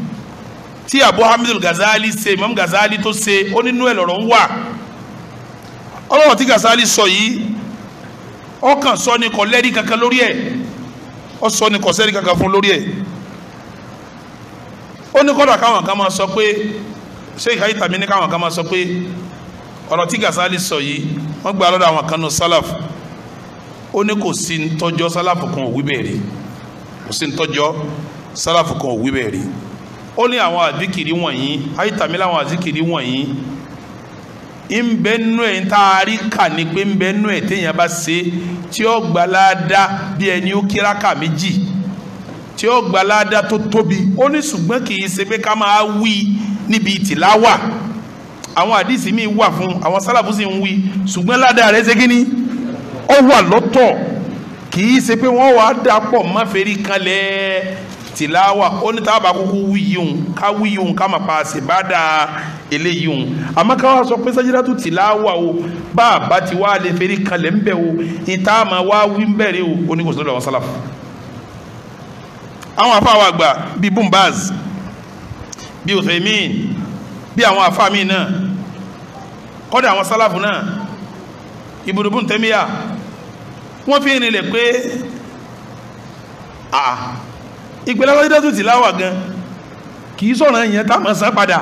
A: tí abu hamidul gazali ṣe imam gazali tó ṣe ó ọlọ́run tí Gazali sọ yìí ọkàn sọ ni kò lẹ́rí kankan lórí ẹ̀ ọ sọ ni kò sẹ́rí kankan fún lórí ẹ̀ ó ní kọ́dà káwọn kan máa sọ pé Sheikh ayé tàbí ní káwọn kan máa sọ pé ọ̀rọ̀ tí Gazali sọ yìí wọ́n gba lọ́dọ̀ àwọn kan nù sálàf ó ní kò sí ntọ́jọ́ sálàf kan òwí bẹ́ẹ̀ rí kò sí ntọ́jọ́ sálàf kan òwí bẹ́ẹ̀ rí ó ní àwọn àdìkìrí wọ̀nyí ayé tàbí láwọn wọ̀nyí nbẹnu ẹ ntaari kà ní pé nbẹnu ẹ téèyàn bá ṣe tí ó gbalada bí ẹni ó kíráka méjì tí ó gbalada tó tóbi ó ní ṣùgbọ́n kì í ṣe pé ká máa wí níbi tìláwà àwọn àdìsí mi wà fún àwọn sálàfù sì ń wí ṣùgbọ́n ládàá rẹ̀ ṣe ni ó wà lọ́tọ̀ kì í ṣe pé wọ́n wàá dà pọ̀ máfẹ́rí kanlẹ̀ tìláwà ó ní tábà kúkú wí yìí òun ká wí yìí òun ká máa pa àṣẹ bá dáa eléyìí òun àmọ́ ká wá sọ pé sájídátù tìláwà o bá a bá ti wá lè fẹ́rí kalẹ̀ ń bẹ̀ o ìta àmọ́ wá wí ń bẹ̀rẹ̀ o oníkòsó lọ́wọ́ sálàfù. àwọn afá wa gbà bíi bumbaz bíi Uthaymin bíi àwọn afá mi náà kọ́dà àwọn sálàfù náà Ibn Taymiya wọ́n fi ìrìnlẹ̀ pé ìpínlẹ̀ sájídátù tìláwà gan kì í sọ̀rọ̀ yẹn tá a padà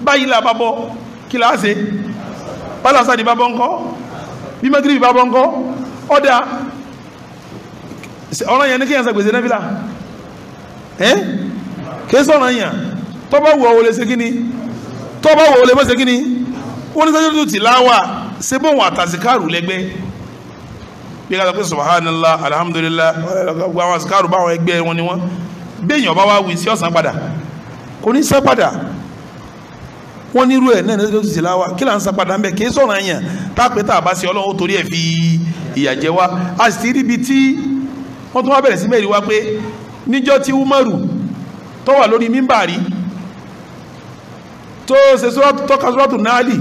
A: báyìí là bá bọ́ kí là á ṣe pálásádì bá bọ́ ńkọ́ bí mẹ́gírì bá bọ́ ńkọ́ ọ̀dà ọ̀rọ̀ yẹn ní kéèyàn ṣe gbèsè náfìlà ẹ́ kéè sọ̀rọ̀ yẹn tọ́ba wù ọ̀wọ́ lè ṣe kíni tọ́ba wù ọ̀wọ́ lè má wọ́n ní sájọ́ ti láwà ṣe bọ́ wọn àtàzíkàrù lẹ́gbẹ́ bí ká sọ subhanallah alhamdulillah gbogbo àwọn àzíkàrù báwọn ẹgbẹ́ wọn ni wọ́n bẹ́ẹ̀ yàn bá wá wí sí ọ̀sán padà kò ní sẹ́ padà wọ́n nírú ẹ̀ náà nígbà tó ti là wá kí là ń sa padà ń bẹ̀ kí é sọ̀rọ̀ àyàn tá a pé tá a bá ṣe ọlọ́run torí ẹ̀ fi ìyà jẹ wá a sì ti rí ibi tí wọ́n tún wá bẹ̀rẹ̀ sí mẹ́rin wá pé níjọ́ tí Umaru tó wà lórí mímbàrí tó ṣe tọ́ka sọ́tù náàlì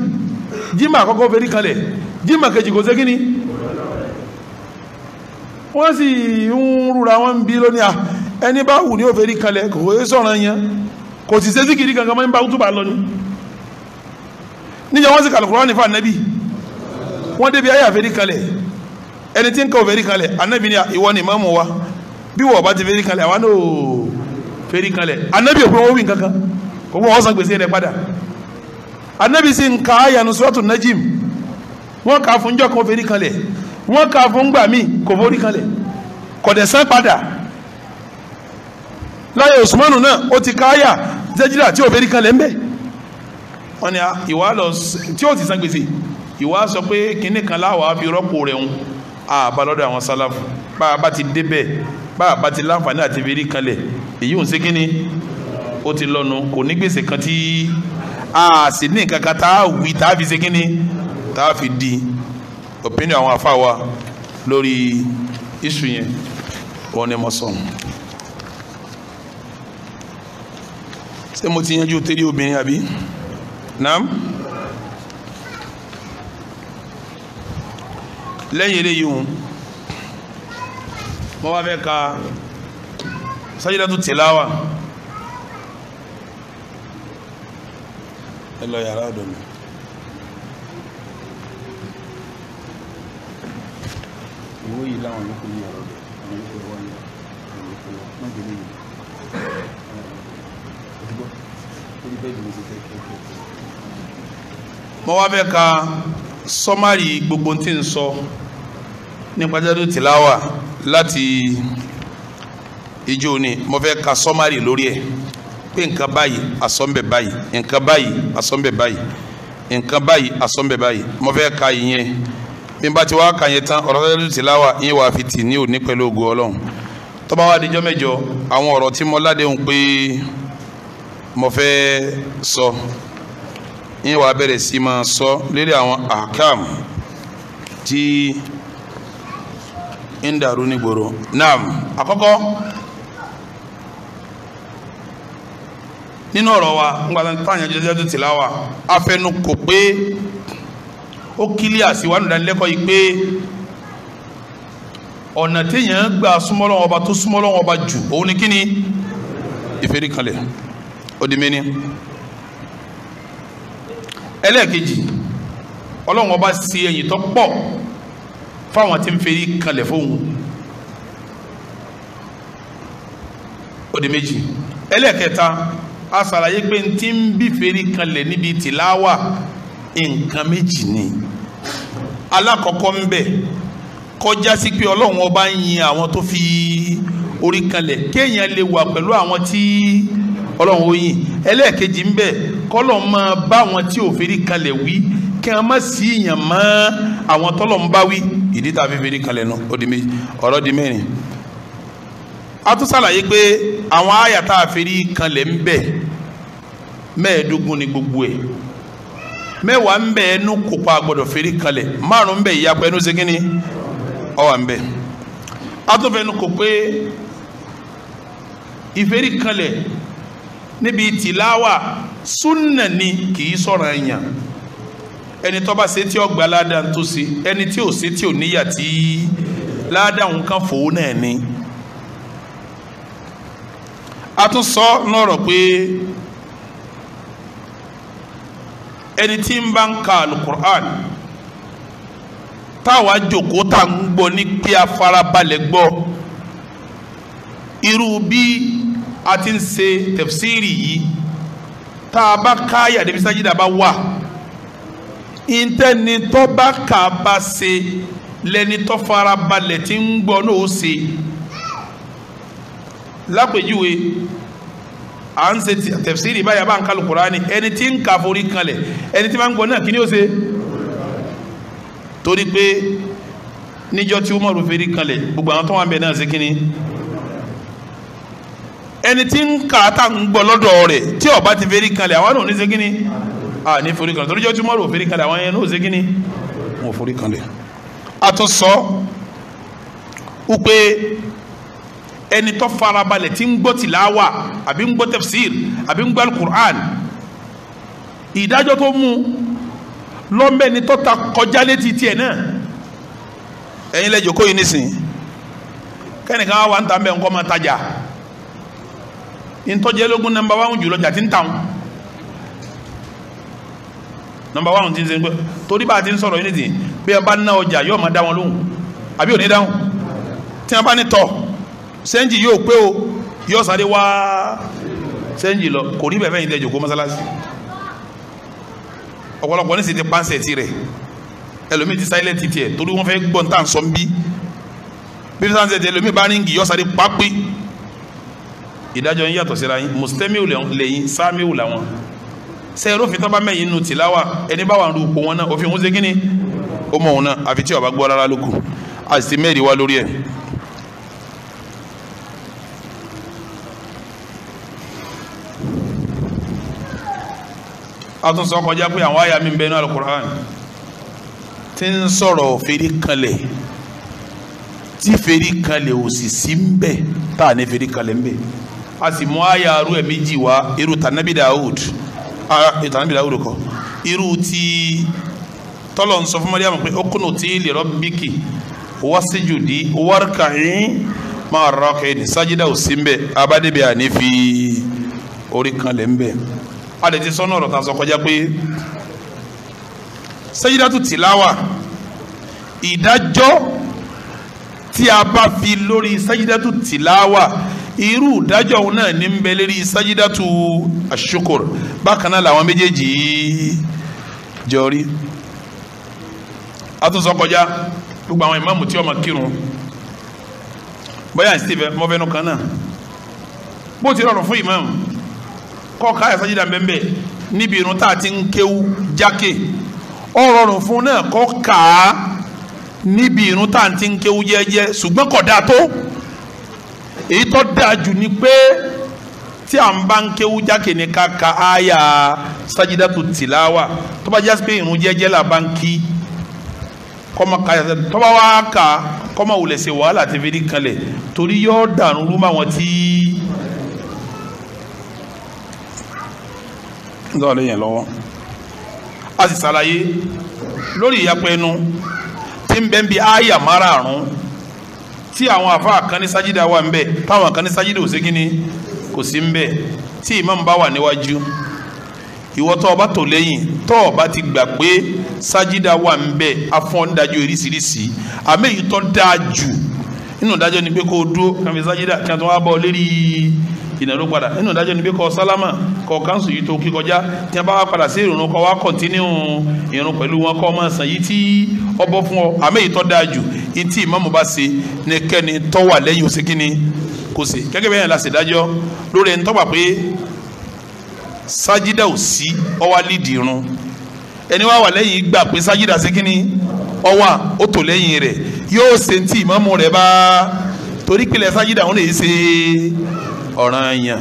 A: jimá àkọ́kọ́ fẹ́rí kalẹ̀ jimá kejì kò sé kíni wọ́n sì ń rúra wọn bí lónìí à ẹni bá wù ní òfèrí kalẹ̀ kò é sọ̀rọ̀ yẹn kò sì ṣe síkìrí kankan mọ́ ní bá wútúbà níjọ wọn sì kàlù kúrọ́ọ̀nì fún anabi wọn débi ayé àfẹ́rí kalẹ̀ ẹni tí ń ka òfẹ́rí kalẹ̀ anabi ni ìwọ ni mọ́mọ́ wa bí wọ́n bá ti fẹ́rí kalẹ̀ àwọn náà fẹ́rí kalẹ̀ anabi òpin wọn wí kankan kò wọ́n wọ́n gbèsè rẹ̀ padà anabi sì ń ka ayanu suratu najim wọ́n kà fún jọ́ kan fẹ́rí kalẹ̀ wọ́n kà fún gbà mí kò fọ́rí kalẹ̀ kọ̀dẹ̀sán padà láyé Usmanu náà ó ti ká àyà zẹ́jìlá tí ò fẹ́rí kalẹ̀ ń bẹ́ẹ̀ wọ́n ní ah, ìwà lọ tí ó ti san gbèsè ìwà sọ pé kinní kan láwàá fi rọ́pò rẹ̀ ń àbá lọ́dọ̀ àwọn sálàfù bá a bá ti débẹ̀ bá a bá ti láǹfààní àti fèrè kanlẹ̀ èyí ò ń ṣe kínní ó ti lọ́nu kò ní gbèsè kan tí a sì ní nǹkan kan tá a wí tá a fi ṣe kínní tá a fi di opinion àwọn afa wa lórí iṣu yẹn wọn ni mo sọ ṣé mo ti yanjú tẹ́lẹ̀ obìnrin àbí naam lẹ́yìn eléyìí hùn wọ́n wá fẹ́ ka sájídátù tìláwà ẹ lọ yàrá ọ̀dọ̀ mi. ìwé yìí láwọn yòókù ní ọ̀rọ̀ rẹ̀ àwọn yòókù wá ní àwọn yòókù lọ má dé bẹ́ẹ̀ ni mo ti fẹ́ kí mo wá fẹ́ ka sọ́márì gbogbo tí ń sọ nípa jádù tìláwà láti ìjọ ni mo fẹ́ ka sọ́márì lórí ẹ̀ pé nǹkan báyìí asọ́nbẹ̀ báyìí nǹkan báyìí asọ́nbẹ̀ báyìí nǹkan báyìí asọ́nbẹ̀ báyìí mo fẹ́ ka ìyẹn bí n bá ti wá ka yẹn tán ọ̀rọ̀ jádù tìláwà ìyẹn wàá fi tì ní òní pẹ̀lú ògo ọlọ́run tó bá wá mẹ́jọ àwọn ọ̀rọ̀ tí mo ládéhùn pé mo fẹ́ sọ. So ní wàá bẹ̀rẹ̀ sí máa sọ lórí àwọn àkàm tí ń dàrú nígboro naam àkọ́kọ́ nínú ọ̀rọ̀ wa ńgbà táyàn jẹjẹrẹ tìláwà afẹnu kò pé ó kílí àsìwánù dánilẹ́kọ̀ọ́ yìí pé ọ̀nà téèyàn gbà súnmọ́ Ọba tó súnmọ́ Ọba jù òun ni kíni ìfẹ́rí ó di mẹ́ni ẹlẹ́ẹ̀kejì ọlọ́run ọba sí ẹ̀yìn tó pọ̀ fáwọn tí ń ferí kalẹ̀ fóun òde méjì ẹlẹ́ẹ̀kẹta a ṣàlàyé pé tí ń bí ferí kalẹ̀ níbi tìláwà nǹkan méjì ni alákọ̀ọ́kọ́ ń bẹ kọjá sí pé ọlọ́run ọba ń yin àwọn tó fi orí kalẹ̀ kéèyàn lè wà pẹ̀lú àwọn tí. Tí ọlọ́run ó yìn ẹlẹ́ẹ̀kejì ń bẹ kọ́lọ́n máa bá àwọn tí feri kalẹ̀ wí kí a má sí yàn àwọn tọ́lọ̀ ń bá wí ìdí tá a fi feri kalẹ̀ nù ó di ọ̀rọ̀ di mẹ́rin a tún sàlàyé pé àwọn àyà tá a feri kalẹ̀ ń ni gbogbo ẹ̀ mẹ́wàá ń ẹnu feri kalẹ̀ márùn ń ṣe kínní ọwà ń kò pé ìferi níbi tìláwà súnà ni kì í sọ̀rọ̀ ẹ̀yàn ẹni tó bá ṣe tí ó gba ládàá tó ṣe ẹni tí ò ṣe tí ò níyà tí ládàá òun kan fòó náà ni a tún sọ lọ́rọ̀ pé ẹni tí ń bá ń ka alukur'an táwa jókòó tá ń gbọ́ ní pé a farabalẹ̀ gbọ́ irú bí a ti ń ṣe tẹ̀fsíìrì yìí tá a bá káyà débi sájídà wà ìtẹ́ni bá kà bá ṣe lẹ́ni fara balẹ̀ tí ń gbọ́ náà ó ṣe lápèjúwe à ń ṣe tẹ̀fsíìrì báyà bá ń kalu Kùránì ẹni tí ń kà forí kanlẹ̀ ẹni tí máa ń gbọ́ náà kí ni ó ṣe torí pé níjọ́ tí Umaru feri kanlẹ̀ gbogbo àwọn tó wà ń bẹ náà ṣe kí ni ẹni tí ń kà tá ń gbọ́ lọ́dọ̀ rẹ̀ tí ó bá ti feri kalẹ̀ àwọn náà ò ní ṣe kíni à ní forí kalẹ̀ torí jẹ́ túmọ̀ rò feri kalẹ̀ àwọn yẹn náà ò ṣe kíni wọn ò forí kalẹ̀. a tún sọ wípé ẹni tó farabalẹ̀ tí ń gbọ́ tìláwà àbí ń gbọ́ tafsir àbí ń gbọ́ alukur'an ìdájọ́ tó mú lọ́mbẹ́ni tó ta kọjá létí tiẹ̀ náà ẹ̀yin lẹ́jọ́ kóyin nísìnyí kẹ́nìkan wà ń ta mbẹ́ nǹkan máa tajà ntọ́jẹ́ lógún nọmba wáhùn jùlọ jà tí ń tàun nọmba wáhùn tí ń sẹ́yìn pé torí bá a ti ń sọ̀rọ̀ unity bí a bá ná ọjà yóò máa dá wọn lóhùn àbí òní dáhùn tí a bá ní tọ̀ sẹ́ńjì yóò pé o yóò sáré wá sẹ́ńjì lọ kò rí bẹ́ẹ̀ fẹ́yìn ilé ìjòkó mọ́sálásí ọ̀pọ̀lọpọ̀ ní sì ti pàṣẹ ti rẹ̀ ẹlòmíì ti silent tiẹ̀ torí wọ́n fẹ́ gbọ́n tá à ń sọ ń bí bí sáńsẹ̀ tẹ ẹlòmíì bá ríngì yóò sáré pápé ìdájọ́ yín yàtọ̀ síra yín mùsùlùmí lẹ́yìn sáàmíù làwọn ṣe irúfin tọ́ba mẹ́yìn nù tìláwà ẹni bá wà ń rúkọ wọn náà òfin òun ṣe kí ni ó mọ̀ òun náà àfi tí ọba gbọ́ rárá ló kù a sì ti mẹ́rin wá lórí ẹ̀. a tún sọ kọjá pé àwọn àyà mi ń bẹ inú alukur'an tí ń sọ̀rọ̀ fèrè kanlẹ̀ tí fèrè kanlẹ̀ ò sì sí ń bẹ tá a ní fèrè kanlẹ̀ ń bẹ a sì mú àyà arú ẹ̀ méjì wá irú tànàbí Dawud tànàbí Dawud kọ irú ti tọ́lọ̀ ń sọ fún Mariam pé ó kùnà tí li rabbiki wasjudi warka'i máa rọ́ọ̀kẹ́ ní sájídà ò sí mbẹ́ abádébẹ́ àní orí kan lẹ́ mbẹ́ a lè sọ́nà ọ̀rọ̀ tá sọ kọjá pé sájídà tó tìláwà ìdájọ́ tí a bá fi lórí sájídà tó tìláwà irú ìdájọ́ òun náà ní ń bẹ lérí sájídàtú àṣukùr bákan náà làwọn méjèèjì jọrí atúnṣọ kọjá gbogbo àwọn ìmáàmù tí ọmọ kírun bóyá steve mọ́fẹ́nu kan náà bó ti rọrùn fún ìmáàmù kọ́ka ẹ̀ sájídà bẹ́ẹ̀ níbi irun tá a ti ń kéwú jákè ó rọrùn fún náà kọ́ka níbi irun tá a ti ń kéwú jẹ́jẹ́ ṣùgbọ́n kódà tó. èyí tó dáa jù ni pé tí a ń bá ń kéwú jákè ní ká ka àyà sajidatu tìláwà tó bá jásí pé irun jẹ́jẹ́ là bá ń kí kọ́mọ káyà tó bá wá kà kọ́mọ wulẹ̀ ṣe wàhálà ti fi rí kanlẹ̀ torí yóò dànù rú máwọn tí. ǹjọ́ lè yẹn lọ́wọ́ a sì ṣàlàyé lórí ìyapẹ́ tí ń bẹ́ẹ̀ bí àyà márààrún tí àwọn àfa kan ní sájídà wà ń bẹ táwọn kan ní sájídà ò sí kíní kò sí ń bẹ tí imam bá wà níwájú ìwọ tó o bá tò lẹ́yìn tó o bá ti gbà pé sájídà wà ń bẹ afọ́ndájú oríṣiríṣi àmì èyí tó dáa jù nínú ìdájọ́ ni pé kó o dúró kí sájídà kí wọ́n tó wá bọ̀ lérí ìnàró padà nínú ìdájọ́ ni bí kọ́ sálámà kọ́ káńsù yìí tó kí kọjá tí a bá wá padà sí ìrùn kọ́ wá kọ̀ntínú ìrùn pẹ̀lú wọn kọ́ máa san yìí tí ọ bọ́ fún ọ àmì ìtọ́ dáa jù ìtì ìmáàmù bá ṣe ní kẹ́ni tó wà lẹ́yìn ó ṣe kíni kò ṣe gẹ́gẹ́ bẹ́ẹ̀ la ṣe dájọ́ lórí ẹni tó pé sájídà ò sí ó wá lídìí irun ẹni wá wà lẹ́yìn gbà pé sájídà ṣe kíni ó wà ó tò lẹ́yìn rẹ̀ yóò ṣe ti ìmáàmù rẹ̀ bá torí pé sájídà òun lè ṣe é ọ̀ràn èèyàn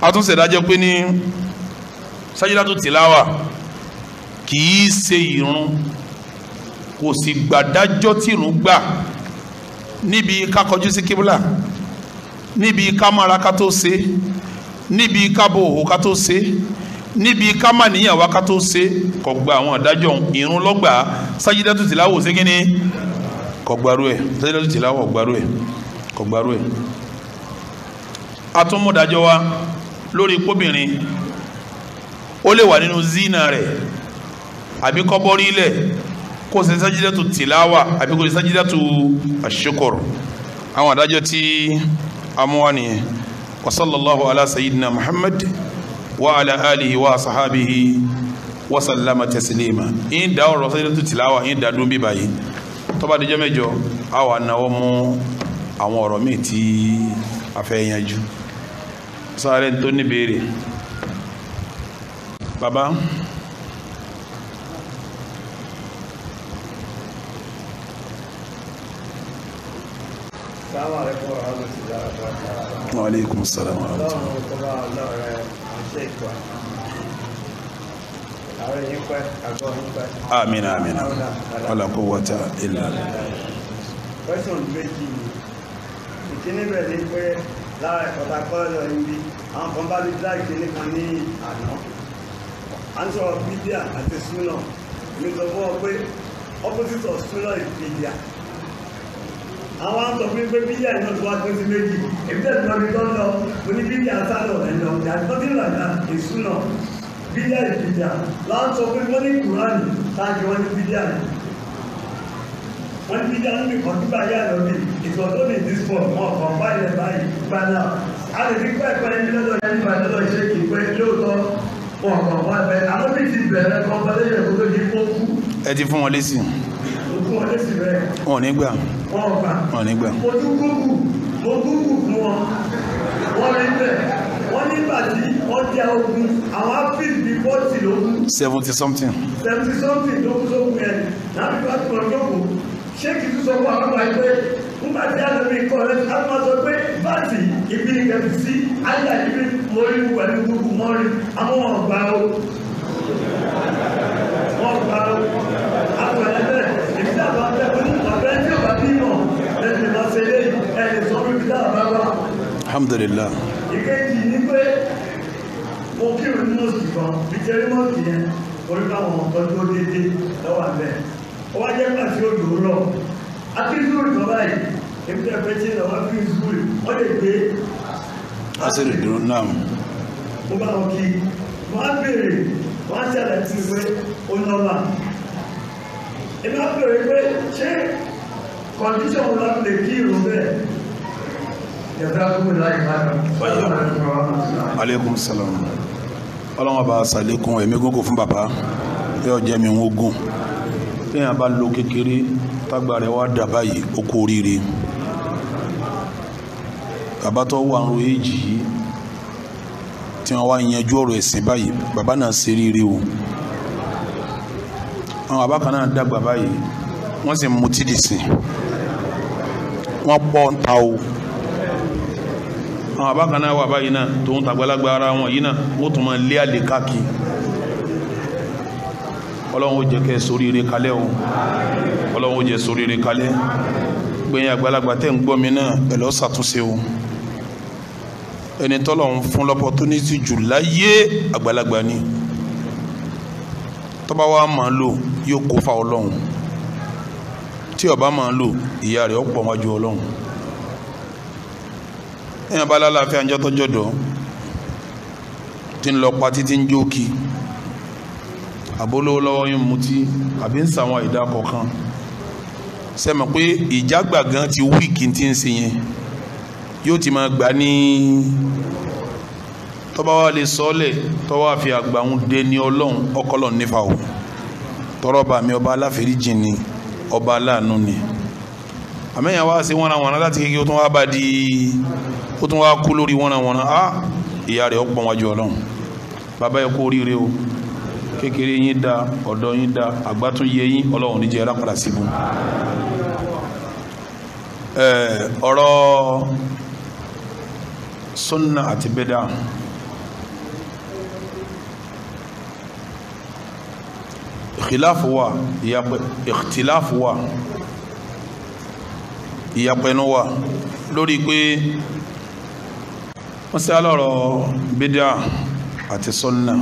A: a tún ṣèdájọ́ pé ní sájídátù tìláwà kì í ṣe ìrun kò sì gbàdájọ́ tí ìrun gbà níbi ká kọjú sí kíbúlà níbi ká mara ká tó ṣe níbi ká bo òhò ká tó ṣe níbi ká má níyàwó ká tó ṣe kò gba àwọn àdájọ́ ìrun lọ́gbà sájídátù tìláwà ò ṣe kí kò gbarú ẹ̀ sájídátù tìláwà ò gbarú ẹ̀ kò gbarú ẹ̀ atúmọ̀dájọ́ wa lórí kóbìnrin ó lè wà nínú zina rẹ̀ àbí kọ́bọ́rí ilẹ̀ kó ṣe sájídàtù tìláwà àbí kó ṣe sájídàtù àṣekọ̀rọ̀ àwọn adájọ́ tí a mú wá nìyẹn wa ala sayyidina muhammad wa ala alihi wa sahabihi wa sallama taslima in da ọ̀rọ̀ sájídàtù tìláwà in da dún bíbá yìí tó bá di jọ́ mẹ́jọ a àwọn ọ̀rọ̀ míì tí a fẹ́ sáré tó ní béèrè bàbá
B: Assalamu alaikum warahmatullahi wabarakatuh.
A: Wa alaikum assalam
B: warahmatullahi wabarakatuh amina amina wala
A: kó wata ilà.
B: question méjì ìkíní bẹ̀rẹ̀ ni pé lára ẹ̀kọ́ ta kọ́ lọ níbi àwọn kan bá lè dá ìkíní kan ní àná à ń sọ̀rọ̀ bídíà àti súnà èmi sọ fún ọ pé opposite of súnà ìbídíà àwọn àwọn sọ̀rọ̀ pé bídíà iná tó wá pín sí méjì èmi tẹ̀sí lọ́ọ́ bí tó ń lọ mo ní bídíà sálọ̀ ẹ̀nà ọ̀dà tó ti rà ná ìsúnà bídíà ìbídíà láwọn sọ pé wọ́n ní kùránì táàgì wọ́n ní bídíà yìí When we don't be controlled by Yahweh, it was only this form, more combined by Bana. A lè fi pẹ́ pẹ́ ní lọ́dọ̀ yẹn nípa lọ́dọ̀ ṣé kì í pẹ́ lóòótọ́ wọn kàn wá bẹ́ẹ̀. Àwọn bí ti bẹ̀rẹ̀ conversation kó tó di kó kú.
A: Ẹ ti fún wọn lésì.
B: Fún wọn lésì rẹ̀. Wọn ò ní gbà. Wọn ò gbà. Wọn ò ní gbà. Mo tún gúgù, mo gúgù fún wọn. Wọ́n rí bẹ́ẹ̀. Wọ́n nígbà tí wọ́n jẹ́ ogun, àwọn áfíìs bíi fọ́ọ̀tì lógún.
A: Seventy something.
B: Seventy something lógún lógún yẹn. Nàbí bá tún ọjọ́ kò ṣéèkì tó sọ fún àwọn àgbà pé nígbà tí àwọn mi kọ́ ẹ á máa sọ pé báàtì ibi ní kẹfì sí àyà ibi mọ́rí pẹ̀lú gbogbo mọ́rí àwọn ọ̀gbà o wọ́n gbà o àwọn ẹ̀ẹ́dẹ̀ èmi náà bá bẹ́ẹ̀ pé àbẹ́ tí ò bá bí mọ̀ ẹni lọ sí ilé ẹni sọ fún mi náà bá wà.
A: alhamdulilah.
B: ìkejì ni pé mo kírun ní mọ́ọ̀sì kan fi jẹ́rí mọ́ọ̀sì yẹn orí báwọn ọ̀tọ́jú ó déédéé lọ́wọ́ àbẹ́ẹ̀ ọwọ́ ajẹ́ pàṣẹ odò lọ akínzúrì kan báyìí èmi náà fẹ́ tí ń lọ́wọ́ akínzúrì wọ́n lè gbé.
A: àṣírí dúró náà.
B: mo bá wọn kí wọn á béèrè wọn á ṣàlàyé sí pé ó ń lọ́wọ́ èmi á béèrè pé ṣé kọ̀ǹdíṣọ̀n wọn láti lè kí irun bẹ́ẹ̀.
A: Aleykum salaam. Ọlọ́run bá a sàlékún ẹ̀mí gúngùn fún bàbá yóò jẹ́ mi ń gùn téèyàn bá lo kékeré tágbà rẹ̀ wá dà báyìí ó kú oríire bàbá tó wà ń ro èjì yìí tí wọ́n wá yanjú ọ̀rọ̀ ẹ̀sìn báyìí bàbá náà ṣe ríire o àwọn bàbá kan náà dàgbà báyìí wọ́n sì mutí dì sí wọ́n pọ̀ ń ta o àwọn bàbá kan náà wà báyìí náà tó ń tàgbàlagbà ara wọn yìí náà wọ́n tún máa lé àlè káàkiri ọlọ́run ó jẹ́ kẹ́ soríire kalẹ̀ o ọlọ́run ó jẹ́ soríire kalẹ̀ gbẹ̀yìn àgbàlagbà tẹ́ ń gbọ́ mi náà pẹ̀lú ọ̀sàtúnṣe o ẹni tọ́lọ́run fún l'opportunity jù láyé àgbàlagbà ni tọ́ba wa máa lò yóò kó fa ọlọ́run tí ọba máa lò ìyá rẹ̀ ọ̀pọ̀ wájú ọlọ́run ẹ̀yìn abala láàfin àjọtọ́jọ́dọ̀ tí ń lọ pa títí ń jókìí àbólówó lọ́wọ́ ń mutí àbí ń sàwọn àìdá kọ̀ọ̀kan sẹ́mi pé ìjágbà gan ti wíìkì tí ń sìn yẹn yóò ti máa gbà ní tọ́ba wa lè sọ́ọ̀lẹ̀ tọ́wọ́ àfi àgbà ń dé ní ọlọ́run ọkọlọ́ nífa o tọrọ bá mi ọba aláfẹ́ríjì ni ọba aláàánú ni àmẹ́yàn wá sí wọ́nra wọ́nra láti kékeré ó tún wá bá di ó tún wá kú lórí wọ́nra wọ́nra á ìyá rẹ̀ ọ̀pọ̀ wájú ọlọ́run bàbá yẹ kó oríire o kékeré yín da ọ̀dọ́ yín da àgbà tún yé yín ọlọ́run níjẹ́ ẹ̀rá padà síbu. ọ̀rọ̀ sunna àti bẹ́dà ìkìláàfù wà ìkìláàfù wà ìyapẹnu wà lórí pé wọ́n sẹ́ alọ́rọ̀ bídà àti sunna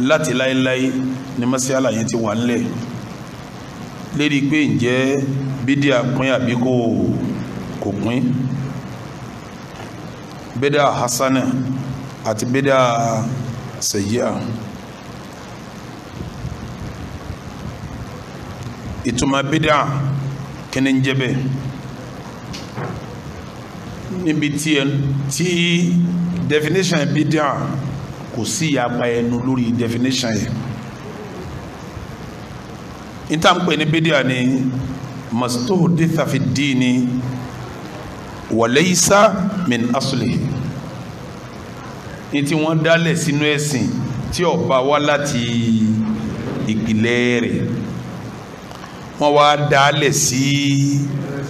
A: láti láíláí ni mọ́síálà yẹn ti wà nílẹ̀ lérí pé ǹjẹ́ bídíà pín àbí kò kò pín bídíà hasana àti bídíà sẹ̀yíà ìtumọ̀ bídíà kí ń jẹ́ bẹ́ẹ̀ níbi tí definition bídíà kò sí ìyapa ẹnu lórí definition yẹn níta ń pè ní bídíà ni mastuhditha fi dini wa laysa min aslihi ní tí wọ́n dálẹ̀ sínú ẹ̀sìn tí ó bá wá láti ìpìlẹ̀ rẹ̀ wọ́n wá dálẹ̀ sí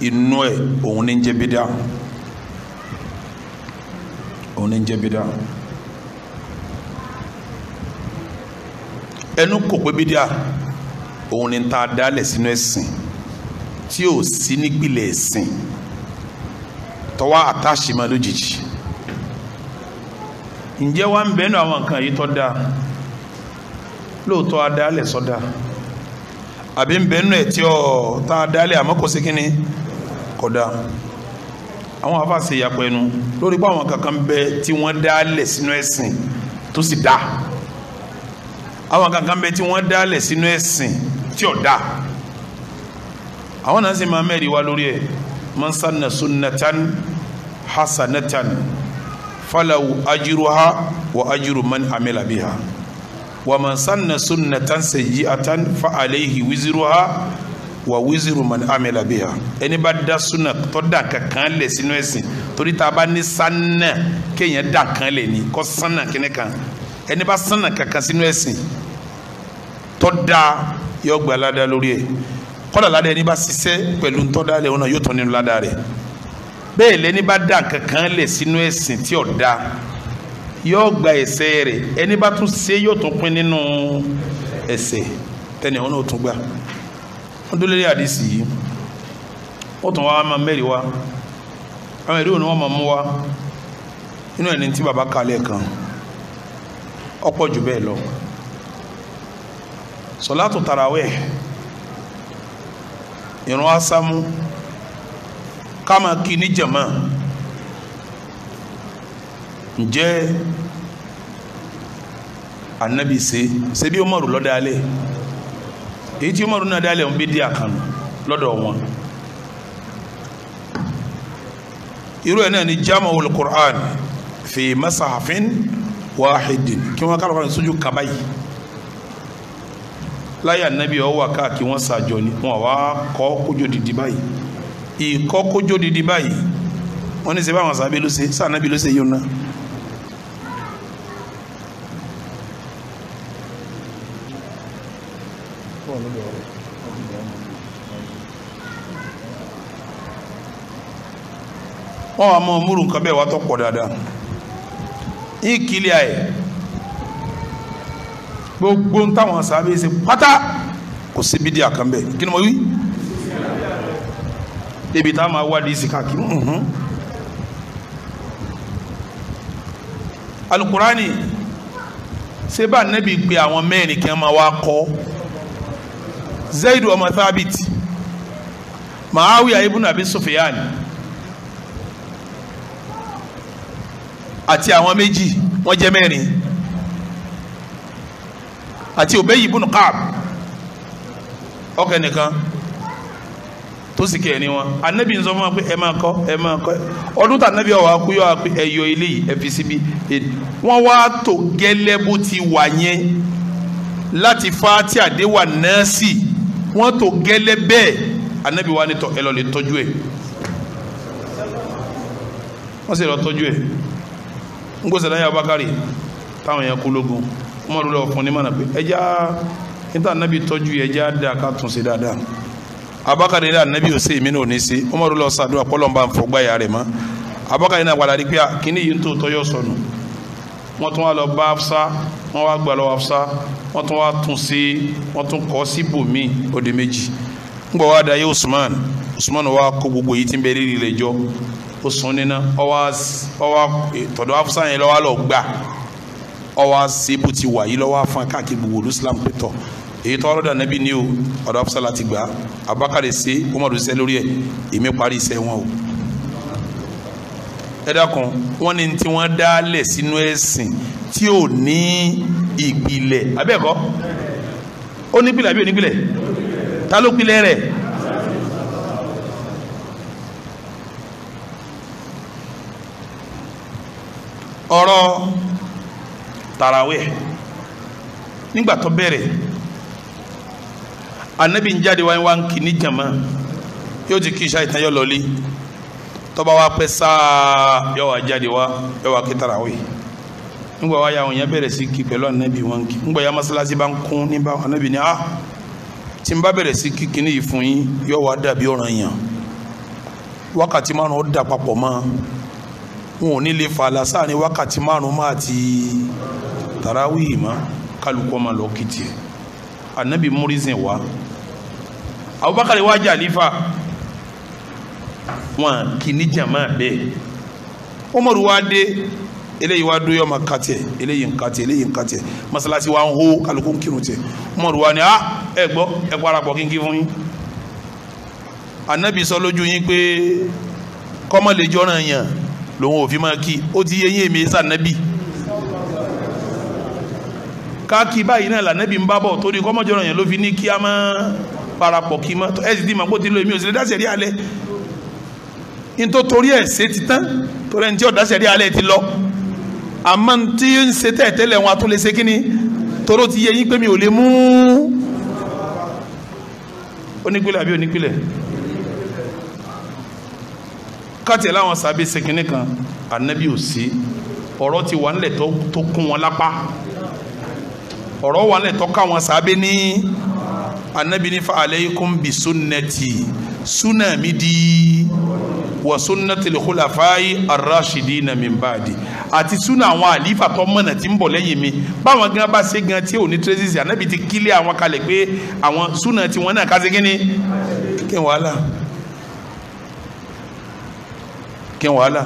A: inú ẹ̀ òun ní jẹ́ bídíà òun ní jẹ́ bídíà. ẹnu kò pé bídíà òun ni ta dálẹ̀ sínú ẹ̀sìn tí ò sí nípìlẹ̀ ẹ̀sìn tọ́wọ́ àtàṣìmọ́ lójijì ǹjẹ́ wá ń bẹ́nu àwọn nǹkan yìí tọ́ da lóòótọ́ adálẹ̀ sọ́dá àbí ń bẹ́nu ẹ̀ tí ọ̀ tá adálẹ̀ àmọ́ kò sí kínní kódà àwọn afáàsì ìyàpọ̀ ẹnu lórí pé àwọn kankan bẹ tí wọ́n dálẹ̀ sínú ẹ̀sìn tó sì dáa àwọn kankan bẹ tí wọ́n dálẹ̀ sínú ẹ̀sìn tí ò dáa àwọn náà sì máa mẹ́rin wá lórí ẹ̀ mansanna sunnatan hasanatan falawu ajiruha wa ajiru man amila biha wa mansanna sunnatan atan fa alayhi wiziruha wa wiziru man amila biha ẹni bá da sunna tó da kankan lẹ̀ sínú ẹ̀sìn torí tá a bá ní sanna kéèyàn da kan lẹ̀ ní kó sanna kínní kan ẹni bá sanna kankan sínú ẹ̀sìn tó dáa yóò gba ládàá lórí ẹ̀ kọ́lá ládàá ẹni bá ṣiṣẹ́ pẹ̀lú ntọ́dá lẹ̀ ọ̀nà yóò tán nínú ládàá rẹ̀ bẹ́ẹ̀ lẹ́ni bá dá kankan lẹ̀ sínú ẹ̀sìn tí ò dáa yóò gba ẹ̀ṣẹ̀ rẹ̀ ẹni bá tún ṣe yóò tún pín nínú ẹ̀ṣẹ̀ tẹ́ni ọ̀nà ò tún gbà wọ́n dúró lórí àdìsí yìí ó tún wá máa mẹ́rin wá àwọn ìdíwọ̀n ni wọ́n máa mú wá inú ẹni tí baba kalẹ̀ kan ọ̀pọ̀ jù bẹ́ẹ̀ lọ sọ̀látù tarawẹ̀ ìrun asámú káma kí ní jàmá ǹjẹ́ anabi ṣe ṣe bí Umaru ló dálẹ̀ èyí tí Umaru náà dálẹ̀ ń bí díà kan lọ́dọ̀ wọn irú ẹ̀ náà ni jama wọlé Qur'an fi masahafin wahidin kí wọ́n kálọ̀ kan sójú kaba yìí láyà nẹ́bí ọ wà káàkiri wọ́n ṣàjọ ni wọ́n wá kọ́ kójó didi báyìí ìkọ́ kójó didi báyìí wọ́n ní sẹ́ báwọn sábẹ́ ló ṣe sáà nẹ́bí ló ṣe yóò wọ́n wá mọ́ múrù nǹkan bẹ́ẹ̀ wá tọ́ pọ̀ dáadáa ìkìlẹ̀ ayẹ̀ gbogbo ń táwọn sábẹ́ ṣe pátá kò sí bídíà kan bẹ́ẹ̀ kí ni mo wí débi tá a máa wádìí sí káàkiri mhm. alukurani seba nẹ́bi pé àwọn mẹ́rin kí wọ́n máa wá kọ́ zayidu ọmọ thabit maawiya ibùnà abi sofiyan àti àwọn méjì wọ́n jẹ́ mẹ́rin àti Ubay ibn Ka'b ọkẹ nìkan tó sì kẹ́ ẹ̀ ní wọn anabi nzọ́ máa pé ẹ máa kọ́ ẹ máa kọ́ ọdún tá anabi ọ̀wá kú yọ̀ pé ẹ yọ ilé yìí ẹ fi síbi wọ́n wá tó gẹ́lẹ́ bó ti wà yẹn láti fati àdéwà nẹ́ẹ̀sì wọ́n tó gẹ́lẹ́ bẹ́ẹ̀ anabi wa ni tọ́ ẹ lọ lè tọ́jú ẹ̀ wọ́n sì lọ tọ́jú ẹ̀ ń gbọ́sẹ̀ láyé Abubakar táwọn yẹn kú lógun umaru lọ fún ní mọ̀nà pé ẹja níta anabi tọ́jú ẹja da ká tún sí dáadáa abakari ní anabi ò sí èmi náà ò ní sí umaru lọ sàdúrà kọlọ́nba fọgbà ìyá rẹ̀ mọ́ abakari náà wàlá rí pé kíní yìí ń tó tọ́yọ̀ sọnù wọ́n tún wá lọ bá afsa wọ́n wá gbà lọ afsa wọ́n tún wá tún sí wọ́n tún kọ́ sí bòmí òde méjì usman usman wá kó gbogbo yìí ti ń bẹ rírì rẹ̀ jọ ó sùn nínú ọwọ́ tọ̀dọ̀ afsa yẹn wa lọ gbà ọwọ́ àṣebù ti wà yìí lọ́wọ́ àfọ̀n káàkiri gbogbo olú islam pẹ̀tọ̀ èyí tọ́ ọlọ́dà nẹ́bí ni o ọ̀dọ̀ afúsàlà ti gbà abakari ṣe umaru ṣe lórí ẹ̀ èmi parí iṣẹ́ wọn o. ẹ dákun wọn ni tí wọn dálẹ̀ sínú ẹ̀sìn tí ò ní ìpìlẹ̀ abẹ́ẹ̀kọ́ ó nípìlẹ̀ àbí onípìlẹ̀ ta ló pilẹ̀ rẹ̀. ọ̀rọ̀ tarawih nígbà tó bẹ̀rẹ̀ anabi ń jáde wáyé wá ń kì ní jama yóò ti kí iṣẹ́ ìtàn yọ lọ́lé tó bá wá pẹ́ sáà yọ wá jáde wá yọ wá kí tarawih nígbà wá yàwọn yẹn bẹ̀rẹ̀ sí kí pẹ̀lú anabi wọn kí nígbà yà masalasi bá ń kún níbà anabi ni ah tí n bá bẹ̀rẹ̀ sí kí kíní yìí fún yín yọ wá dàbí ọ̀ràn yàn wákàtí márùn ó dà papọ̀ mọ́ ọ. wọn ò ní lè fà lásà wákàtí márùn máa ti ma kálukọ́ ma lọ kìtì anabi wa abubakar wa jẹ́ àlífà wọn kì ní jàmá umaru wa dé eléyìí wa dóyọ ma kàtì ẹ̀ eléyìí nkàtì eléyìí masalasi wa ń hó kálukọ́ kírun umaru wa ni a ah, ẹ gbọ́ ẹ gbọ́ ara anabi sọ lójú yín pé kọ́mọ lè lòun ò fi máa kí ó ti yé yín èmi sànẹ́bì káàkì báyìí náà lànẹ́bì ń bá bọ̀ torí kọ́mọ́jọ́rọ̀ yẹn ló fi ní kí a máa parapọ̀ kí mọ́ ẹ sì ti mọ̀ pé ó ti lo èmi ò sì lè dá sẹ̀rí alẹ́ ní tó torí ẹ̀ ṣe ti tán torí ẹni tí ọ̀dá sẹ̀rí alẹ́ ti lọ àmọ́ tí ń ṣe tẹ̀tẹ̀lẹ̀ wọn àtúnlẹ̀ ṣe kí ni toró ti yẹ yín pé mi ò lè mú onípìlẹ̀ àbí onípìlẹ̀ káàtì láwọn sábẹ́ sẹ́kìnní kan ànábì ò sí ọ̀rọ̀ ti wà nílẹ̀ tó kún wọn lápá ọ̀rọ̀ wà nílẹ̀ tó ká wọn sábẹ́ ní ànábì ní fa alaykum bi sunnati sunna mi di wa sunnati l-khulafai ar-rashidina min ba'di àti sunna àwọn àlífà tó mọ̀nà tí ń bọ̀ lẹ́yìn mi báwọn gan bá ṣe gan tí ò ní tírẹ́sìsì ànábì ti kílẹ̀ àwọn kalẹ̀ pé àwọn sunna tí wọ́n náà ká ṣe kí ni kí wàhálà kí wàhálà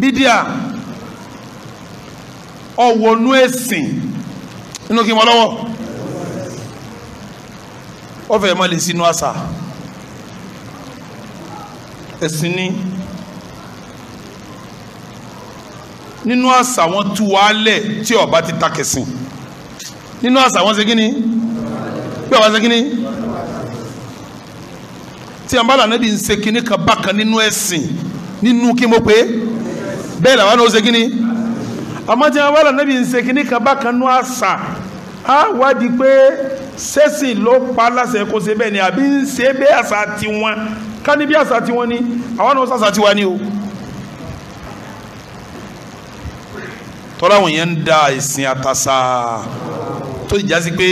A: bídíà ọ̀wọ̀nú ẹ̀sìn nínú kí wọ́n lọ́wọ́ ọ̀fẹ́ má lè sínú àṣà ẹ̀sìn ni nínú àṣà wọn tú wa lẹ̀ tí ọba ti takẹ̀sìn nínú àṣà wọn ṣe kí ni bí ọba sẹ́kínní tí a bá là níbi ń ṣe kínní kan bákan nínú ẹ̀sìn nínú kí mo pé bẹ́ẹ̀ làwọn náà ó ṣe kínní àmọ́ tí a bá là níbi ń ṣe kínní kan bákan nínú àṣà á wádìí pé sẹ́sìn ló pa láṣẹ kó ṣe bẹ́ẹ̀ ni àbí ń ṣe bẹ́ẹ̀ àṣà tiwọn ká ní bí àṣà tiwọn ni àwọn náà ó tiwa ni o. tọ́láwọn yẹn ń da ìsìn àtàṣà tó ìjà pé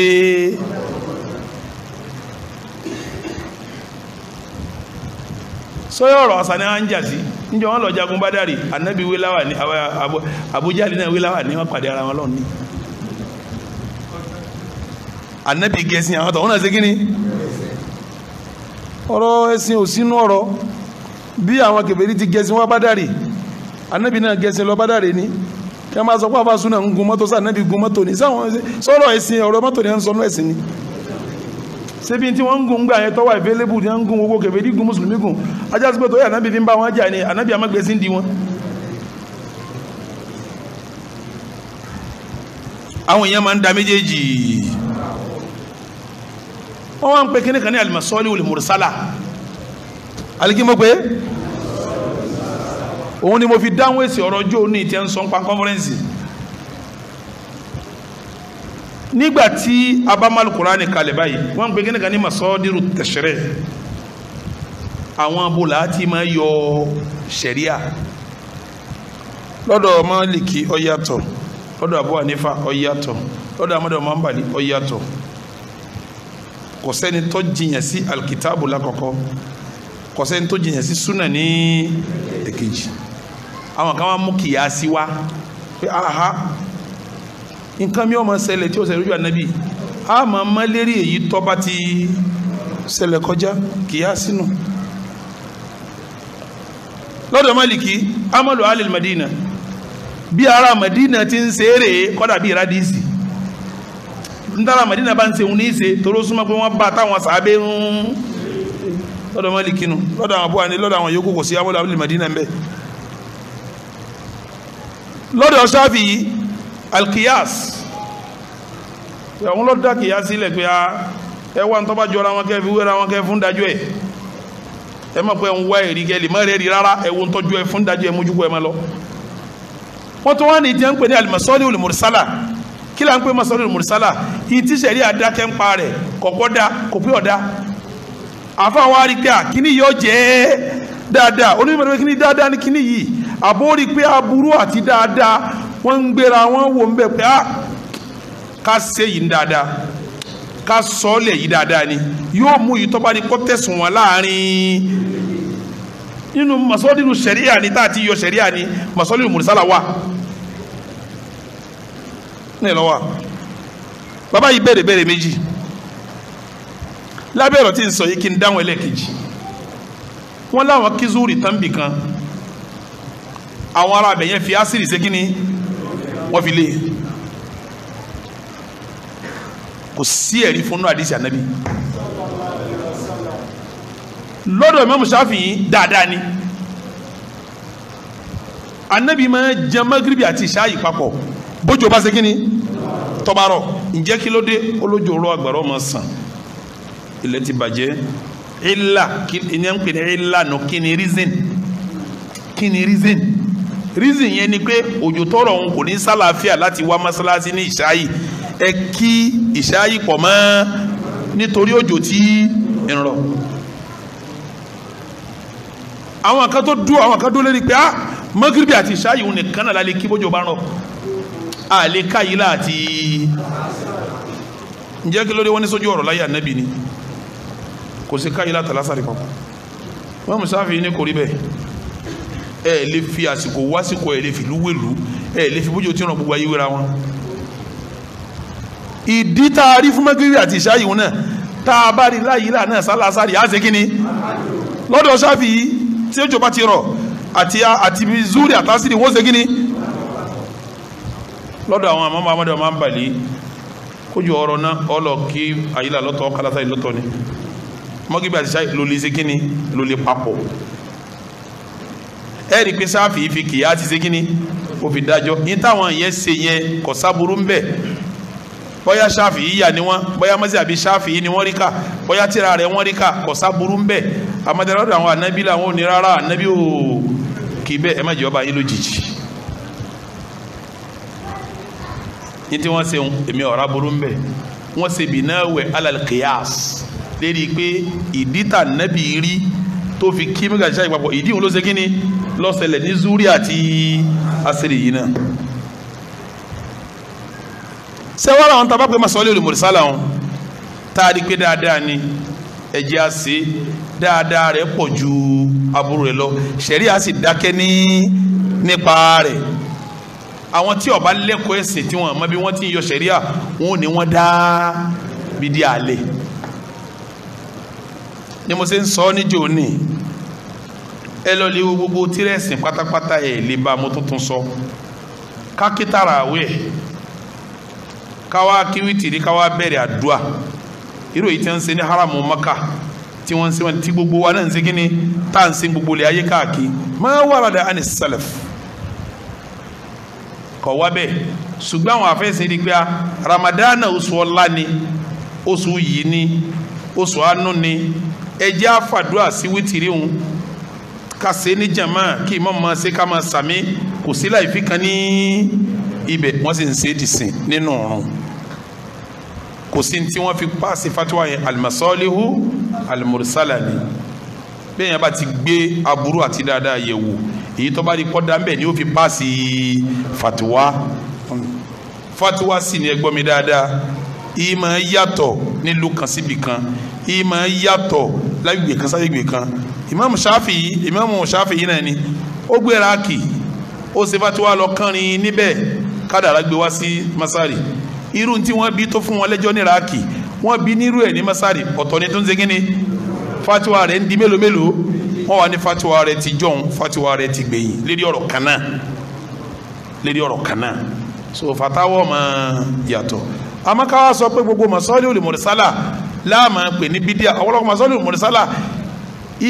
A: sọ́yọ́ ọ̀rọ̀ ọ̀sán ni wọ́n ń jà sí níjọ́ wọn lọ jagun Bádàrí ànábì wíláwà ní Abu Jahli náà wíláwà ní wọ́n pàdé ara wọn lọ́ọ̀ni ànábì gẹ̀ẹ́sì àwọn tó wọn náà ṣe kí ni ọ̀rọ̀ ẹ̀sìn ò sínú ọ̀rọ̀ bí àwọn kèfèrí ti gẹ̀ẹ́sì wọn Bádàrí ànábì náà gẹ̀ẹ́sì lọ Bádàrí ni kí wọ́n máa sọ pé àfàsùn náà ń gun mọ́tò sí ànábì gun mọ́tò ni sọ́rọ̀ ẹ̀sìn ọ̀rọ̀ mọ́tò ni à ń sọ Sebi tí wọ́n ń gun gbà yẹn tọ́wọ́ available tí wọ́n ń gun owó kẹfẹ́ ní gun mùsùlùmí gun ajá sí pé tó yẹ ànábì fi ń bá wọn jà ní ànábì amágbèsí ń di wọn. àwọn èèyàn máa ń da méjèèjì wọ́n wá ń pe kíní kan ní alimasọ́lì wòlé mùrùsálà alikimọ̀ pé òun ni mo fi dáhùn èsì ọ̀rọ̀ ọjọ́ òní tí a ń pa kọ́nfẹ́rẹ́nsì nígbàtí abamalu kurani kalẹ̀ báyìí wọ́n gbé gẹ́gẹ́ ní masọ́ọ́dírù tẹ̀sẹ̀rẹ̀ àwọn abúlá ti máa yọ sẹ̀ríà lọ́dọ̀ Málíkì ó yàtọ̀ Abu Hanifa ó yàtọ̀ lọ́dọ̀ amadu mambali ó yàtọ̀ kò sẹ́ni tó jiyàn sí alikitaabu lákọ̀ọ́kọ́ kò sẹ́ni tó jiyàn sí sunna ní èkejì àwọn kan wá mú kìyàsí wá pé aha nǹkan mi ò ma ṣẹlẹ̀ tí o ṣẹlẹ̀ lójú ànábì a ma má lérí èyí tó bá ti ṣẹlẹ̀ kọjá kìyà sínú lọ́dọ̀ Málìkì amalu alil Madina bí ara Madina ti ń ṣe eré kọ́dà bí radisi ntara Madina bá ń ṣe òun ní í súnmọ́ pé wọ́n bá táwọn ń lọ́dọ̀ lọ́dọ̀ àwọn lọ́dọ̀ àwọn yòókù kò sí alil Madina ń lọ́dọ̀ Ṣáfì yìí alkiyas àwọn lọ́dọ̀ kìyàsí lẹ̀ pé a ah, ẹ wá ń tọ́ba jọra wọn kẹ́ fi wéra wọn kẹ́ fún dájú ẹ̀ ẹ mọ̀ pé ń wá èrì kẹ́ lè mọ́ rẹ̀ rí rárá ẹ wo ń tọ́jú ẹ fún dájú ẹ mójúkọ ẹ mọ́ lọ. wọ́n tún wá ní ìtẹ́ ń pè ní alimasọ́lì olùmùrísálà kí là ń pè masọ́lì olùmùrísálà ìtí sẹ̀rí àdákẹ́ ń pa rẹ̀ kọ̀kọ́ da kò pé ọ̀dá. àfáà wọ́n ń gbéra wọ́n wò ń bẹ̀ pé ah ká ṣe yìí dáadáa ká sọ ọ́ lẹ̀ yìí dáadáa ni yóò mú yìí tọ́ba ni kó tẹ̀sùn wọn láàrin nínú masọ́lìlù sẹ̀ríà ni tá a ti yọ sẹ̀ríà ni masọ́lìlù mùsàlà wà ní ìlọ wa bàbá yìí bẹ̀rẹ̀ bẹ̀rẹ̀ méjì lábẹ́ ọ̀rọ̀ tí ń sọ yìí kí n dáhùn ẹlẹ́ẹ̀kejì wọ́n láwọn kí zúrì tán bì kan àwọn ará abẹ̀yẹn fi ásìrì ṣe kí ni wọ́n fi lé kò sí ẹ̀rí fún náà àdìsí ànábì lọ́dọ̀ Imam Shafi'i dáadáa ni ànábì máa jẹ magribi àti ìṣáàyí papọ̀ bójú bá ṣe kí ni tọ́barọ̀ ǹjẹ́ kí ló dé olójú oró àgbàrá ọmọ sàn ilẹ̀ ti bàjẹ́ ìlà kí ni ẹ̀ ń pè ní ìlànà kí ni reason kí ni reason reason yẹn ni pé òjò tọrọ òun kò ní sálàáfíà láti wá mọ́sálásí ní ìṣáyì ẹ kí ìṣáyì pọ̀ mọ́ nítorí òjò tí ń rọ̀ àwọn kan tó dúró àwọn kan dúró lórí pé ah mọ́gíríbì àti ìṣáyì òun nìkan náà la lè kí bójú bá rọ̀ àlè káyìí láti ǹjẹ́ kí ló wọ́n ní sójú ọ̀rọ̀ láyé ànábì ni kò sí káyìí láti lásàrí papọ̀ wọ́n mú sáfì ní kò ẹ lè fi àsìkò wásìkò ẹ lè fi ìlú wèlú ẹ lè fi bójú tí ràn gbogbo ayé wéra wọn. ìdí tá a rí fún mẹ́gírí àti ìṣáyìí wọn náà tá a bá rí láyìí là náà sálásárì á ṣe kíni lọ́dọ̀ ṣáfì yìí tí ó jọba ti rọ̀ àti àti zuri àtàsírì wọ́n ṣe kíni lọ́dọ̀ àwọn àmọ́ àmọ́dé ọmọ ń bàlẹ́ kójú ọ̀rọ̀ náà ọlọ́ kí àyílà lọ́tọ̀ kálátà ìlọ́tọ̀ ni mọ́gírí àti ẹ rí i pé sáfì fi kìyà ti ṣe kínní ó fi dájọ́ yín táwọn yẹn ṣe yẹn kò sábúrú ń bẹ̀ bóyá sáfì yìí yà ni wọ́n bóyá mọ́sí àbí sáfì yìí ni wọ́n rí kà bóyá tíra rẹ̀ wọ́n rí kà kò sábúrú ń bẹ̀ amadẹ́rọ́dọ̀ àwọn ànábì làwọn ò ní rárá ànábì ò kì í bẹ́ẹ̀ ẹ má jẹ́ ọba yín lójijì yín tí wọ́n ṣe ń èmi ọ̀rá burú ń bẹ̀ wọ́n ṣe bìnnáwẹ̀ alal qiyas lérí pé ìdítà nábì rí tó fi kí mẹ́gàjì ṣáà ìpapọ̀ ìdí òun ló ṣe kí ni lọ́sẹ̀lẹ̀ ní zuri àti asèrè yìí náà sẹ́wọ́n àwọn tá a bá pè masọ́lé olùmọ̀rìsálà wọn tá a di pé dáadáa ni ẹ̀jẹ̀ á ṣe dáadáa rẹ̀ pọ̀ ju aburú rẹ̀ lọ ṣẹ̀rí á sì dákẹ́ ní nípa rẹ̀ àwọn tí ọba lẹ́kọ̀ọ́ ẹ̀sìn tí wọ́n mọ bí wọ́n ti ń yọ ṣẹ̀ríà wọn ò ní wọ́n dá bídí àlẹ́ ni mo ṣe ń sọ ọ́ níjó ní ẹ lọ lè wo gbogbo tírẹ̀sì pátápátá ẹ̀ lè ba mo tuntun sọ kákítàrà àwẹ̀ káwá kíwìtìrí káwá bẹ̀rẹ̀ àdúà irú èyí tí wọ́n ń ṣe ní haramu maka tí wọ́n ń ṣe wọn ti gbogbo wa náà ń ṣe kí ni tá à ń ṣe gbogbo lè ayé káàkiri máa wàrà dà ánì sálẹ̀f kọ̀ wá bẹ́ẹ̀ ṣùgbọ́n àwọn afẹ́sìn di pé a ramadana oṣù ọlá ni oṣù yìí ni oṣù àánú ni ẹjẹ́ àfàdúrà sí wítìrí òun ká ṣe ní jàmá kí imọ́ máa ṣe ká máa sàmí kò sí láì fi kan ní ibẹ̀ wọ́n sì ń ṣe dìsìn nínú ọ̀run kò sí tí wọ́n fi paasi fatiwa yẹn alimasọ́lihu alimurisala ni bẹ́ẹ̀ yẹn bá ti gbé aburú àti dáadáa yẹ̀ wò èyí tó bá di kọ́dá mbẹ́ ni ó fi paasi fatiwa fatiwa sì ni ẹ mi dáadáa ìmọ̀ yàtọ̀ nílùú kan síbi kan ìmọ̀ yàtọ̀ lágbègbè kan ságbègbè kan imamu shafi imamu shafi náà ni ó gbé Iraki ó ṣe fatiwa lọ kánrin níbẹ̀ kádàrá gbé wá sí Masari irú tí wọ́n bí tó fún wọn lẹ́jọ́ ní Iraki wọ́n bí nírú ẹ̀ ní Masari ọ̀tọ̀ ni tó ń ṣe kí ni fatiwa rẹ̀ ń di mélòó mélòó wọ́n wà fatiwa rẹ̀ ti jọ̀hún fatiwa rẹ̀ ti gbẹ̀yìn lérí ọ̀rọ̀ kan náà lérí ọ̀rọ̀ so fatawa ma yàtọ̀ amakawa sọ pé gbogbo masọ́lì olùmọ̀rẹ́sálà láàmà pè ní bídíà ọ̀pọ̀lọpọ̀ masọ́lù mùrùsálà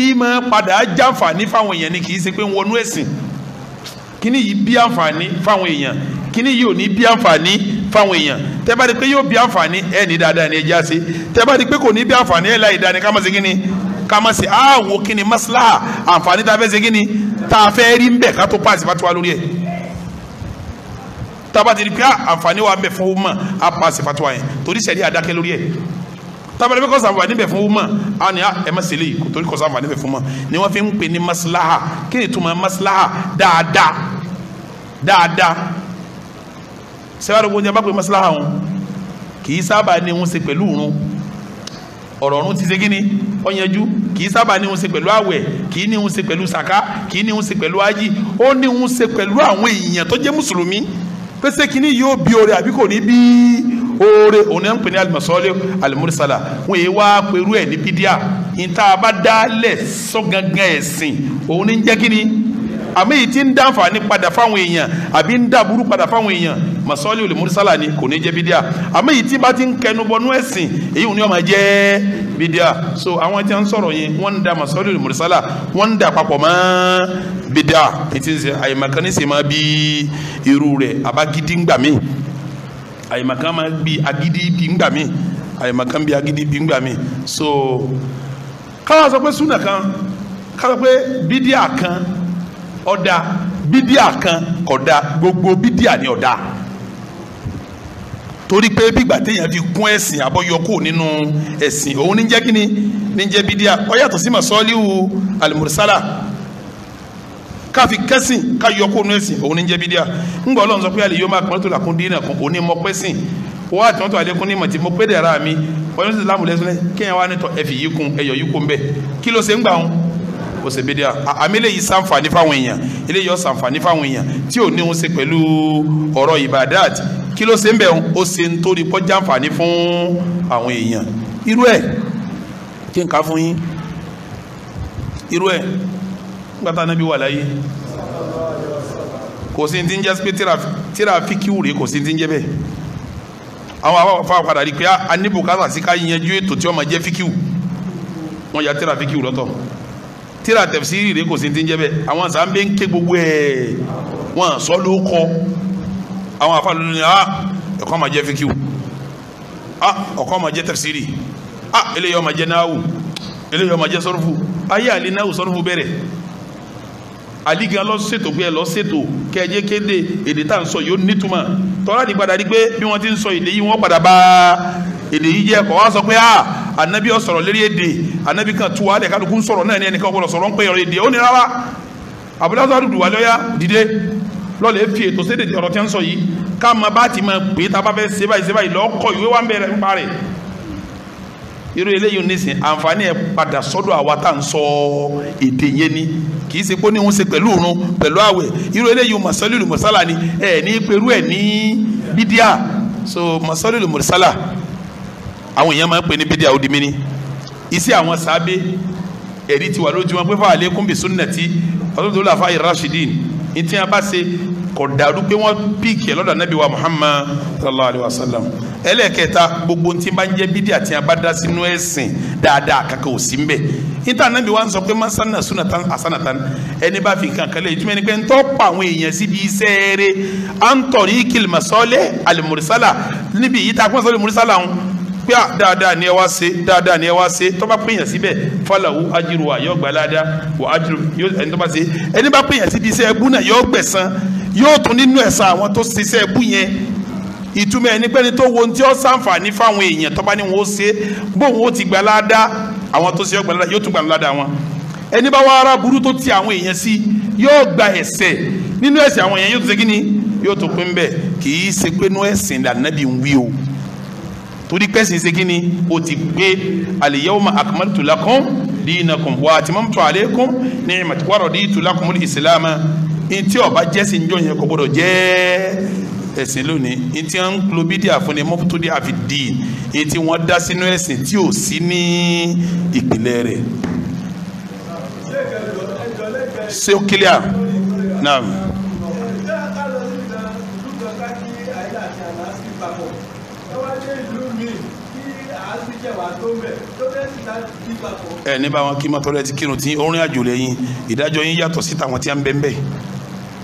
A: ìmọ̀ padà jàǹfààní fáwọn èèyàn ni kì í ṣe pé ń wọnú ẹ̀sìn kíní yìí bí àǹfààní fáwọn èèyàn kíní yìí ò ní bí àǹfààní fáwọn èèyàn tẹ́ bá di pé yóò bí àǹfààní ẹ ní dáadáa ní ẹja sí tẹ́ bá di pé kò ní bí àǹfààní ẹ láì dáa ní ká má ṣe kíní ká má maslaha àǹfààní tá a fẹ́ ṣe kíní tá a fẹ́ rí ń bẹ̀ paasi fatuwa lórí ẹ̀ tá a bá ti di pé àǹfààní wa ń bẹ̀ fún ọmọ a paasi fatuwa yẹn torí sẹ́ni àdákẹ́ lórí ẹ̀ tábàlẹ́ fẹ́ kọ́sà wà níbẹ̀ fún wúmà á ní ah, ẹ má ṣe léyìí torí kọ́sà wà níbẹ̀ fún ni wọ́n fi ń pè ní maslaha kí ni ìtumọ̀ maslaha dáadáa dáadáa sẹ́wárí gbogbo ní abá pé maslaha wọn kì í sábà ní wọn ṣe pẹ̀lú òun ọ̀rọ̀ ọ̀run ti ṣe kí ni ọ̀yẹ́jú kì í sábà ní wọn ṣe pẹ̀lú àwẹ̀ kì í ní wọn ṣe pẹ̀lú sàká kì í ní wọn ṣe pẹ̀lú ájì ó ní wọn ṣe pẹ̀lú àwọn èèyàn tó jẹ́ mùsùlùmí pé ṣé kí ni yóò bí oore àbí kò ní oore òun náà ń pè ní alimusọ́lẹ̀ alimurisala wọn èyí wá pẹ̀lú ẹ̀ ní bídíà yìí tá a bá dálẹ̀ sọ́gangan ẹ̀sìn òun ní jẹ́ kí àmì yìí ti ń dáǹfààní padà fáwọn èèyàn àbí ń dàbúrú padà fáwọn èèyàn masọ́lì olùmúrísàlà ni kò ní jẹ́ bídíà àmì yìí tí bá ti ń kẹnubọnú ẹ̀sìn èyí ò ní ọmọ jẹ́ bídíà so àwọn tí ń sọ̀rọ̀ yẹn wọ́n ń da masọ́lì olùmúrísàlà wọ́n ń da papọ̀ mọ́ bídíà ètí àyèmọ̀kan ní sèmá bí irú rẹ̀ àbá gidi ń gbà míì àyèmàkan máa ń bi agídí bí ń gbà mí àyèmàkan bí agídí so káwọn sọ pé súnà kan káwọn sọ pé bídíà kan ọ̀dà bídíà kan kọ̀dà gbogbo bídíà ni ọ̀dà torí pé bígbà téèyàn fi kún ẹ̀sìn àbọ̀yọkù nínú ẹ̀sìn òun ní jẹ́ kí ni ní jẹ́ bídíà ó yàtọ̀ sí màsọ́líwù alimurisala káfi kẹ́sìn ká yọ kó nu ẹ̀sìn òun ní jẹ́ bídíà ńgbà ọlọ́run sọ pé àlè yóò máa pẹ́ tó làkún dín náà kún òun ní mọ pẹ́sìn wọ́n àti wọ́n tó àlékún ní mọ̀tí mo pé dẹ̀ ara mi wọ́n yóò ti láàmú lẹ́sìn kéèyàn wá nítọ́ ẹ̀fì yìí kun ẹ̀yọ̀ yìí kun bẹ́ẹ̀ kí ló ṣe ń gbà wọn ó ṣe bídíà àmì eléyìí sàǹfààní fáwọn èèyàn eléyìí ó sàǹfààní fáwọn èèyàn tí ò ní òun ṣe pẹ̀lú ọ̀rọ̀ ìbàdàt kí ló ṣe ń bẹ̀ wọn ó ṣe ń torí pọ́ jàǹfààní fún àwọn èèyàn irú ẹ̀ kí n kà fún yín irú ẹ̀ gbàtà anabi wà láyé kò sí ti ń jẹ́ pé tírafíkìwù rèé kò sí ti ń jẹ́ bẹ́ẹ̀ àwọn afáwà padà rí i pé ah, a ní bùkátà sí ká yanjú ètò tí wọ́n máa jẹ́ fíkìwù wọ́n ya tírafíkìwù lọ́tọ̀ tíra rèé kò sí ti ń jẹ́ bẹ́ẹ̀ àwọn sàn bẹ́ẹ̀ ń ké gbogbo ẹ̀ wọ́n sọ ló kọ́ àwọn afáwà lónìí ah ẹ̀kọ́ máa jẹ́ fíkìwù ah ọ̀kọ́ máa jẹ́ tẹ̀fsíìrì ah eléyìí ó máa jẹ́ náwù eléyìí ó máa jẹ́ ayé àlè náwù sọ́rùfù bẹ̀rẹ̀ àlígan lọ ṣètò pé ẹ lọ ṣètò kẹjẹ kéde èdè tá à ń sọ yìí ó nítumọ̀ tọ́lá ní padà rí pé bí wọ́n ti ń sọ èdè yìí wọ́n padà bá èdè yìí jẹ́ kọ́ wá sọ pé ah anabi ọ sọ̀rọ̀ lérí èdè anabi kan tu wa lẹ̀ kálukú sọ̀rọ̀ náà ní ẹnìkan gbọ́dọ̀ sọ̀rọ̀ ń pè ọ̀rọ̀ èdè ó ní rárá abúlásọ dùdù wà lọ́yà dìde lọ́lẹ̀ fi ètò sédè ọ̀rọ̀ tí ń sọ yìí ká máa bá ti máa pè é tá a bá fẹ́ ṣe báyìí ṣe báyìí lọ́kọ̀ ìwé wa ń bẹ̀rẹ̀ ń parẹ́ irú eléyìí nísìn àǹfààní ẹ̀ padà sọ́dọ̀ àwa tá à ń sọ èdè yẹn ni kì í ṣe pé ó ní wọn ṣe pẹ̀lú òrun pẹ̀lú àwẹ̀ irú eléyìí masalulu mursala ni ẹ ní pẹ̀lú ẹ̀ ní bídíà so masalulu mursala àwọn èèyàn máa ń pè ní bídíà ó di mí ní iṣẹ́ àwọn sábẹ́ ẹ̀rí ti wà lójú pé fáwọn alẹ́ kúnbi sunnati ọdún tó lọ́ọ́ àfa irashidin ìtìyàn bá ṣe kò dàrú pé wọ́n píìkì ẹ̀ lọ́dọ̀ anábì muhammad sallallahu alayhi wa sallam ẹlẹ́ẹ̀kẹta gbogbo tí bá ń jẹ́ bídí àti abada sínú ẹ̀sìn dáadáa kankan ò sí mbẹ́ níta anábì wa ń sọ pé masana sunatan asanatan ẹni bá fi kankan lẹ́yìn tí mo pé ń pa àwọn èèyàn síbi iṣẹ́ eré à ń tọ̀rí kìlìmọ̀sọ́lẹ̀ alimurisala níbi yìí tá a kọ́ sọ́lẹ̀ murisala ń pé dáadáa ni ẹ wá ṣe dáadáa ni ẹ wá ṣe tó péyàn síbẹ̀ fọláwù ajiru wa yóò gbà ládàá wà ajiru yóò ẹni tó bá ẹni bá péyàn síbi iṣẹ́ ẹbú náà yóò yóò tún nínú ẹ̀san àwọn tó ṣiṣẹ́ ẹbú yẹn ìtumọ̀ ẹni pẹ́ni tó wo ti ọ́ sàǹfààní fáwọn èèyàn tó bá ní wọn ó ṣe bóun ó ti gbà ládá àwọn tó ṣe yóò tún gbà ládá wọn ẹni bá wá ara burú tó ti àwọn èèyàn sí yóò gba ẹ̀ṣẹ̀ nínú ẹ̀ṣẹ̀ àwọn èèyàn yóò tún ṣe kí ni yóò tún pín bẹ́ẹ̀ kì í ṣe pé nú ẹ̀sìn lànàbí ń wí o torí pẹ́sìn ṣe kí ni o ti gbé al-yawma akmaltu lakum dinakum wa atmamtu alaykum ni'mati wa raditu lakumul islama ntí ọba jẹ́sìn njọ́ yẹn kò gbọ́dọ̀ jẹ́ ẹ̀sìn lónìí ntí wọn ń kúló bídíà fún ni mọ́tòdì àfìdí ntí wọn dá sínú ẹ̀sìn tí ò sí ní ìpìlẹ̀ rẹ̀ ṣé ó kílíà náà. ẹ ní bá wọn kí mọ́tò rẹ ti kírun tí orin àjò lẹ́yìn ìdájọ́ yín yàtọ̀ síta wọn tí a ń bẹ́ẹ̀ bẹ́ẹ̀.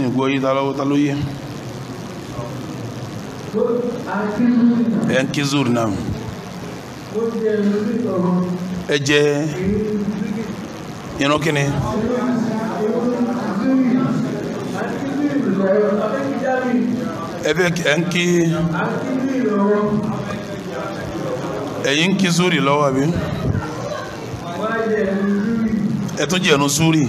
A: ìgbọ́ yìí tálọ́wọ́ tálọ́ yé ẹn kí zuru náà ẹ jẹ irun kíni. ẹ bẹ kí ẹ̀yin kí zuri lọ́wọ́ àbí ẹ tún jẹ ẹnu zuri.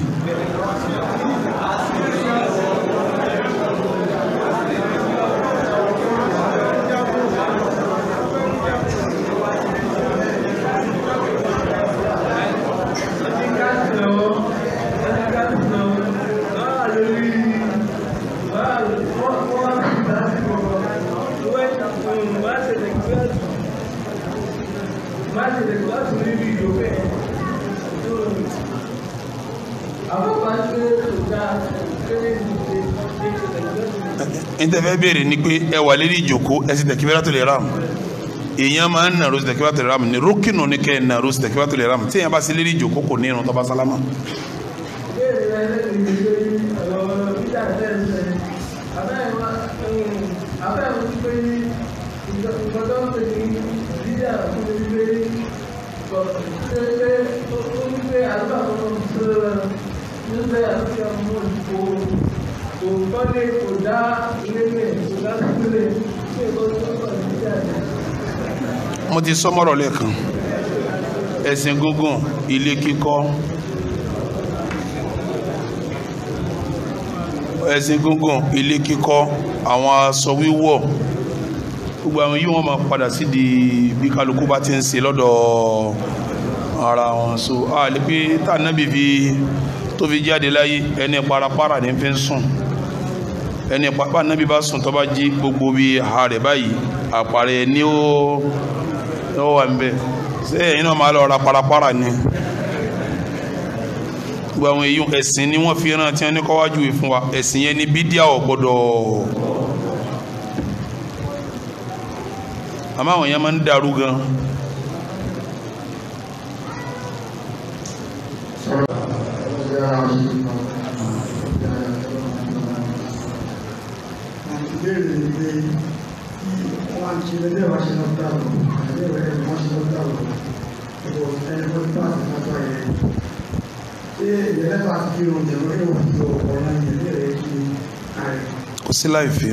A: béèrè ni pé ẹ wà lérí ìjòkó ẹ sì takbiratul ihram èèyàn máa ń nàró sí takbiratul ihram ni rókìnà ni kẹ́ ẹ nàró sí takbiratul ihram tí èèyàn bá sí lérí ìjòkó kò ní irun tó sálámà.
B: Thank you òǹkọ́ lè kò dá lélẹ̀ kò dá sílẹ̀ ṣé ìbọn tó pọ̀ sí
A: àjà. mo ti sọ mọ́rọ̀ lẹ́ẹ̀kan ẹ̀sìn gúngùn ilé kíkọ́ ẹ̀sìn gúngùn ilé kíkọ́ àwọn aṣọ wíwọ̀ gbogbo àwọn yìí máa padà sídìí bí kálukú bá ti ń ṣe lọ́dọ̀ ara wọn so a lè pé tá a nábì fi tó fi jáde láyé ẹni parapara ní fi ń sùn ẹni pápá nábì bá sùn tó bá jí gbogbo bí aha rẹ̀ báyìí àpàrẹ ni ó ó wà ń bẹ ṣé ẹ̀yin náà máa lọ ra parapara ni gbogbo àwọn èèyàn ẹ̀sìn ni wọ́n fi rántí ẹni kọ́wájú ìfún wa ẹ̀sìn yẹn ni bídíà ò àmọ́ àwọn yẹn máa ń darú gan-an. sí láìfẹ́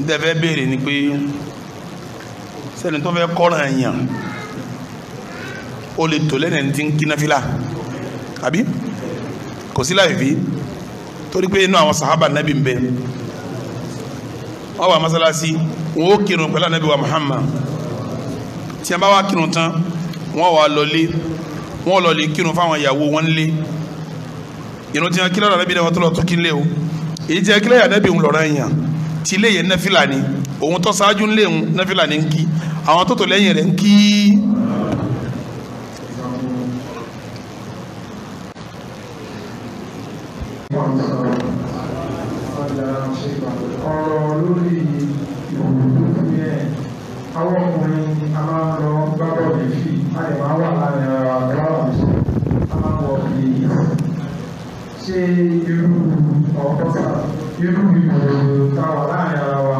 A: ìdẹ́fẹ́ béèrè ni pé sẹ́ni tó fẹ́ kọ́ràn èèyàn o lè tò lẹ́nà tí ń kíná fílà àbí kò sí láìfẹ́ torí pé inú àwọn sàhábà nábì ń bẹ wọ́n wà mọ́sálásí wọ́n ó kírun pẹ̀lú ànábì wa Muhammad tí a bá wá kírun tán wọ́n wà lọlé wọ́n lọ lè kírun fáwọn ìyàwó wọn lé ìrun tí kí lọ́dọ̀ ànábì náà tó lọ tó kí lé o ìjẹ́ kílẹ̀ yà nẹ́bí òun lọ́rọ̀ yẹn tí ilé yẹn nẹ́fìlà ni òun tó ṣáájú ńlẹ̀ òun nẹ́fìlà ni ń kí àwọn tó tò lẹ́yìn rẹ̀ ń kí
B: irú ọ̀pọ̀ta irú ìgbòho táwà láàrin ara wa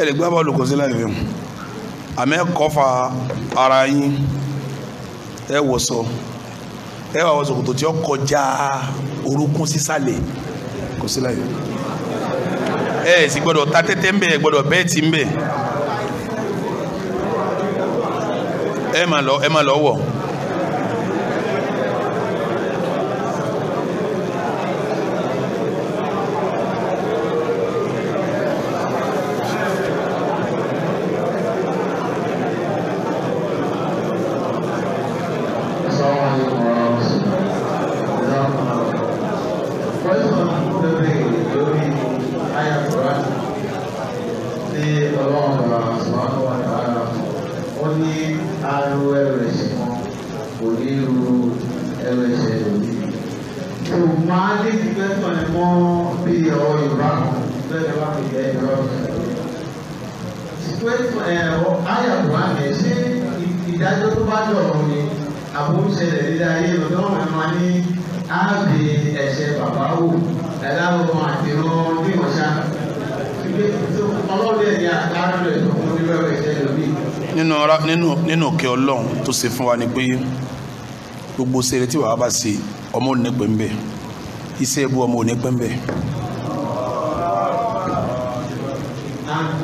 A: ẹ lè gbá bọ́ọ̀lù kò sí láì fẹ́ àmì ẹ̀kọ́fà ara yín ẹ wọ̀ sọ ẹ wà wọ́n sòkòtò tí ó kọjá orúnkún sísàlẹ̀ kò sí láì fẹ́ ẹ sì gbọ́dọ̀ ta tẹ́tẹ́ ń bẹ̀ gbọ́dọ̀ bẹ́ẹ̀ ti ń bẹ̀. ẹ máa lọ ẹ máa lọ wọ̀. tún ṣe fún wa ni pé gbogbo sèré tí bàbá bá ṣe ọmọ ò ní pẹ́ ń bẹ̀ iṣẹ́ ẹbú ọmọ ò ní pẹ́ ń bẹ̀.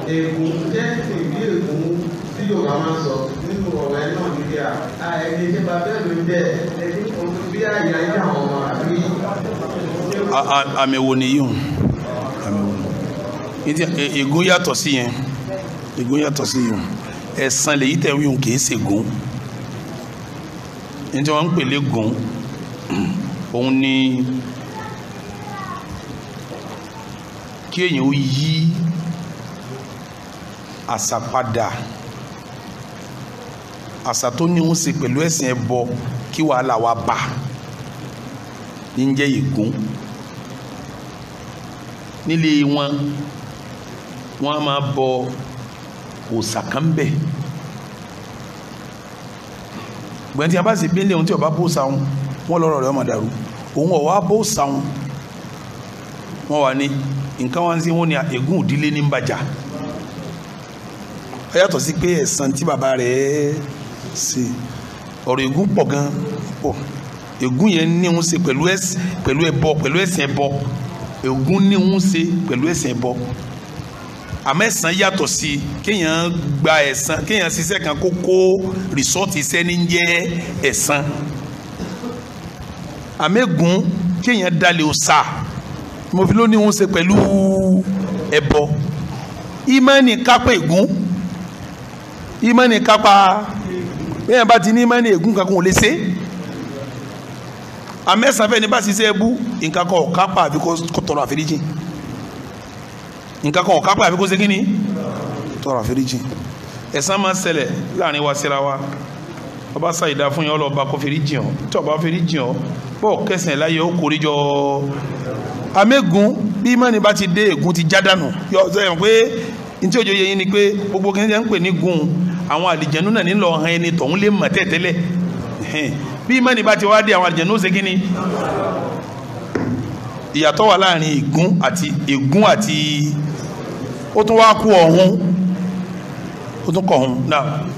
B: ègún jẹ́
A: àmì wo nìyí o àmì wo ègún yàtọ̀ sí yẹn ègún yàtọ̀ sí yẹn ẹ̀san lèyí tẹ̀ wíwọ̀n kì í ní tí wọ́n ń pè léegun òun ni kí èyàn ó yí àṣà padà àṣà tó ní òun ṣe pẹ̀lú ẹ̀sìn ẹbọ kí wàhálà wa bà ní jẹ́ ègún nílé wọn wọn a máa bọ òòṣà kan bẹ́ẹ̀ ṣùgbọ́n tí a bá sì bí ilé ohun tí ọba bó sáwọn wọn lọ́rọ̀ rẹ̀ ọmọ dàrú òun ọ̀wá bó sáwọn wọn wà ní nǹkan wá ń sí wọn ní ègún ìdílé ní bàjá ó yàtọ̀ sí pé ẹ̀san tí bàbá rẹ̀ ṣe ọ̀rọ̀ ègún pọ̀ gan pọ̀ ègún yẹn ní ń ṣe pẹ̀lú ẹ̀bọ pẹ̀lú ẹ̀sìn ẹ̀bọ ègún ní ń ṣe pẹ̀lú ẹ̀sìn ẹ̀bọ àmọ́ ẹ̀san yàtọ̀ sí kéèyàn gba ẹ̀san kéèyàn ṣiṣẹ́ kan kó kó rìsọ́ọ̀tì iṣẹ́ ní jẹ́ ẹ̀san àmẹ́gùn kéèyàn dalẹ̀ òòṣà mo fi ló ní òun ṣe pẹ̀lú ẹ̀bọ ìmánì kápá ègún ìmánì kápá bẹ́ẹ̀ bá ti ní ìmánì ègún kankan ò lè ṣe àmẹ́sàn fẹ́ni bá ṣiṣẹ́ ẹbú nǹkan kan kápá àfi kó tọrọ àforíjì nǹkan kan ọ̀kápẹ́ àfi kó ṣe kíni tọrọ àforíjì ẹ̀san máa ṣẹlẹ̀ láàrin wa síra wa ọba ṣàìdá fún yẹn ọlọ́ba kò fèrè jìn ọ́ tí ọba fèrè jìn ọ́ bọ́ọ̀ kẹsàn án láyé ó kórè jọ amẹ́gun bí mẹ́rin bá ti dé ègún ti já dànù yọ sẹ́yìn pé ntí òjò yẹ yín ni pé gbogbo kìnìún ń pè ní gun àwọn àlìjẹ̀nú náà nílò ọ̀hán ẹni tọ̀hún lè mọ̀ tẹ́tẹ́lẹ̀ bí mẹ́rin bá ti wá dé àwọn àlìjẹ̀nú ó ṣe kí ni ìyàtọ̀ wà láàrin ègún àti ègún àti ó tún wá kú ọ̀hún ó tún kọ̀ ọ̀hún náà.